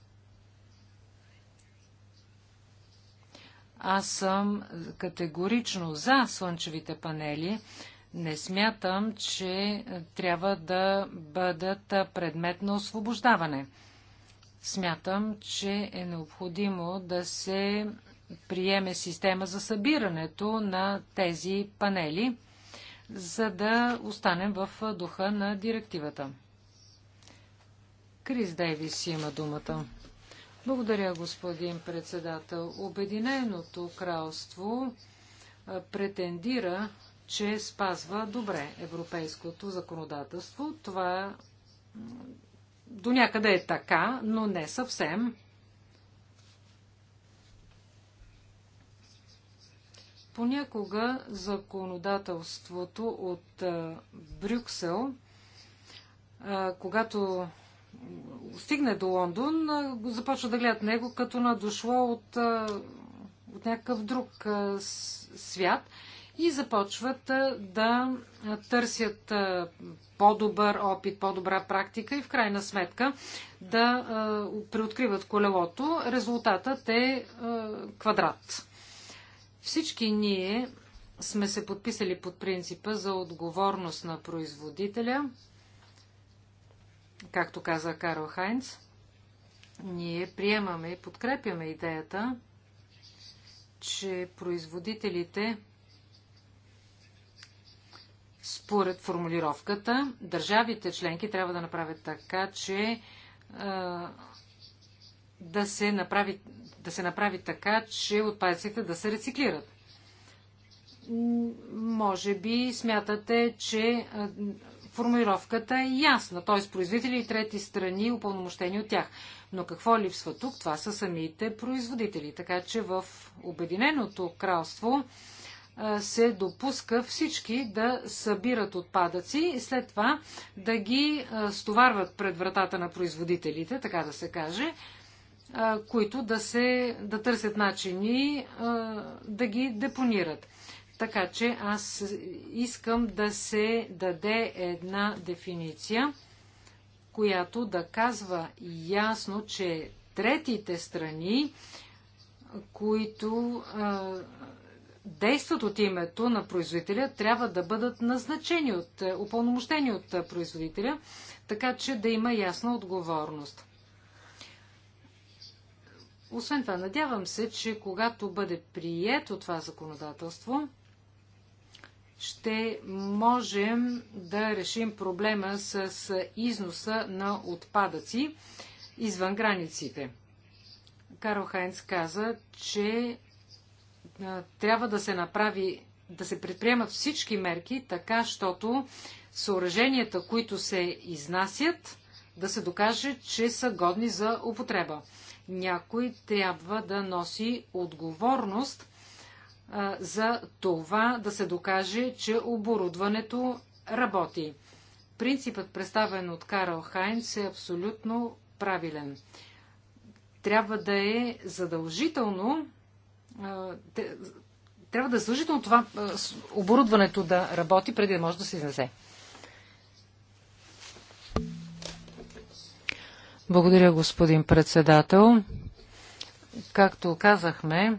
Аз съм категорично за слънчевите панели. Не смятам, че трябва да бъдат предмет на освобождаване. Смятам, че е необходимо да се приеме система за събирането на тези панели, за да останем в духа на директивата. Крис Дейвис има думата. Благодаря, господин председател. Обединеното кралство претендира, че спазва добре европейското законодателство. Това до някъде е така, но не съвсем. Понякога законодателството от Брюксел, когато стигне до Лондон, започва да гледат него като надошло от, от някакъв друг свят и започват да търсят по-добър опит, по-добра практика и в крайна сметка да преоткриват колелото. Резултатът е квадрат. Всички ние сме се подписали под принципа за отговорност на производителя, Както каза Карл Хайнц, ние приемаме и подкрепяме идеята, че производителите според формулировката, държавите членки трябва да направят така, че да, се направи, да се направи така, че отпадъците да се рециклират. Може би смятате, че формулировката е ясна, т.е. производители и трети страни, упълномощени от тях. Но какво липсва тук? Това са самите производители. Така че в Обединеното кралство се допуска всички да събират отпадъци и след това да ги стоварват пред вратата на производителите, така да се каже, които да, се, да търсят начини да ги депонират. Така че аз искам да се даде една дефиниция, която да казва ясно, че третите страни, които а, действат от името на производителя, трябва да бъдат назначени от, е, упълномощени от е, производителя, така че да има ясна отговорност. Освен това, надявам се, че когато бъде прието това законодателство, ще можем да решим проблема с износа на отпадъци извън границите. Карл Хайнц каза, че трябва да се направи, да се предприемат всички мерки, така, щото съоръженията, които се изнасят, да се докаже, че са годни за употреба. Някой трябва да носи отговорност за това да се докаже, че оборудването работи. Принципът, представен от Карл Хайнц, е абсолютно правилен. Трябва да е задължително трябва да е задължително това оборудването да работи, преди да може да се изнесе. Благодаря, господин председател. Както казахме,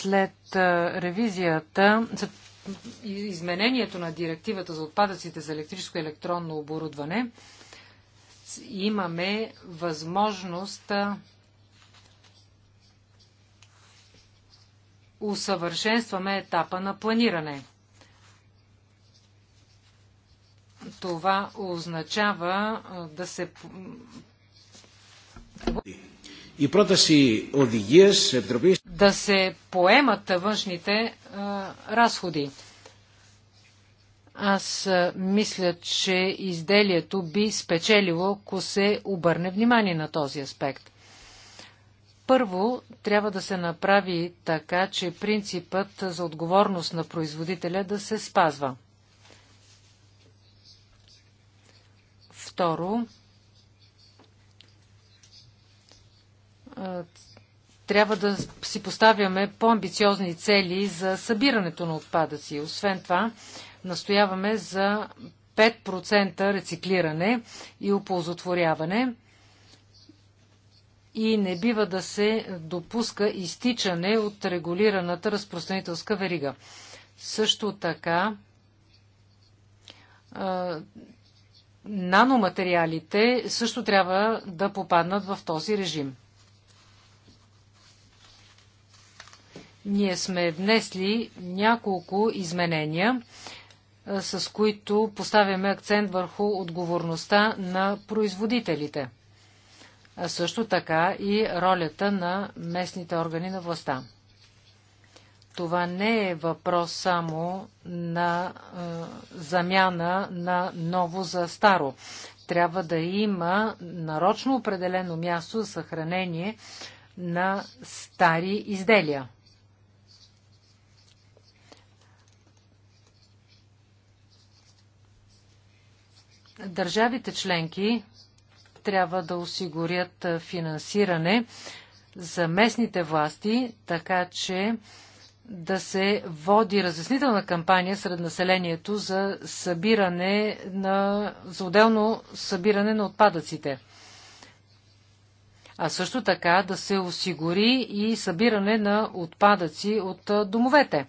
След ревизията, изменението на директивата за отпадъците за електрическо и електронно оборудване, имаме възможност усъвършенстваме етапа на планиране. Това означава да се η πρόταση οδηγίας Επιτροπής... Да се поемат външните а, разходи. Аз а, мисля, че изделието би спечелило, ако се обърне внимание на този аспект. Първо, трябва да се направи така, че принципът за отговорност на производителя да се спазва. Второ, трябва да си поставяме по-амбициозни цели за събирането на отпадъци. Освен това, настояваме за 5% рециклиране и оползотворяване и не бива да се допуска изтичане от регулираната разпространителска верига. Също така, наноматериалите също трябва да попаднат в този режим. Ние сме внесли няколко изменения, с които поставяме акцент върху отговорността на производителите, а също така и ролята на местните органи на властта. Това не е въпрос само на е, замяна на ново за старо. Трябва да има нарочно определено място за съхранение на стари изделия. Държавите членки трябва да осигурят финансиране за местните власти, така че да се води разяснителна кампания сред населението за събиране на, за отделно събиране на отпадъците. А също така да се осигури и събиране на отпадъци от домовете.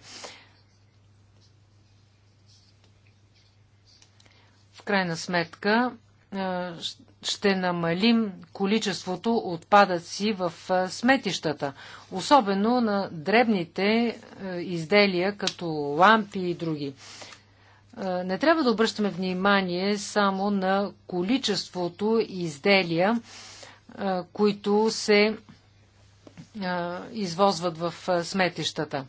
крайна сметка ще намалим количеството отпадъци в сметищата, особено на дребните изделия, като лампи и други. Не трябва да обръщаме внимание само на количеството изделия, които се извозват в сметищата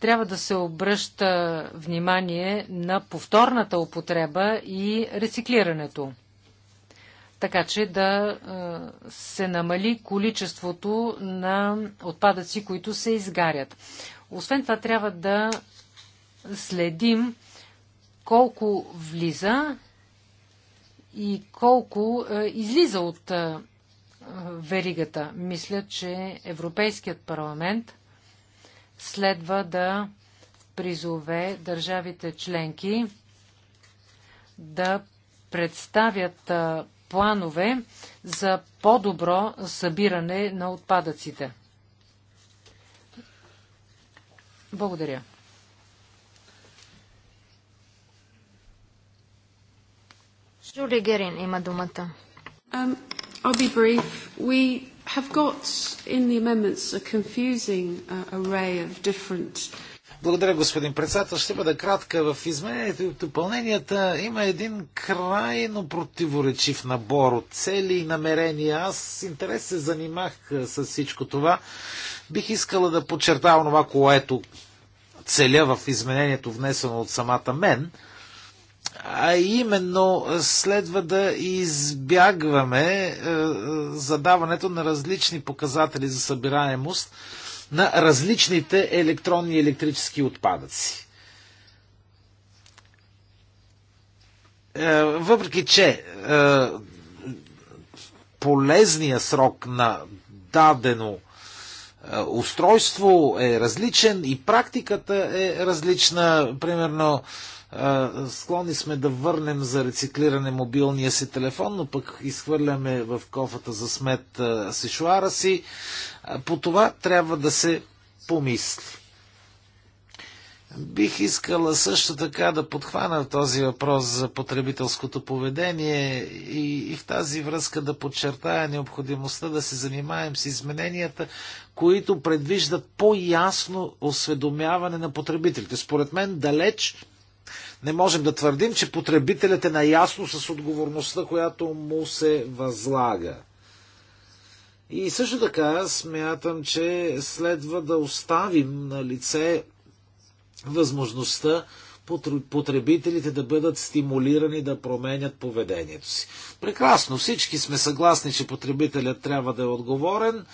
трябва да се обръща внимание на повторната употреба и рециклирането. Така че да се намали количеството на отпадъци, които се изгарят. Освен това, трябва да следим колко влиза и колко излиза от веригата. Мисля, че Европейският парламент следва да призове държавите членки да представят планове за по-добро събиране на отпадъците. Благодаря. Жули Герин има думата. Um, We have got in the amendments a confusing uh, array of different благодаря, господин председател. Ще бъда кратка в изменението и допълненията. Има един крайно противоречив набор от цели и намерения. Аз с интерес се занимах с всичко това. Бих искала да подчертавам това, което целя в изменението, внесено от самата мен – а именно следва да избягваме е, е, задаването на различни показатели за събираемост на различните електронни и електрически отпадъци. Е, въпреки, че полезния срок на дадено устройство е различен и практиката е различна. Примерно Склонни сме да върнем за рециклиране мобилния си телефон, но пък изхвърляме в кофата за смет сешуара си. По това трябва да се помисли. Бих искала също така да подхвана този въпрос за потребителското поведение и, и в тази връзка да подчертая необходимостта да се занимаем с измененията, които предвиждат по-ясно осведомяване на потребителите. Според мен далеч не можем да твърдим, че потребителят е наясно с отговорността, която му се възлага. И също така смятам, че следва да оставим на лице възможността потребителите да бъдат стимулирани да променят поведението си. Прекрасно, всички сме съгласни, че потребителят трябва да е отговорен,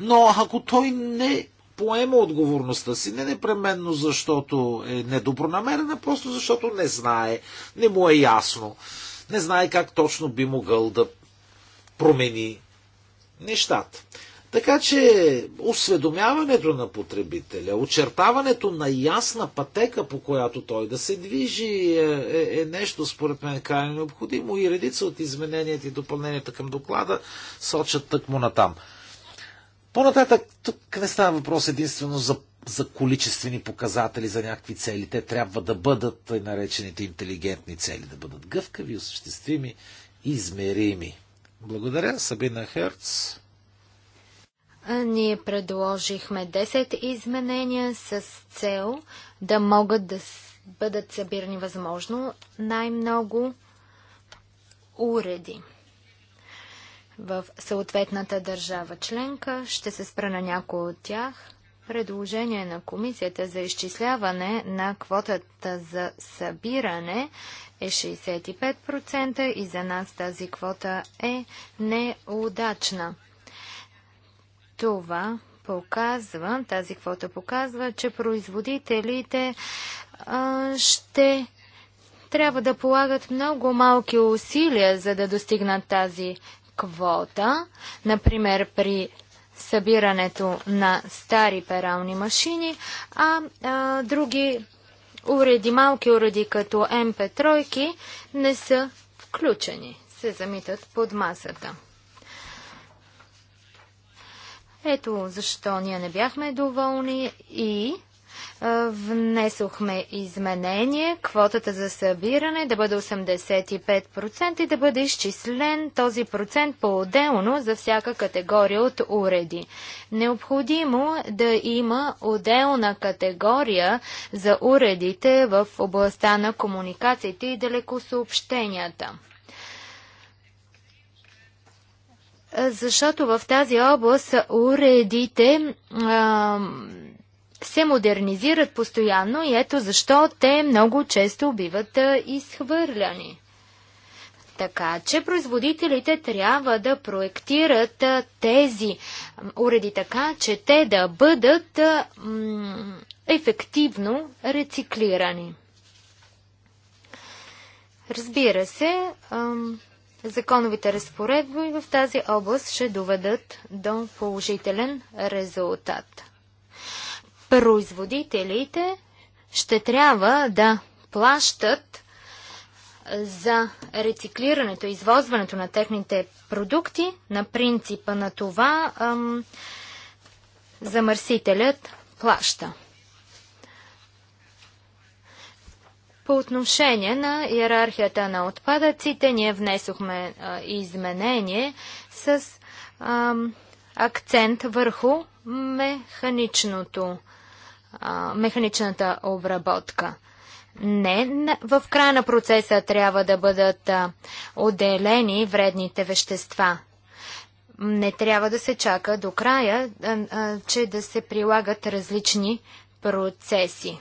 но ако той не поема отговорността си. Не непременно защото е недобронамерена, просто защото не знае, не му е ясно. Не знае как точно би могъл да промени нещата. Така че осведомяването на потребителя, очертаването на ясна пътека, по която той да се движи, е, е, е нещо, според мен, крайно необходимо и редица от измененията и допълненията към доклада сочат тъкмо натам. там. По-нататък, тук не става въпрос единствено за, за количествени показатели, за някакви цели. Те трябва да бъдат и наречените интелигентни цели, да бъдат гъвкави, осъществими, измерими. Благодаря, Сабина Херц. Ние предложихме 10 изменения с цел да могат да бъдат събирани възможно най-много уреди в съответната държава членка. Ще се спра на някои от тях. Предложение на комисията за изчисляване на квотата за събиране е 65% и за нас тази квота е неудачна. Това показва, тази квота показва, че производителите а, ще трябва да полагат много малки усилия, за да достигнат тази квота. Например, при събирането на стари перални машини, а, а други уреди, малки уреди като МП-тройки не са включени, се замитат под масата. Ето защо ние не бяхме доволни и внесохме изменение, квотата за събиране да бъде 85% и да бъде изчислен този процент по-отделно за всяка категория от уреди. Необходимо да има отделна категория за уредите в областта на комуникациите и далекосъобщенията. Защото в тази област уредите а, се модернизират постоянно и ето защо те много често биват изхвърляни. Така че производителите трябва да проектират тези уреди така, че те да бъдат ефективно рециклирани. Разбира се, законовите разпоредби в тази област ще доведат до положителен резултат производителите ще трябва да плащат за рециклирането и извозването на техните продукти на принципа на това ам, замърсителят плаща. По отношение на иерархията на отпадъците, ние внесохме а, изменение с ам, акцент върху механичното а, механичната обработка. Не, в края на процеса трябва да бъдат а, отделени вредните вещества. Не трябва да се чака до края, а, а, че да се прилагат различни процеси.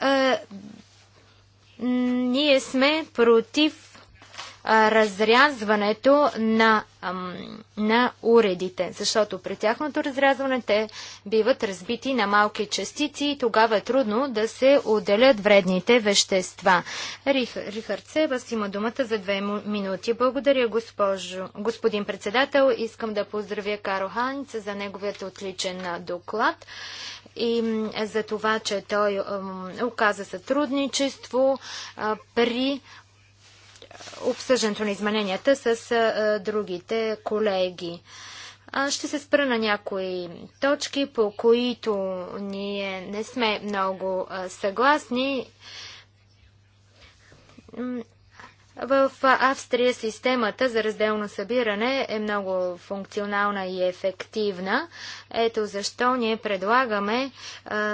А, ние сме против разрязването на, на уредите, защото при тяхното разрязване те биват разбити на малки частици и тогава е трудно да се отделят вредните вещества. Рих, Рихард Себас има думата за две минути. Благодаря, госпожо, господин председател. Искам да поздравя Каро Ханц за неговият отличен доклад и за това, че той оказа сътрудничество при обсъждането на измененията с другите колеги. ще се спра на някои точки, по които ние не сме много съгласни. В Австрия системата за разделно събиране е много функционална и ефективна. Ето защо ние предлагаме е,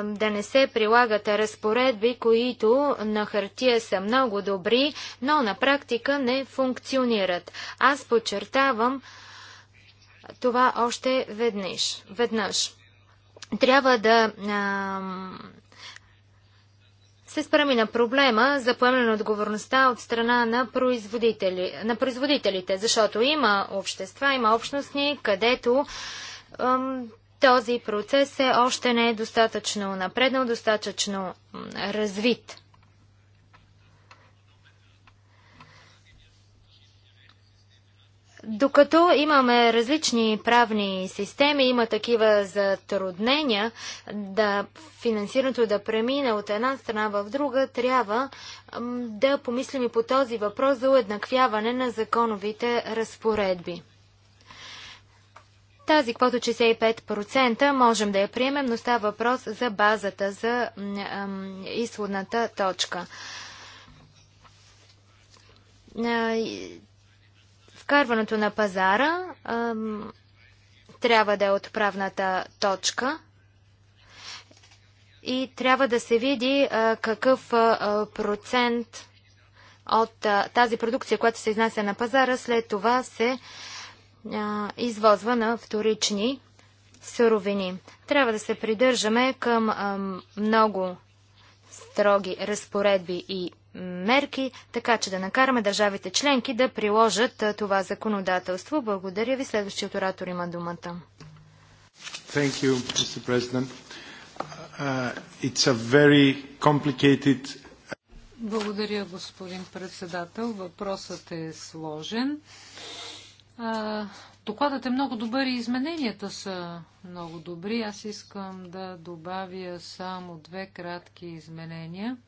да не се прилагат разпоредби, които на хартия са много добри, но на практика не функционират. Аз подчертавам това още веднъж. веднъж. Трябва да се спреми на проблема за поемане на отговорността от страна на, производители, на производителите, защото има общества, има общностни, където ем, този процес е още не е достатъчно напреднал, достатъчно развит. Докато имаме различни правни системи, има такива затруднения да финансирането да премине от една страна в друга, трябва да помислим и по този въпрос за уеднаквяване на законовите разпоредби. Тази квота 65% можем да я приемем, но става въпрос за базата, за изходната точка Вкарването на пазара ам, трябва да е отправната точка и трябва да се види а, какъв а, процент от а, тази продукция, която се изнася на пазара, след това се а, извозва на вторични суровини. Трябва да се придържаме към а, много строги разпоредби и мерки, така че да накараме държавите членки да приложат това законодателство. Благодаря ви. Следващият оратор има думата. Thank you, Mr. President. Uh, it's a very complicated... Uh, Благодаря, господин председател. Въпросът е сложен. докладът е много добър и измененията са много добри. Аз искам да добавя само две кратки изменения –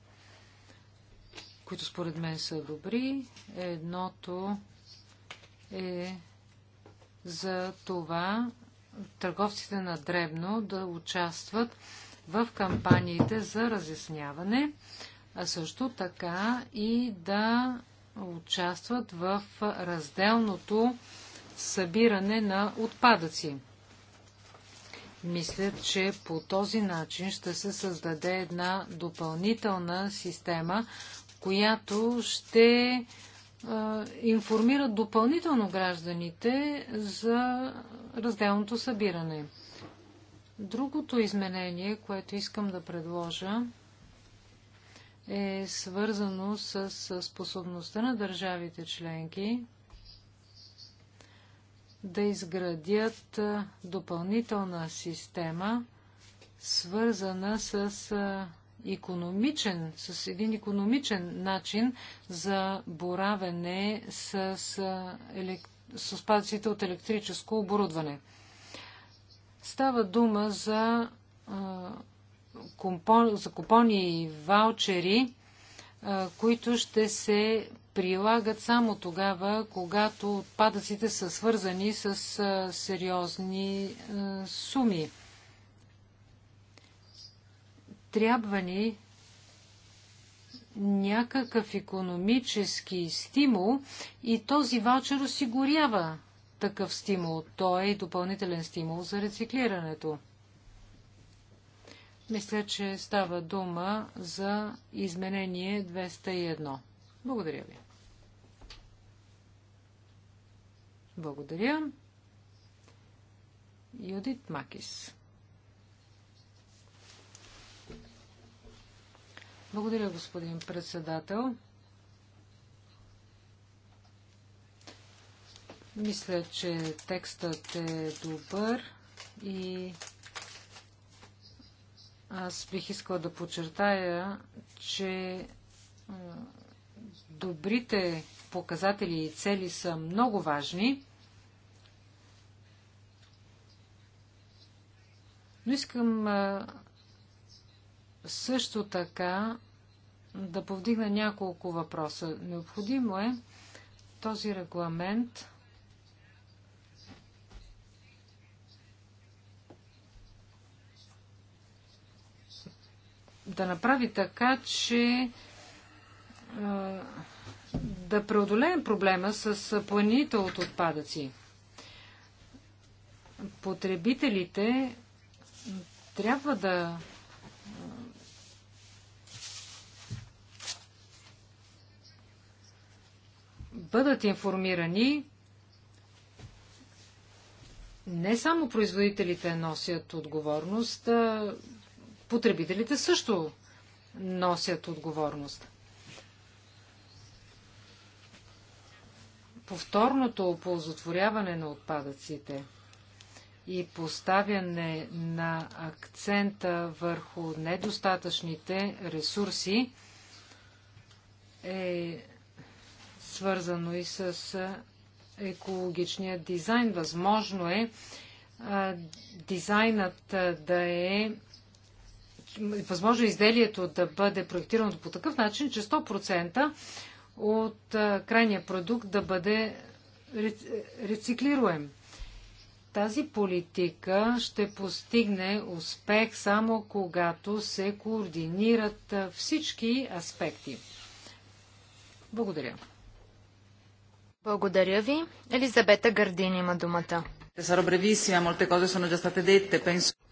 които според мен са добри. Едното е за това търговците на Дребно да участват в кампаниите за разясняване, а също така и да участват в разделното събиране на отпадъци. Мисля, че по този начин ще се създаде една допълнителна система която ще информират допълнително гражданите за разделното събиране. Другото изменение, което искам да предложа, е свързано с способността на държавите членки да изградят допълнителна система, свързана с економичен, с един економичен начин за боравене с, елек... с отпадъците от електрическо оборудване. Става дума за, за купони и ваучери, които ще се прилагат само тогава, когато отпадъците са свързани с сериозни суми. Трябва ни някакъв економически стимул и този ваучер осигурява такъв стимул. Той е и допълнителен стимул за рециклирането. Мисля, че става дума за изменение 201. Благодаря ви. Благодаря. Юдит Макис. Благодаря, господин председател. Мисля, че текстът е добър и аз бих искала да подчертая, че добрите показатели и цели са много важни, но искам също така да повдигна няколко въпроса. Необходимо е този регламент да направи така, че да преодолеем проблема с планините от отпадъци. Потребителите трябва да бъдат информирани. Не само производителите носят отговорност, потребителите също носят отговорност. Повторното оползотворяване на отпадъците и поставяне на акцента върху недостатъчните ресурси е свързано и с екологичния дизайн. Възможно е дизайнът да е възможно е изделието да бъде проектирано по такъв начин, че 100% от крайния продукт да бъде рециклируем. Тази политика ще постигне успех само когато се координират всички аспекти. Благодаря. Благодаря ви. Елизабета Гардин има думата.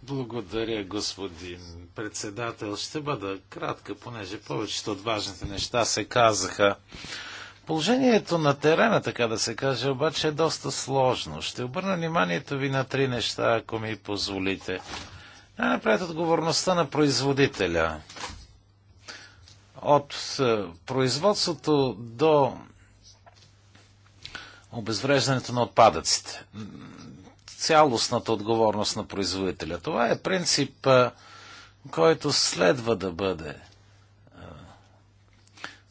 Благодаря, господин председател. Ще бъда кратка, понеже повечето от важните неща се казаха. Положението на терена, така да се каже, обаче е доста сложно. Ще обърна вниманието ви на три неща, ако ми позволите. Най-напред отговорността на производителя. От е, производството до обезвреждането на отпадъците. Цялостната отговорност на производителя. Това е принцип, който следва да бъде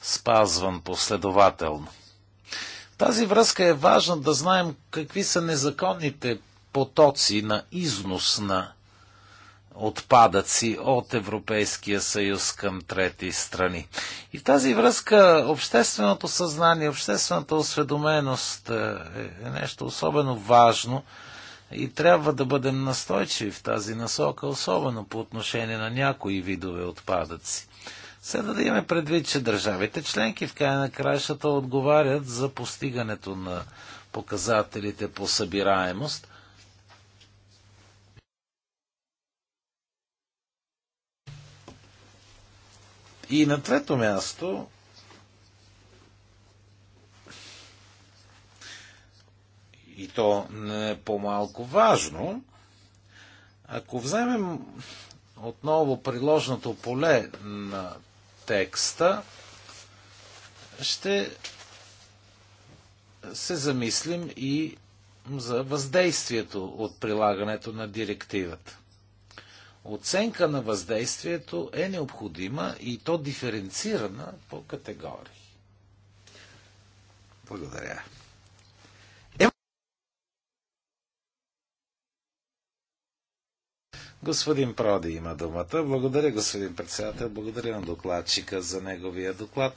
спазван последователно. Тази връзка е важна да знаем какви са незаконните потоци на износ на отпадъци от Европейския съюз към трети страни. И в тази връзка общественото съзнание, обществената осведоменост е, е нещо особено важно и трябва да бъдем настойчиви в тази насока, особено по отношение на някои видове отпадъци. Следва да имаме предвид, че държавите членки в края на краищата отговарят за постигането на показателите по събираемост, И на трето място и то не по-малко важно, ако вземем отново приложното поле на текста, ще се замислим и за въздействието от прилагането на директивата оценка на въздействието е необходима и то диференцирана по категории. Благодаря. Господин Проди има думата. Благодаря, господин председател. Благодаря на докладчика за неговия доклад,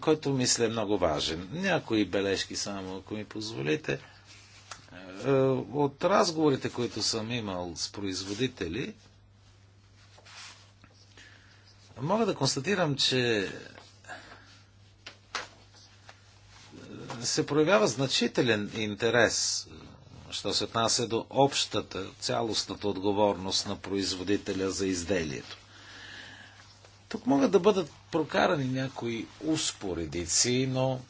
който мисля е много важен. Някои бележки само, ако ми позволите. Е, от разговорите, които съм имал с производители, мога да констатирам, че е, се проявява значителен интерес, е, що се отнася до общата, цялостната отговорност на производителя за изделието. Тук могат да бъдат прокарани някои успоредици, но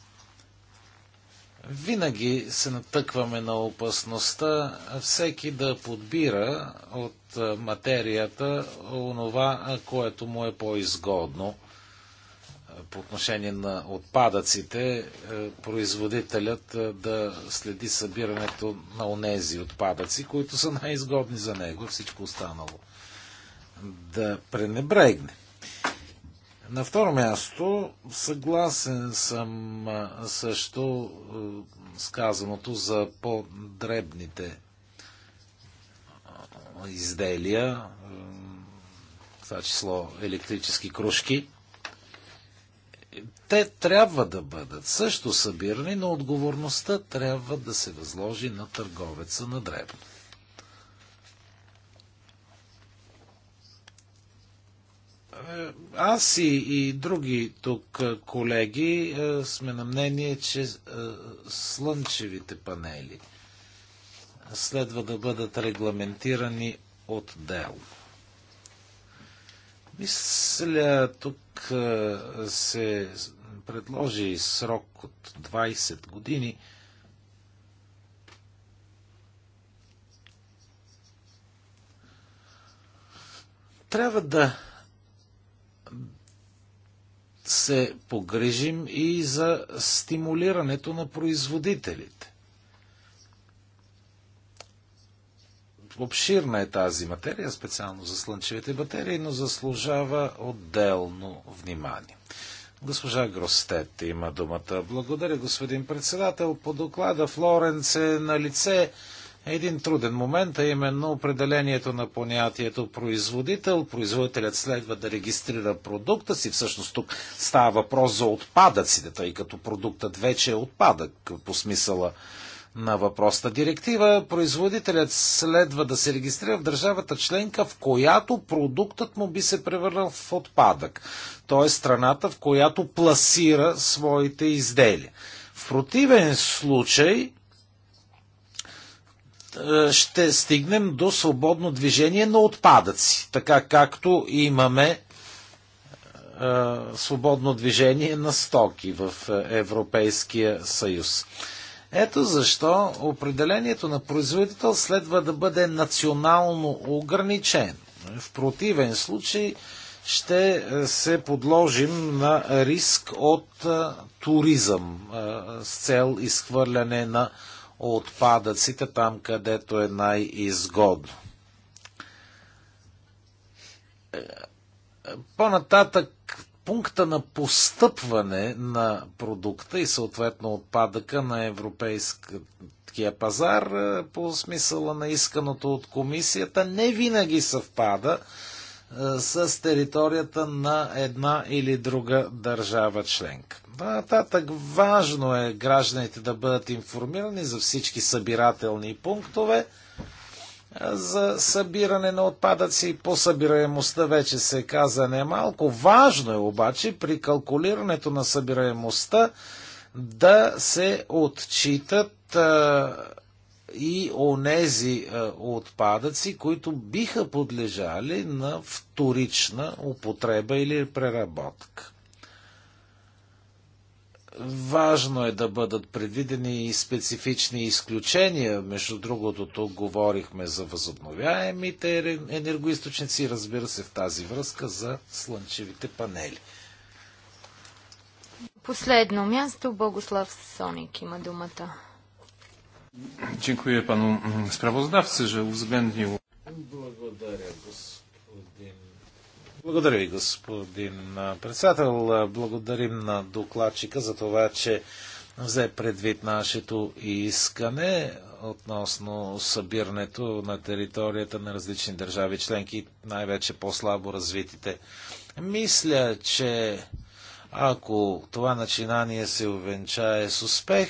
винаги се натъкваме на опасността всеки да подбира от материята онова, което му е по-изгодно по отношение на отпадъците, производителят да следи събирането на онези отпадъци, които са най-изгодни за него, всичко останало да пренебрегне. На второ място, съгласен съм също е, с казаното за по-дребните изделия, е, това число електрически кружки. Те трябва да бъдат също събирани, но отговорността трябва да се възложи на търговеца на дребно. Е, аз и, и други тук е, колеги е, сме на мнение, че слънчевите панели следва да бъдат регламентирани от ДЕЛ. Мисля, тук се предложи срок от 20 години. Трябва да се погрежим и за стимулирането на производителите. Обширна е тази материя, специално за слънчевите батерии, но заслужава отделно внимание. Госпожа Гростет има думата. Благодаря, господин председател. По доклада Флоренце е на лице един труден момент, а е именно определението на понятието производител. Производителят следва да регистрира продукта си. Всъщност тук става въпрос за отпадъците, тъй като продуктът вече е отпадък по смисъла на въпросната директива. Производителят следва да се регистрира в държавата членка, в която продуктът му би се превърнал в отпадък, т.е. страната, в която пласира своите изделия. В противен случай е, ще стигнем до свободно движение на отпадъци, така както имаме е, свободно движение на стоки в е, Европейския съюз. Ето защо определението на производител следва да бъде национално ограничен. В противен случай ще се подложим на риск от туризъм с цел изхвърляне на отпадъците там, където е най-изгодно. По-нататък пункта на постъпване на продукта и съответно отпадъка на европейския пазар по смисъла на исканото от комисията не винаги съвпада е, с територията на една или друга държава членка. Нататък важно е гражданите да бъдат информирани за всички събирателни пунктове е, за събиране на отпадъци и по събираемостта вече се каза немалко. Важно е обаче при калкулирането на събираемостта да се отчитат е, и онези е, отпадъци, които биха подлежали на вторична употреба или преработка. Важно е да бъдат предвидени и специфични изключения. Между другото, тук говорихме за възобновяемите енергоисточници, разбира се, в тази връзка за слънчевите панели. Последно място Богослав Соник има думата. Dziękuję panu mm, sprawozdawcy, że uwzględnił. Благодаря, Благодаря ви, господин председател. Благодарим на докладчика за това, че взе предвид нашето искане относно събирането на територията на различни държави членки, най-вече по-слабо развитите. Мисля, че ако това начинание се увенчае с успех,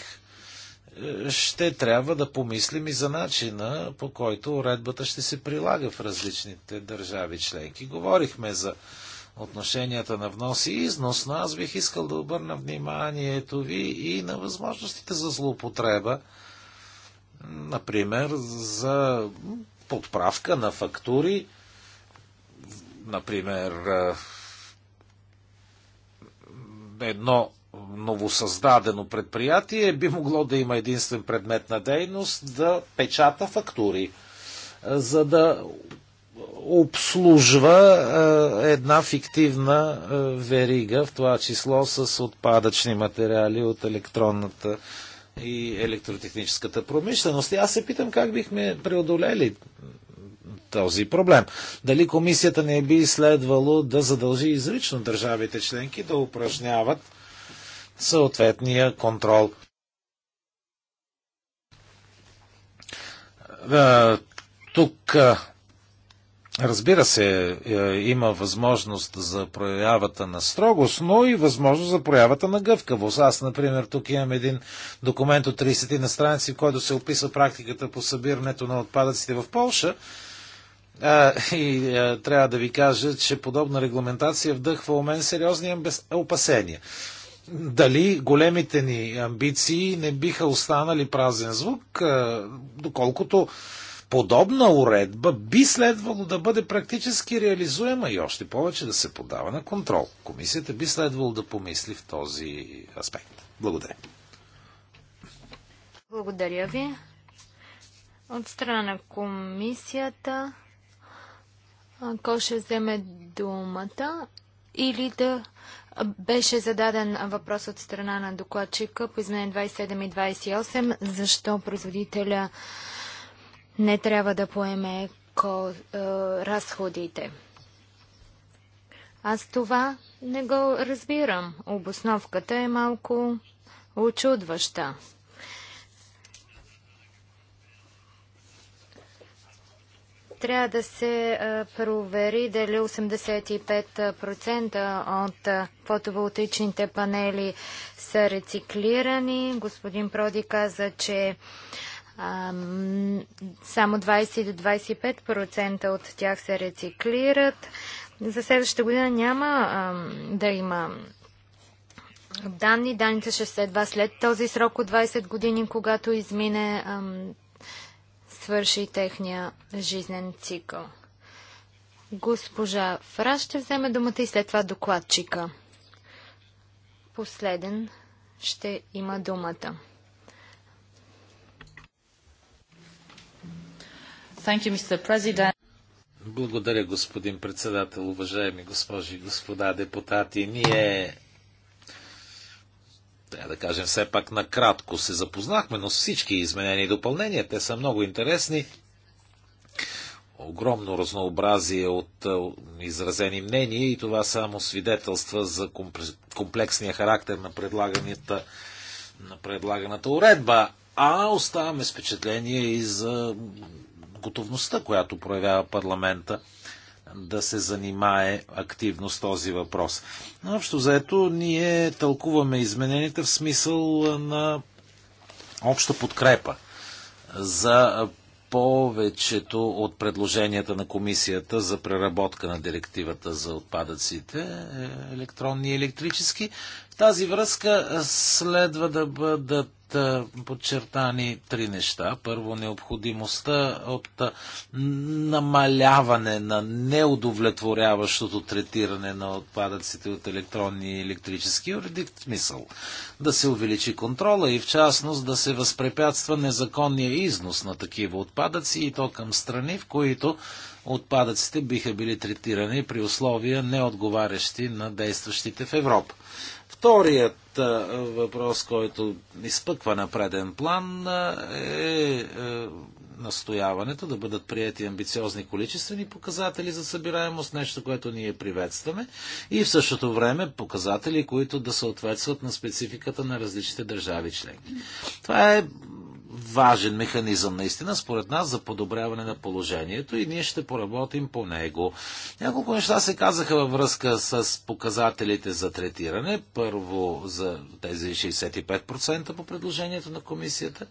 ще трябва да помислим и за начина, по който уредбата ще се прилага в различните държави членки. Говорихме за отношенията на внос и износ, но аз бих искал да обърна вниманието ви и на възможностите за злоупотреба. Например, за подправка на фактури, например, едно новосъздадено предприятие би могло да има единствен предмет на дейност да печата фактури, е, за да обслужва е, една фиктивна е, верига, в това число с отпадъчни материали от електронната и електротехническата промишленост. И аз се питам как бихме преодолели този проблем. Дали комисията не би следвало да задължи изрично държавите членки да упражняват съответния контрол. Тук, разбира се, е, има възможност за проявата на строгост, но и възможност за проявата на гъвкавост. Аз, например, тук имам един документ от 30 на страници, в който се описва практиката по събирането на отпадъците в Полша. И трябва да ви кажа, че подобна регламентация вдъхва у мен сериозни опасения дали големите ни амбиции не биха останали празен звук, доколкото подобна уредба би следвало да бъде практически реализуема и още повече да се подава на контрол. Комисията би следвало да помисли в този аспект. Благодаря. Благодаря ви. От страна на комисията, ако ще вземе думата или да беше зададен въпрос от страна на докладчика по измене 27 и 28, защо производителя не трябва да поеме ко, е, разходите. Аз това не го разбирам. Обосновката е малко очудваща. Трябва да се провери дали 85% от фотоволтичните панели са рециклирани. Господин Проди каза, че само 20 25% от тях се рециклират. За следващата година няма да има данни. Данните ще следва след този срок от 20 години, когато измине свърши техния жизнен цикъл. Госпожа Фраш ще вземе думата и след това докладчика. Последен ще има думата. You, Благодаря, господин председател, уважаеми госпожи и господа депутати. Ние трябва да кажем, все пак накратко се запознахме, но с всички изменения и допълнения, те са много интересни. Огромно разнообразие от изразени мнения и това само свидетелства за комплексния характер на предлаганата, на предлаганата уредба. А оставаме с впечатление и за готовността, която проявява парламента да се занимае активно с този въпрос. Общо заето ние тълкуваме измененията в смисъл на обща подкрепа за повечето от предложенията на комисията за преработка на директивата за отпадъците, електронни и електрически. В тази връзка следва да бъдат подчертани три неща. Първо, необходимостта от намаляване на неудовлетворяващото третиране на отпадъците от електронни и електрически уреди, в смисъл да се увеличи контрола и в частност да се възпрепятства незаконния износ на такива отпадъци и то към страни, в които отпадъците биха били третирани при условия неотговарящи на действащите в Европа. Вторият въпрос, който изпъква на преден план е настояването да бъдат прияти амбициозни количествени показатели за събираемост, нещо, което ние приветстваме, и в същото време показатели, които да съответстват на спецификата на различните държави членки. Това е важен механизъм наистина, според нас, за подобряване на положението и ние ще поработим по него. Няколко неща се казаха във връзка с показателите за третиране. Първо за тези 65% по предложението на комисията.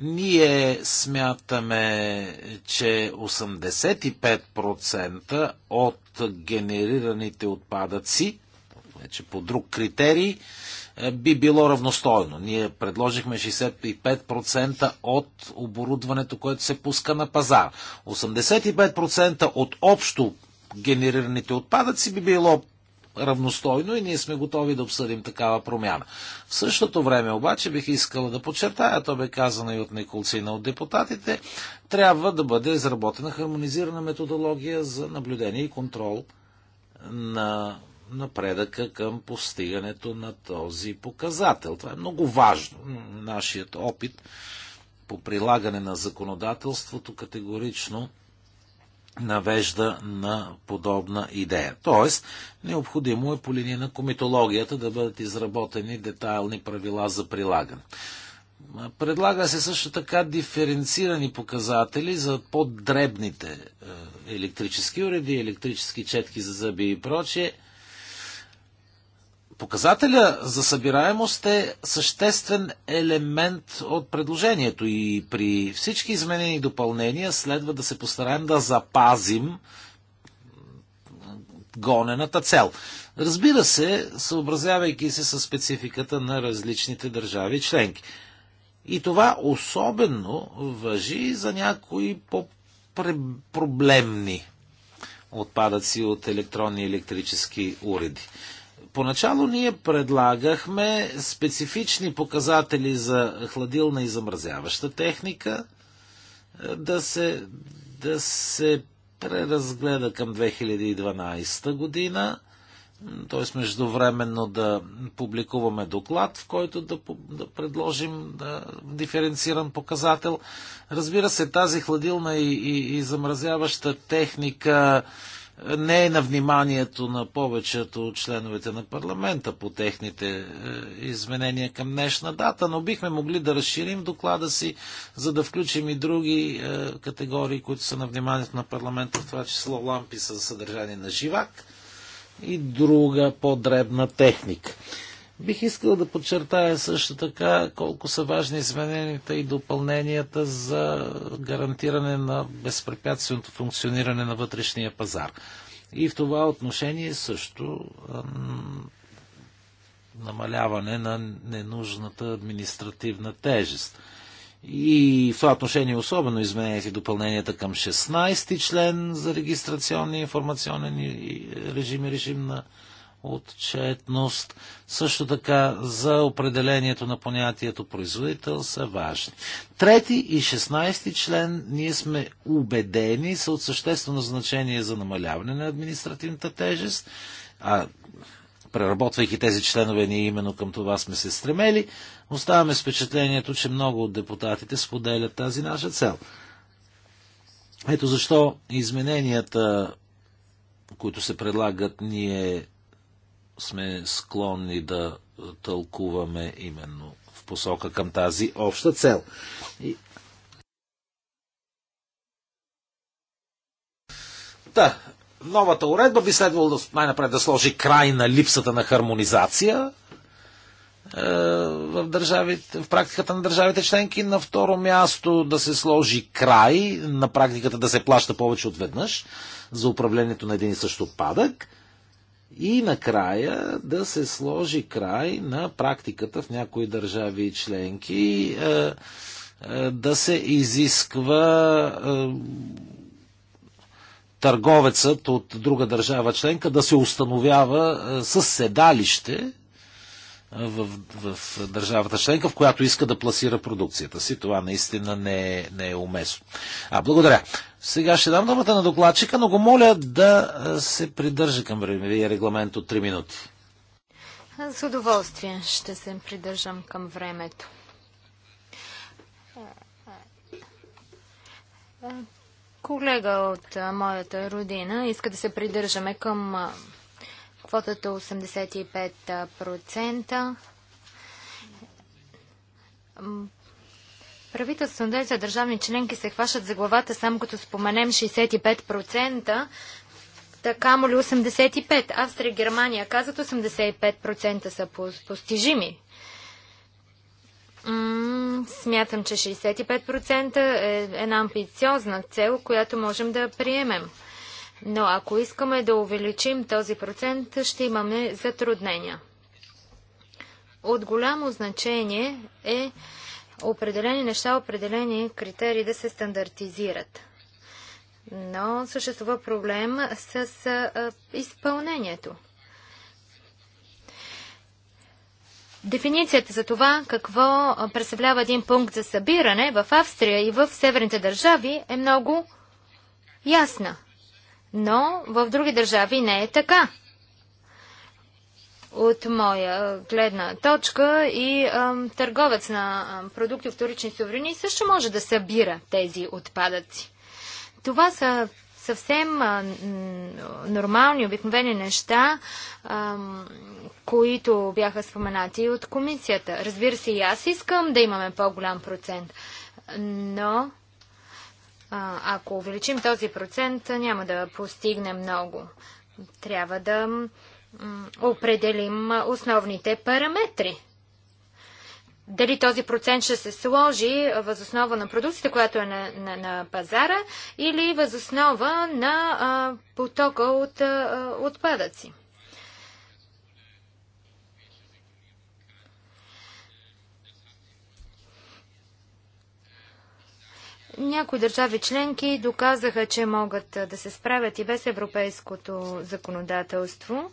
Ние смятаме, че 85% от генерираните отпадъци, вече по друг критерий, би било равностойно. Ние предложихме 65% от оборудването, което се пуска на пазар. 85% от общо генерираните отпадъци би било равностойно и ние сме готови да обсъдим такава промяна. В същото време обаче бих искала да подчертая, то бе казано и от неколцина от депутатите, трябва да бъде изработена хармонизирана методология за наблюдение и контрол на напредъка към постигането на този показател. Това е много важно. Нашият опит по прилагане на законодателството категорично навежда на подобна идея. Тоест, необходимо е по линия на комитологията да бъдат изработени детайлни правила за прилагане. Предлага се също така диференцирани показатели за по-дребните е, електрически уреди, електрически четки за зъби и прочее – показателя за събираемост е съществен елемент от предложението и при всички изменени допълнения следва да се постараем да запазим гонената цел. Разбира се, съобразявайки се с спецификата на различните държави членки. И това особено въжи за някои по-проблемни отпадъци от електронни и електрически уреди. Поначало ние предлагахме специфични показатели за хладилна и замразяваща техника е, да се, да се преразгледа към 2012 година, т.е. междувременно да публикуваме доклад, в който да, да предложим да, диференциран показател. Разбира се, тази хладилна и, и, и замразяваща техника не е на вниманието на повечето от членовете на парламента по техните е, изменения към днешна дата, но бихме могли да разширим доклада си, за да включим и други е, категории, които са на вниманието на парламента, в това число лампи с съдържание на живак и друга по-дребна техника. Бих искал да подчертая също така колко са важни измененията и допълненията за гарантиране на безпрепятственото функциониране на вътрешния пазар. И в това отношение също намаляване на ненужната административна тежест. И в това отношение особено измененията и допълненията към 16 ти член за регистрационния информационен режим и режим на отчетност. Също така за определението на понятието производител са важни. Трети и 16 член ние сме убедени са от съществено значение за намаляване на административната тежест, а преработвайки тези членове, ние именно към това сме се стремели, оставаме с впечатлението, че много от депутатите споделят тази наша цел. Ето защо измененията, които се предлагат, ние сме склонни да тълкуваме именно в посока към тази обща цел. И... Да, новата уредба би следвало най-напред да сложи край на липсата на хармонизация е, в, държавите, в практиката на държавите членки. На второ място да се сложи край на практиката да се плаща повече от веднъж за управлението на един и също падък и накрая да се сложи край на практиката в някои държави и членки е, е, да се изисква е, търговецът от друга държава членка да се установява със седалище в, в държавата членка, в която иска да пласира продукцията си. Това наистина не е, не е уместно. А, благодаря. Сега ще дам думата на докладчика, но го моля да се придържа към времевия регламент от 3 минути. С удоволствие ще се придържам към времето. Колега от моята родина иска да се придържаме към Квотата 85%. Е Правителството за държавни членки се хващат за главата само като споменем 65%, така моли ли 85%. Австрия и Германия казват 85% са постижими. смятам, че 65% е една амбициозна цел, която можем да приемем. Но ако искаме да увеличим този процент, ще имаме затруднения. От голямо значение е определени неща, определени критерии да се стандартизират. Но съществува проблем с изпълнението. Дефиницията за това какво представлява един пункт за събиране в Австрия и в северните държави е много ясна. Но в други държави не е така. От моя гледна точка и ам, търговец на ам, продукти вторични суверени също може да събира тези отпадъци. Това са съвсем а, нормални, обикновени неща, а, които бяха споменати от комисията. Разбира се, и аз искам да имаме по-голям процент, но ако увеличим този процент, няма да постигнем много. Трябва да определим основните параметри. Дали този процент ще се сложи възоснова на продукцията, която е на, на, на пазара, или възоснова на а, потока от а, отпадъци. Някои държави членки доказаха, че могат да се справят и без европейското законодателство.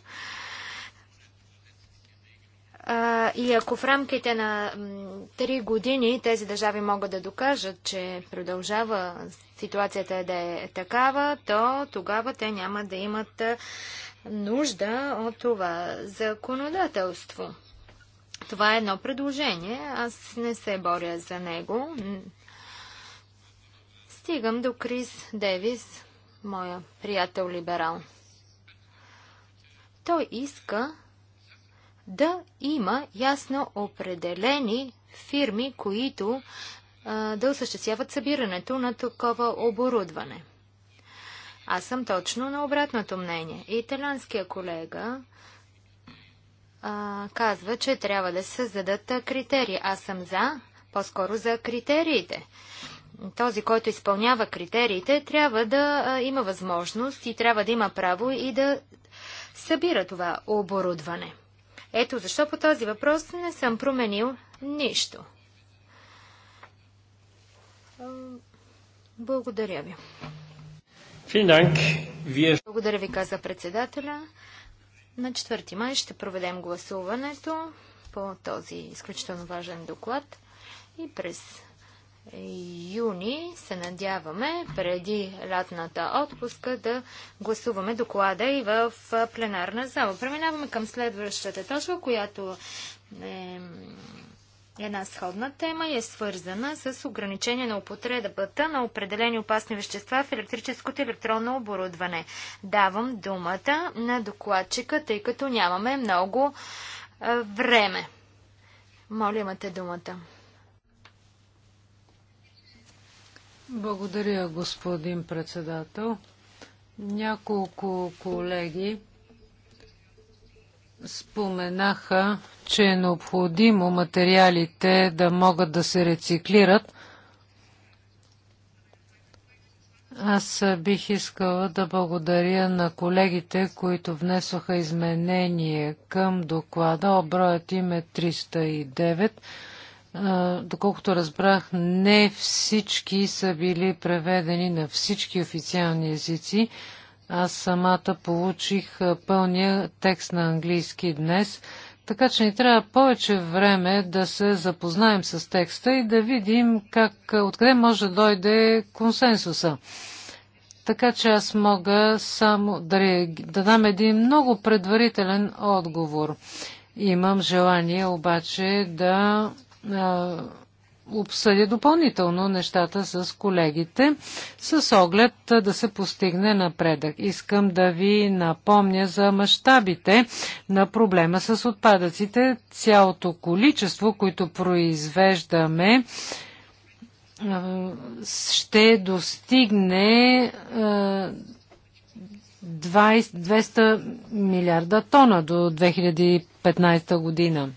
И ако в рамките на 3 години тези държави могат да докажат, че продължава ситуацията е да е такава, то тогава те няма да имат нужда от това законодателство. Това е едно предложение. Аз не се боря за него. Стигам до Крис Девис, моя приятел либерал. Той иска да има ясно определени фирми, които а, да осъществяват събирането на такова оборудване. Аз съм точно на обратното мнение. Италянския колега а, казва, че трябва да се създадат критерии. Аз съм за, по-скоро за критериите този, който изпълнява критериите, трябва да има възможност и трябва да има право и да събира това оборудване. Ето защо по този въпрос не съм променил нищо. Благодаря ви. Благодаря ви, каза председателя. На 4 май ще проведем гласуването по този изключително важен доклад и през юни се надяваме преди лятната отпуска да гласуваме доклада и в пленарна зала. Преминаваме към следващата точка, която е една сходна тема и е свързана с ограничение на употребата на определени опасни вещества в електрическото и електронно оборудване. Давам думата на докладчика, тъй като нямаме много време. Моля, имате думата. Благодаря, господин председател. Няколко колеги споменаха, че е необходимо материалите да могат да се рециклират. Аз бих искала да благодаря на колегите, които внесоха изменение към доклада. Оброят им е 309 доколкото разбрах, не всички са били преведени на всички официални езици. Аз самата получих пълния текст на английски днес, така че ни трябва повече време да се запознаем с текста и да видим как, откъде може да дойде консенсуса. Така че аз мога само да, да дам един много предварителен отговор. Имам желание обаче да а, обсъдя допълнително нещата с колегите, с оглед да се постигне напредък. Искам да ви напомня за мащабите на проблема с отпадъците. Цялото количество, което произвеждаме, ще достигне 20, 200 милиарда тона до 2015 година.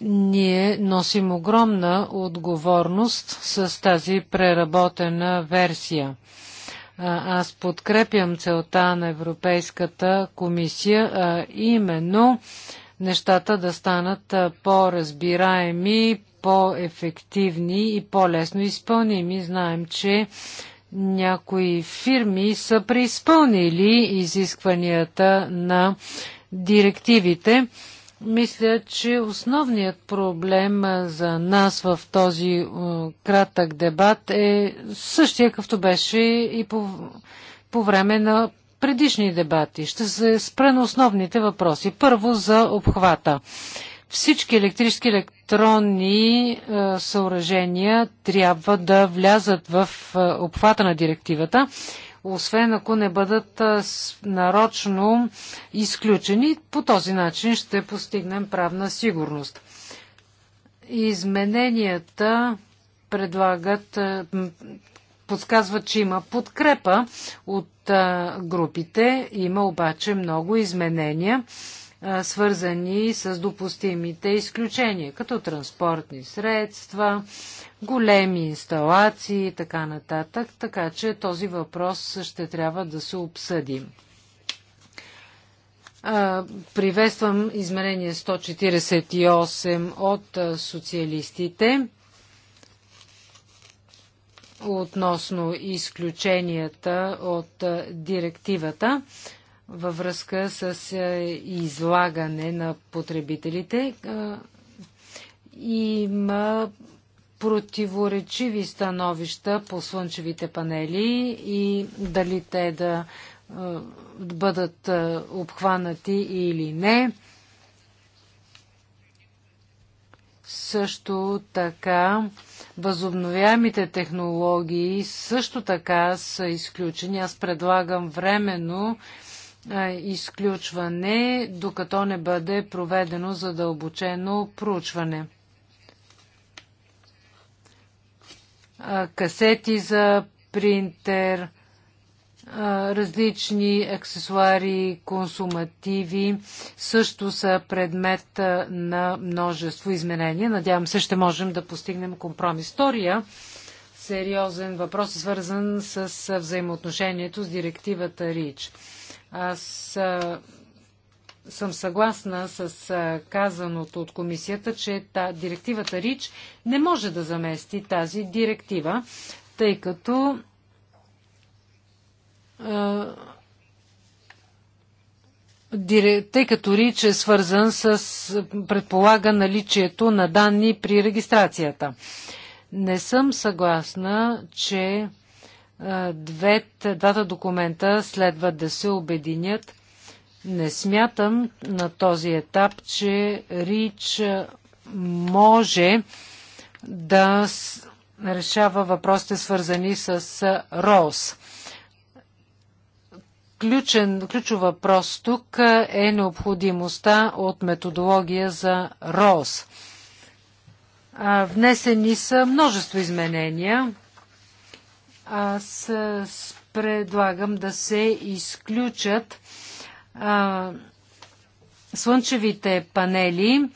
Ние носим огромна отговорност с тази преработена версия. Аз подкрепям целта на Европейската комисия, а именно нещата да станат по-разбираеми, по-ефективни и по-лесно изпълними. Знаем, че някои фирми са преизпълнили изискванията на директивите мисля, че основният проблем за нас в този кратък дебат е същия, какъвто беше и по, по време на предишни дебати. Ще се спра на основните въпроси. Първо за обхвата. Всички електрически електронни е, съоръжения трябва да влязат в е, обхвата на директивата, освен ако не бъдат нарочно изключени. По този начин ще постигнем правна сигурност. Измененията предлагат, подсказват, че има подкрепа от групите, има обаче много изменения свързани с допустимите изключения, като транспортни средства, големи инсталации и така нататък, така че този въпрос ще трябва да се обсъди. Приветствам измерение 148 от социалистите относно изключенията от директивата във връзка с излагане на потребителите. Има противоречиви становища по слънчевите панели и дали те да е, бъдат е, обхванати или не. Също така, възобновяемите технологии също така са изключени. Аз предлагам временно е, изключване, докато не бъде проведено задълбочено проучване. касети за принтер, различни аксесуари, консумативи също са предмет на множество изменения. Надявам се, ще можем да постигнем компромис. Втория сериозен въпрос е свързан с взаимоотношението с директивата РИЧ. Аз съм съгласна с казаното от комисията, че та, директивата РИЧ не може да замести тази директива, тъй като тъй като РИЧ е свързан с предполага наличието на данни при регистрацията. Не съм съгласна, че двата документа следва да се обединят не смятам на този етап, че Рич може да решава въпросите свързани с Роуз. Ключен, ключов въпрос тук е необходимостта от методология за Роуз. Внесени са множество изменения. Аз предлагам да се изключат слънчевите панели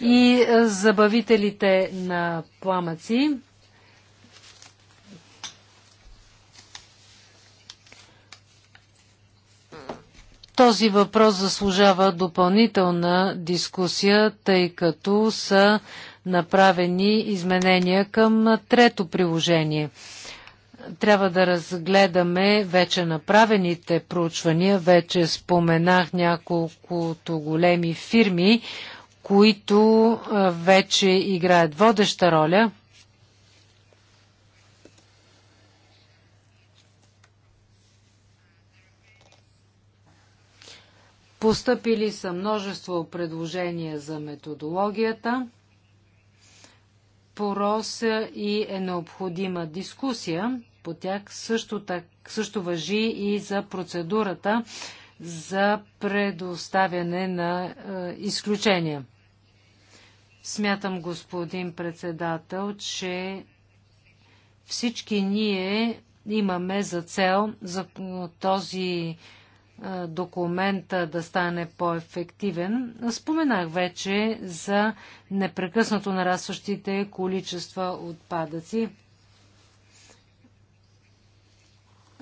и забавителите на пламъци. Този въпрос заслужава допълнителна дискусия, тъй като са направени изменения към трето приложение – трябва да разгледаме вече направените проучвания. Вече споменах няколкото големи фирми, които вече играят водеща роля. Постъпили са множество предложения за методологията. порос и е необходима дискусия по тях. Също, так, също въжи и за процедурата за предоставяне на е, изключения. Смятам, господин председател, че всички ние имаме за цел за е, този е, документ е, да стане по-ефективен. Споменах вече за непрекъснато нарастващите количества отпадъци.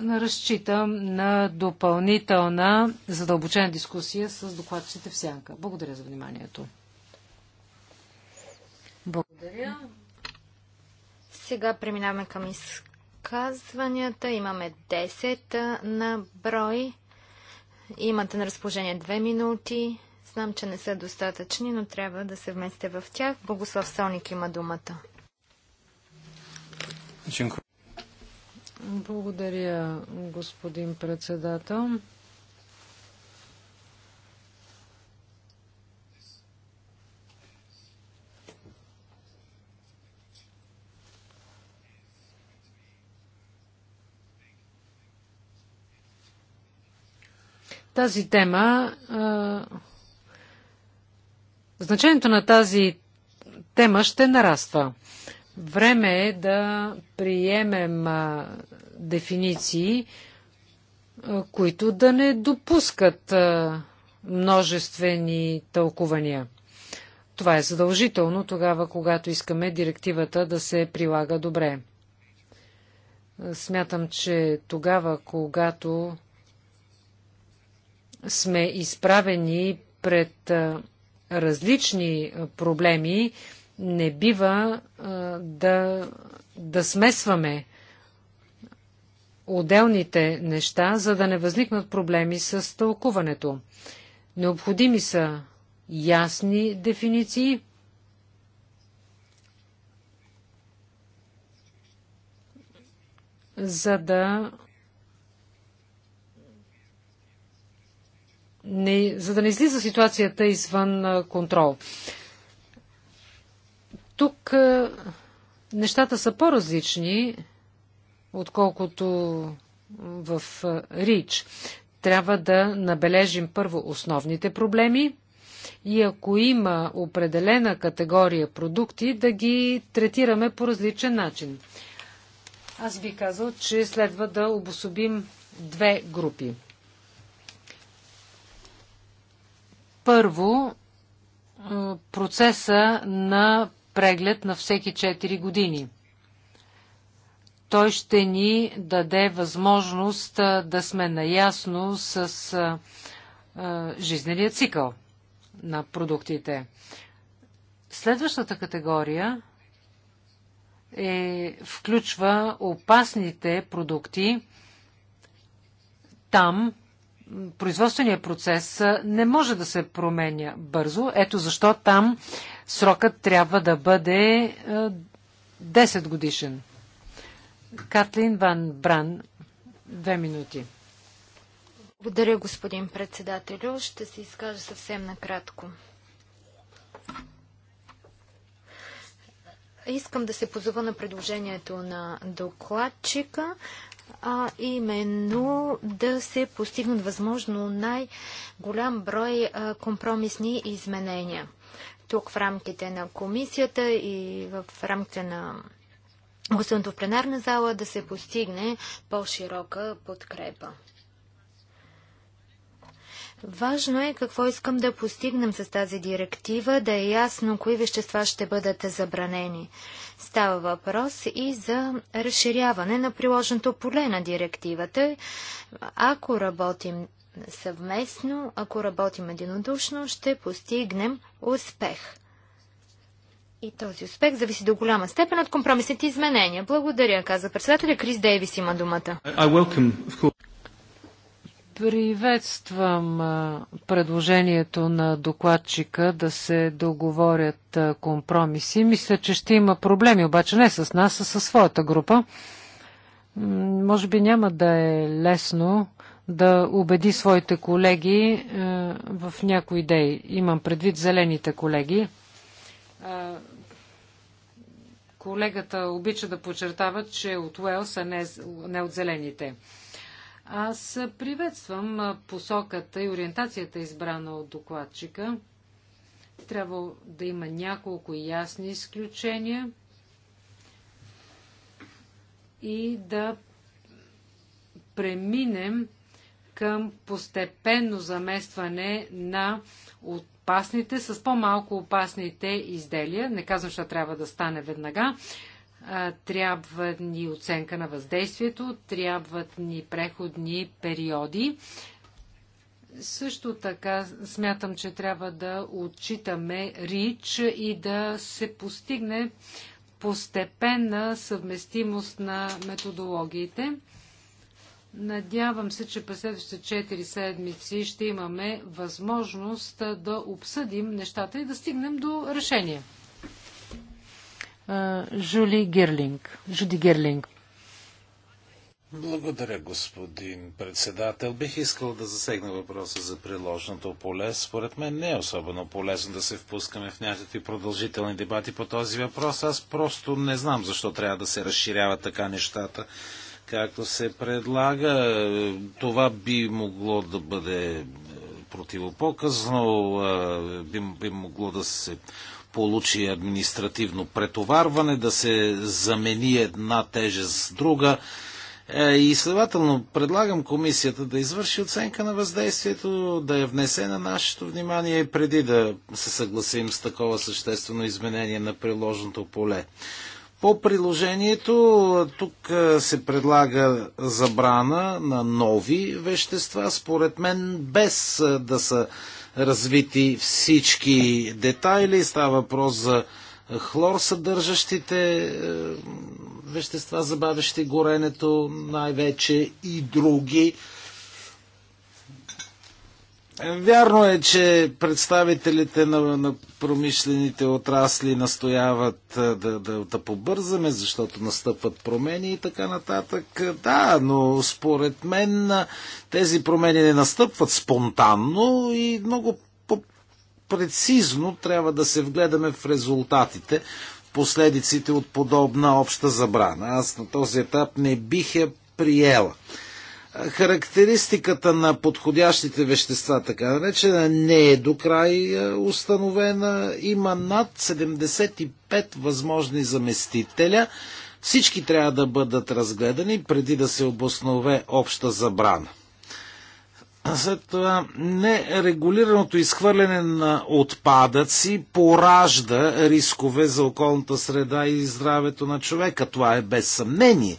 разчитам на допълнителна задълбочена дискусия с докладчите в сянка. Благодаря за вниманието. Благодаря. Сега преминаваме към изказванията. Имаме 10 на брой. Имате на разположение 2 минути. Знам, че не са достатъчни, но трябва да се вместите в тях. Богослав Солник има думата. Dziękuję. Благодаря, господин председател. Тази тема, значението на тази тема ще нараства. Време е да приемем дефиниции, които да не допускат множествени тълкувания. Това е задължително тогава, когато искаме директивата да се прилага добре. Смятам, че тогава, когато сме изправени пред различни проблеми не бива да, да смесваме отделните неща, за да не възникнат проблеми с тълкуването. Необходими са ясни дефиниции, за да не, за да не излиза ситуацията извън контрол. Тук е, нещата са по-различни, отколкото в е, Рич. Трябва да набележим първо основните проблеми и ако има определена категория продукти, да ги третираме по различен начин. Аз би казал, че следва да обособим две групи. Първо, е, процеса на преглед на всеки 4 години. Той ще ни даде възможност да сме наясно с жизнения цикъл на продуктите. Следващата категория е, включва опасните продукти. Там производствения процес не може да се променя бързо. Ето защо там срокът трябва да бъде 10 годишен. Катлин Ван Бран, две минути. Благодаря, господин председателю. Ще се изкажа съвсем накратко. Искам да се позова на предложението на докладчика а именно да се постигнат възможно най-голям брой компромисни изменения. Тук в рамките на комисията и в рамките на гласуването в пленарна зала да се постигне по-широка подкрепа. Важно е какво искам да постигнем с тази директива, да е ясно кои вещества ще бъдат забранени. Става въпрос и за разширяване на приложеното поле на директивата. Ако работим съвместно, ако работим единодушно, ще постигнем успех. И този успех зависи до голяма степен от компромисните изменения. Благодаря, каза председателя. Крис Дейвис има думата. Приветствам предложението на докладчика да се договорят компромиси. Мисля, че ще има проблеми, обаче не с нас, а със своята група. Може би няма да е лесно да убеди своите колеги в някои идеи. Имам предвид зелените колеги. Колегата обича да подчертава, че от Уелс, а не от зелените. Аз приветствам посоката и ориентацията, избрана от докладчика. Трябва да има няколко ясни изключения и да преминем към постепенно заместване на опасните с по-малко опасните изделия. Не казвам, че трябва да стане веднага, трябва ни оценка на въздействието, трябват ни преходни периоди. Също така смятам, че трябва да отчитаме РИЧ и да се постигне постепенна съвместимост на методологиите. Надявам се, че през следващите 4 седмици ще имаме възможност да обсъдим нещата и да стигнем до решение. Жули Герлинг. Жуди Герлинг. Благодаря, господин председател. Бих искал да засегна въпроса за приложното поле. Според мен не е особено полезно да се впускаме в някакви продължителни дебати по този въпрос. Аз просто не знам защо трябва да се разширяват така нещата, както се предлага. Това би могло да бъде противопоказно, би, би могло да се получи административно претоварване, да се замени една тежест с друга. Е, и следователно предлагам комисията да извърши оценка на въздействието, да я внесе на нашето внимание преди да се съгласим с такова съществено изменение на приложното поле. По приложението тук е, се предлага забрана на нови вещества, според мен без е, да са развити всички детайли. Става въпрос за хлор съдържащите е, вещества, забавящи горенето най-вече и други. Вярно е, че представителите на, на промишлените отрасли настояват да, да, да побързаме, защото настъпват промени и така нататък. Да, но според мен тези промени не настъпват спонтанно и много по-прецизно трябва да се вгледаме в резултатите, последиците от подобна обща забрана. Аз на този етап не бих я приела характеристиката на подходящите вещества, така наречена, не е до край е, установена. Има над 75 възможни заместителя. Всички трябва да бъдат разгледани преди да се обоснове обща забрана. След това нерегулираното изхвърляне на отпадъци поражда рискове за околната среда и здравето на човека. Това е без съмнение.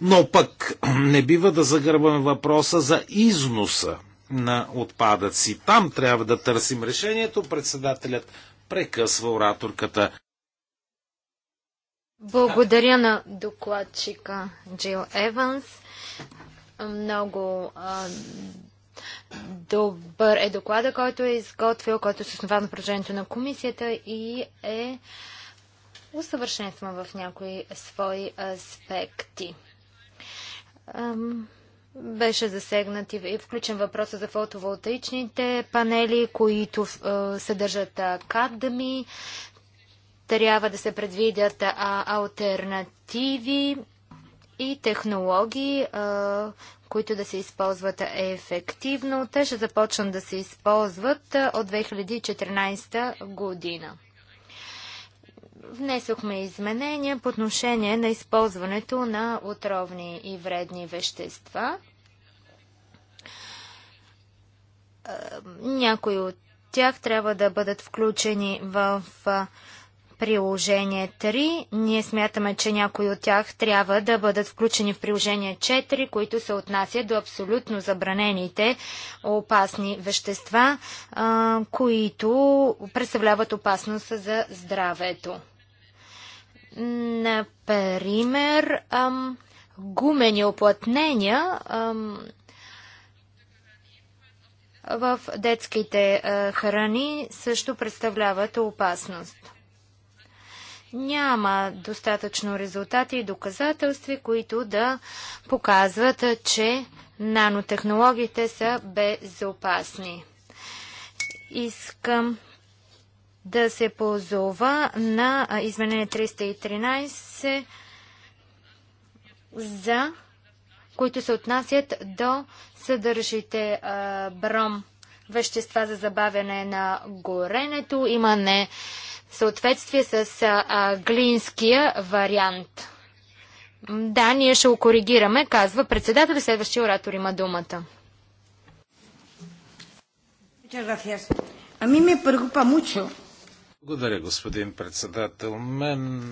Но пък не бива да загърбаме въпроса за износа на отпадъци. Там трябва да търсим решението. Председателят прекъсва ораторката. Благодаря на докладчика Джил Еванс. Много а, добър е доклада, който е изготвил, който се основа на предложението на комисията и е усъвършенстван в някои свои аспекти беше засегнат и включен въпроса за фотоволтаичните панели, които съдържат кадми. Трябва да се предвидят альтернативи и технологии, които да се използват ефективно. Те ще започнат да се използват от 2014 година внесохме изменения по отношение на използването на отровни и вредни вещества. Е, някои от тях трябва да бъдат включени в приложение 3. Ние смятаме, че някои от тях трябва да бъдат включени в приложение 4, които се отнасят до абсолютно забранените опасни вещества, които представляват опасност за здравето. Например, ам, гумени оплътнения ам, в детските а, храни също представляват опасност. Няма достатъчно резултати и доказателства, които да показват, че нанотехнологиите са безопасни. Искам да се позова на изменение 313 за които се отнасят до съдържите бром вещества за забавяне на горенето. Има не съответствие с глинския вариант. Да, ние ще го коригираме. казва председател. Следващия оратор има думата. Muchas gracias. A mí me preocupa mucho благодаря, господин председател. Мен...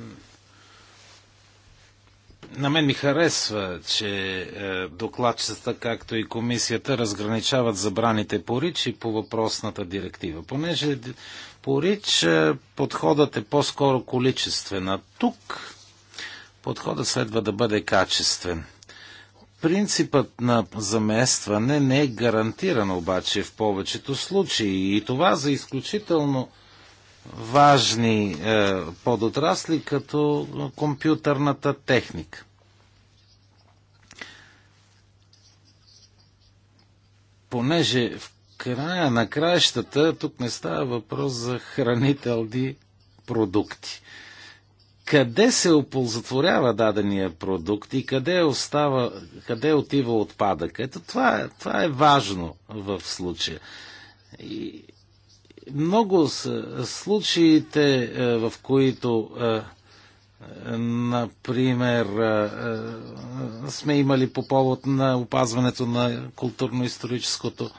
На мен ми харесва, че е, докладчета, както и комисията, разграничават забраните по РИЧ и по въпросната директива. Понеже по РИЧ е, подходът е по-скоро количествен, а тук подходът следва да бъде качествен. Принципът на заместване не е гарантиран обаче в повечето случаи и това за изключително важни е, подотрасли, като компютърната техника. Понеже в края на краищата тук не става въпрос за хранителни продукти. Къде се оползотворява дадения продукт и къде, остава, къде отива отпадък? Ето това, това е важно в случая. И, много са случаите, е, в които е, е, например, сме имали по повод на опазването на културно-историческото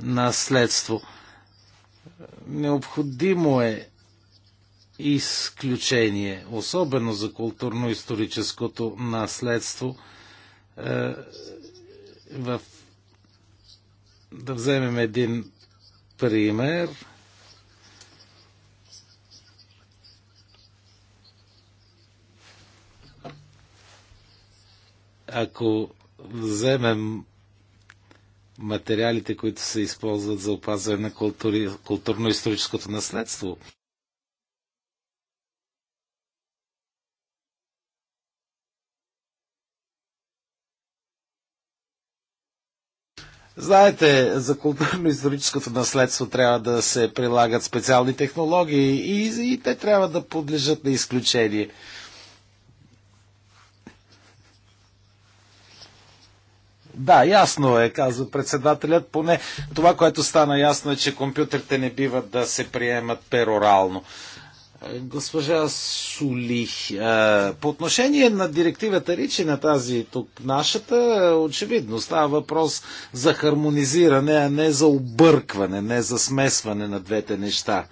наследство. Необходимо е изключение, особено за културно-историческото наследство, в... да вземем един пример – ако вземем материалите, които се използват за опазване на култури, културно-историческото наследство, Знаете, за културно-историческото наследство трябва да се прилагат специални технологии и, и те трябва да подлежат на изключение. Да, ясно е, казва председателят, поне това, което стана ясно е, че компютрите не биват да се приемат перорално. Е, госпожа Сулих, е, по отношение на директивата Ричи, на тази тук нашата, е, очевидно става въпрос за хармонизиране, а не за объркване, не за смесване на двете неща.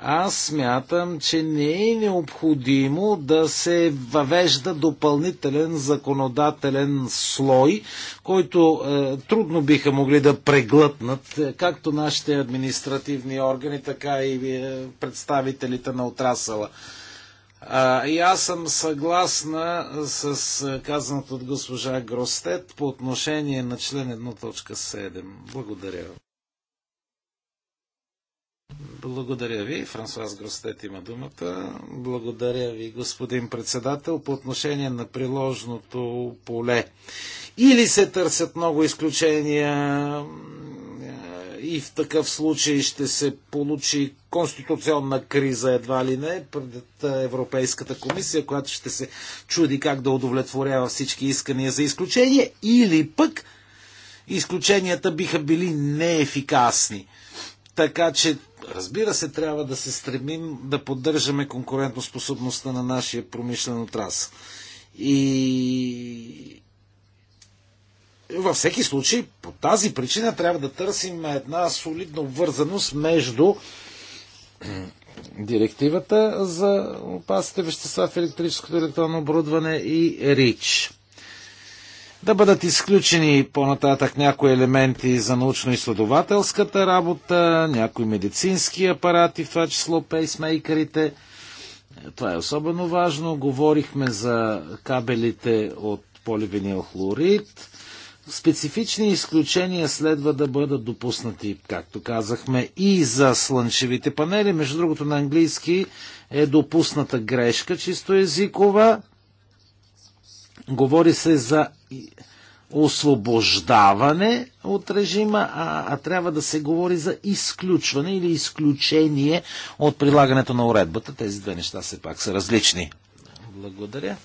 Аз смятам, че не е необходимо да се въвежда допълнителен законодателен слой, който е, трудно биха могли да преглътнат е, както нашите административни органи, така и е, представителите на отрасъла. А, и аз съм съгласна с е, казаното от госпожа Гростет по отношение на член 1.7. Благодаря. Благодаря ви. Франсуаз Гростет има думата. Благодаря ви, господин председател, по отношение на приложното поле. Или се търсят много изключения и в такъв случай ще се получи конституционна криза едва ли не пред Европейската комисия, която ще се чуди как да удовлетворява всички искания за изключение, или пък изключенията биха били неефикасни. Така че Разбира се, трябва да се стремим да поддържаме конкурентоспособността на нашия промишлен отрас. И във всеки случай, по тази причина трябва да търсим една солидна обвързаност между директивата за опасните вещества в електрическото електронно оборудване и РИЧ да бъдат изключени по-нататък някои елементи за научно-изследователската работа, някои медицински апарати, в това число пейсмейкерите. Това е особено важно. Говорихме за кабелите от поливинил хлорид. Специфични изключения следва да бъдат допуснати, както казахме, и за слънчевите панели. Между другото, на английски е допусната грешка, чисто езикова. Говори се за освобождаване от режима, а, а трябва да се говори за изключване или изключение от прилагането на уредбата. Тези две неща все пак са различни. Благодаря.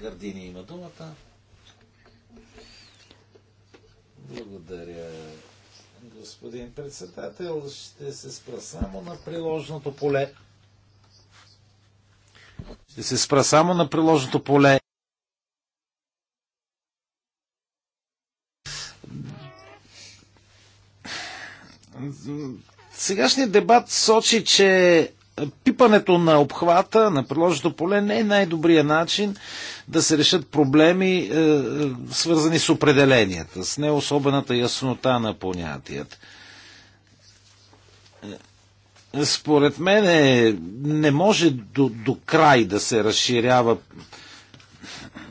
Гардини има думата. Благодаря, господин председател. Ще се спра само на приложното поле. Ще се спра само на приложното поле Сегашният дебат сочи, че пипането на обхвата, на приложното поле не е най добрият начин да се решат проблеми, е, е, свързани с определенията, с неособената яснота на понятията. Е, според мен не може до, до край да се разширява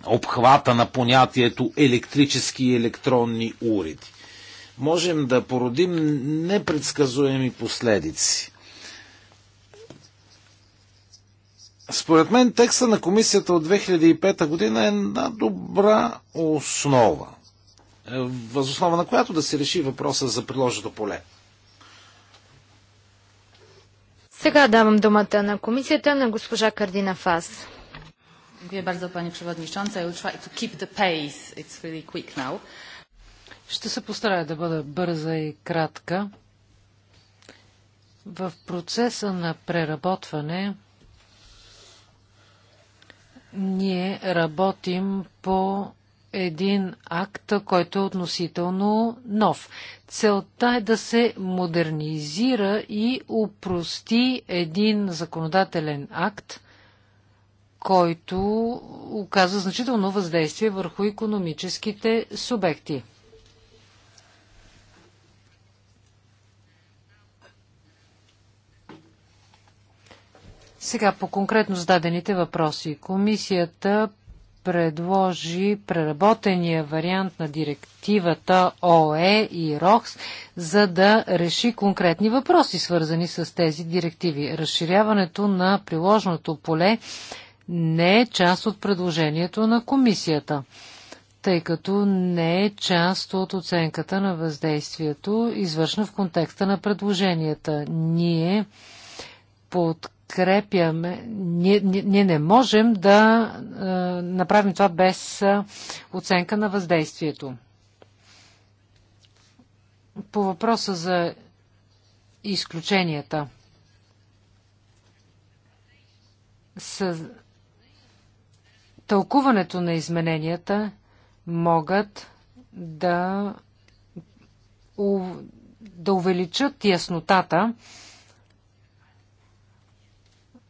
обхвата на понятието електрически и електронни уреди можем да породим непредсказуеми последици. Според мен текста на комисията от 2005 година е една добра основа, е, възоснова на която да се реши въпроса за приложното поле. Сега давам думата на комисията на госпожа Кардина Фас. Благодаря, bardzo председател. Ще се опитам да keep the pace. It's really quick now. Ще се постарая да бъда бърза и кратка. В процеса на преработване ние работим по един акт, който е относително нов. Целта е да се модернизира и упрости един законодателен акт, който оказва значително въздействие върху економическите субекти. Сега по конкретно зададените въпроси. Комисията предложи преработения вариант на директивата ОЕ и РОХС, за да реши конкретни въпроси, свързани с тези директиви. Разширяването на приложното поле не е част от предложението на комисията, тъй като не е част от оценката на въздействието, извършна в контекста на предложенията. Ние под подкрепяме, ние, ние, ние не можем да е, направим това без е, оценка на въздействието. По въпроса за изключенията. С тълкуването на измененията могат да, да увеличат яснотата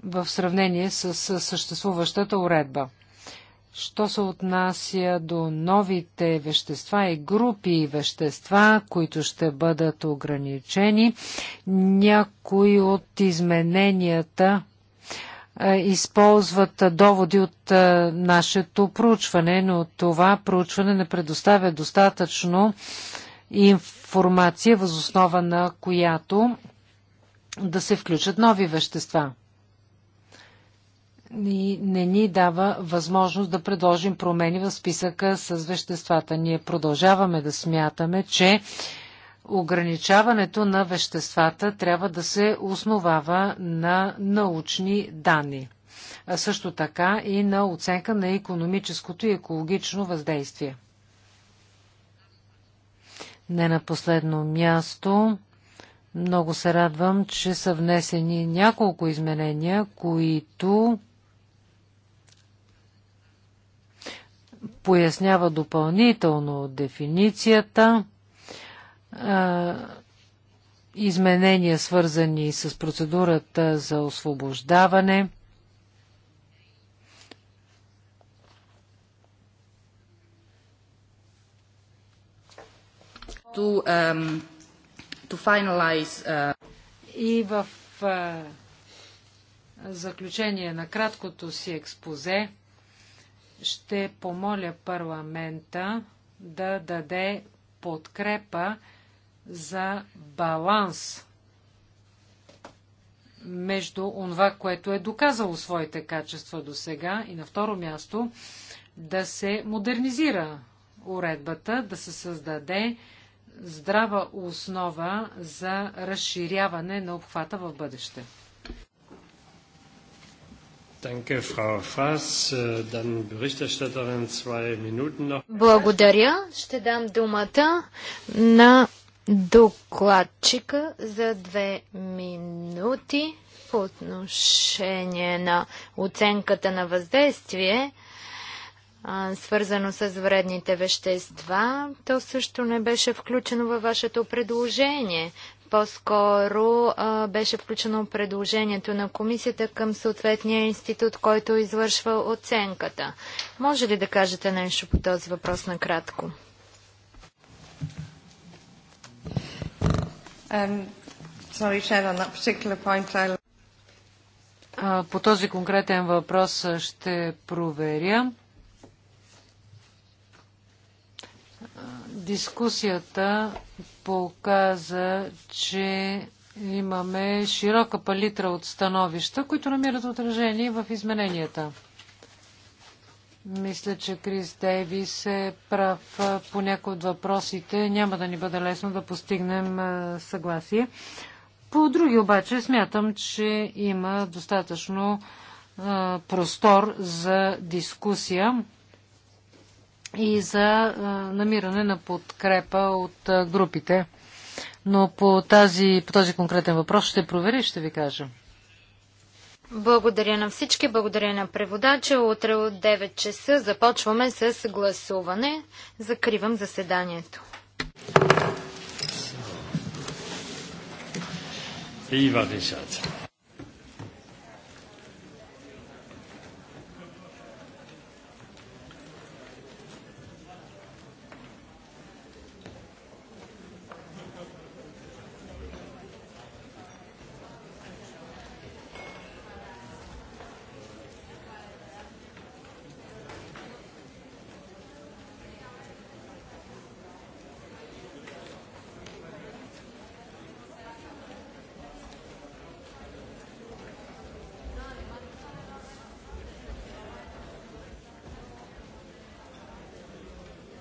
в сравнение с съществуващата уредба. Що се отнася до новите вещества и групи вещества, които ще бъдат ограничени, някои от измененията е, използват доводи от е, нашето проучване, но това проучване не предоставя достатъчно информация, възоснова на която да се включат нови вещества ни, не ни дава възможност да предложим промени в списъка с веществата. Ние продължаваме да смятаме, че ограничаването на веществата трябва да се основава на научни данни, а също така и на оценка на економическото и екологично въздействие. Не на последно място, много се радвам, че са внесени няколко изменения, които пояснява допълнително дефиницията, изменения свързани с процедурата за освобождаване, To, um, to finalize, uh... И в uh, заключение на краткото си експозе, ще помоля парламента да даде подкрепа за баланс между онова, което е доказало своите качества до сега и на второ място да се модернизира уредбата, да се създаде здрава основа за разширяване на обхвата в бъдеще. Äh, Благодаря. Ще дам думата на докладчика за две минути по отношение на оценката на въздействие, свързано с вредните вещества. То също не беше включено във вашето предложение. По-скоро беше включено предложението на комисията към съответния институт, който извършва оценката. Може ли да кажете нещо по този въпрос накратко? Um, по този конкретен въпрос ще проверя. Дискусията показа, че имаме широка палитра от становища, които намират отражение в измененията. Мисля, че Крис Дейвис е прав по някои от въпросите. Няма да ни бъде лесно да постигнем съгласие. По други обаче смятам, че има достатъчно простор за дискусия и за намиране на подкрепа от групите. Но по, тази, по този конкретен въпрос ще проверя и ще ви кажа. Благодаря на всички, благодаря на преводача. Утре от 9 часа започваме с гласуване. Закривам заседанието. И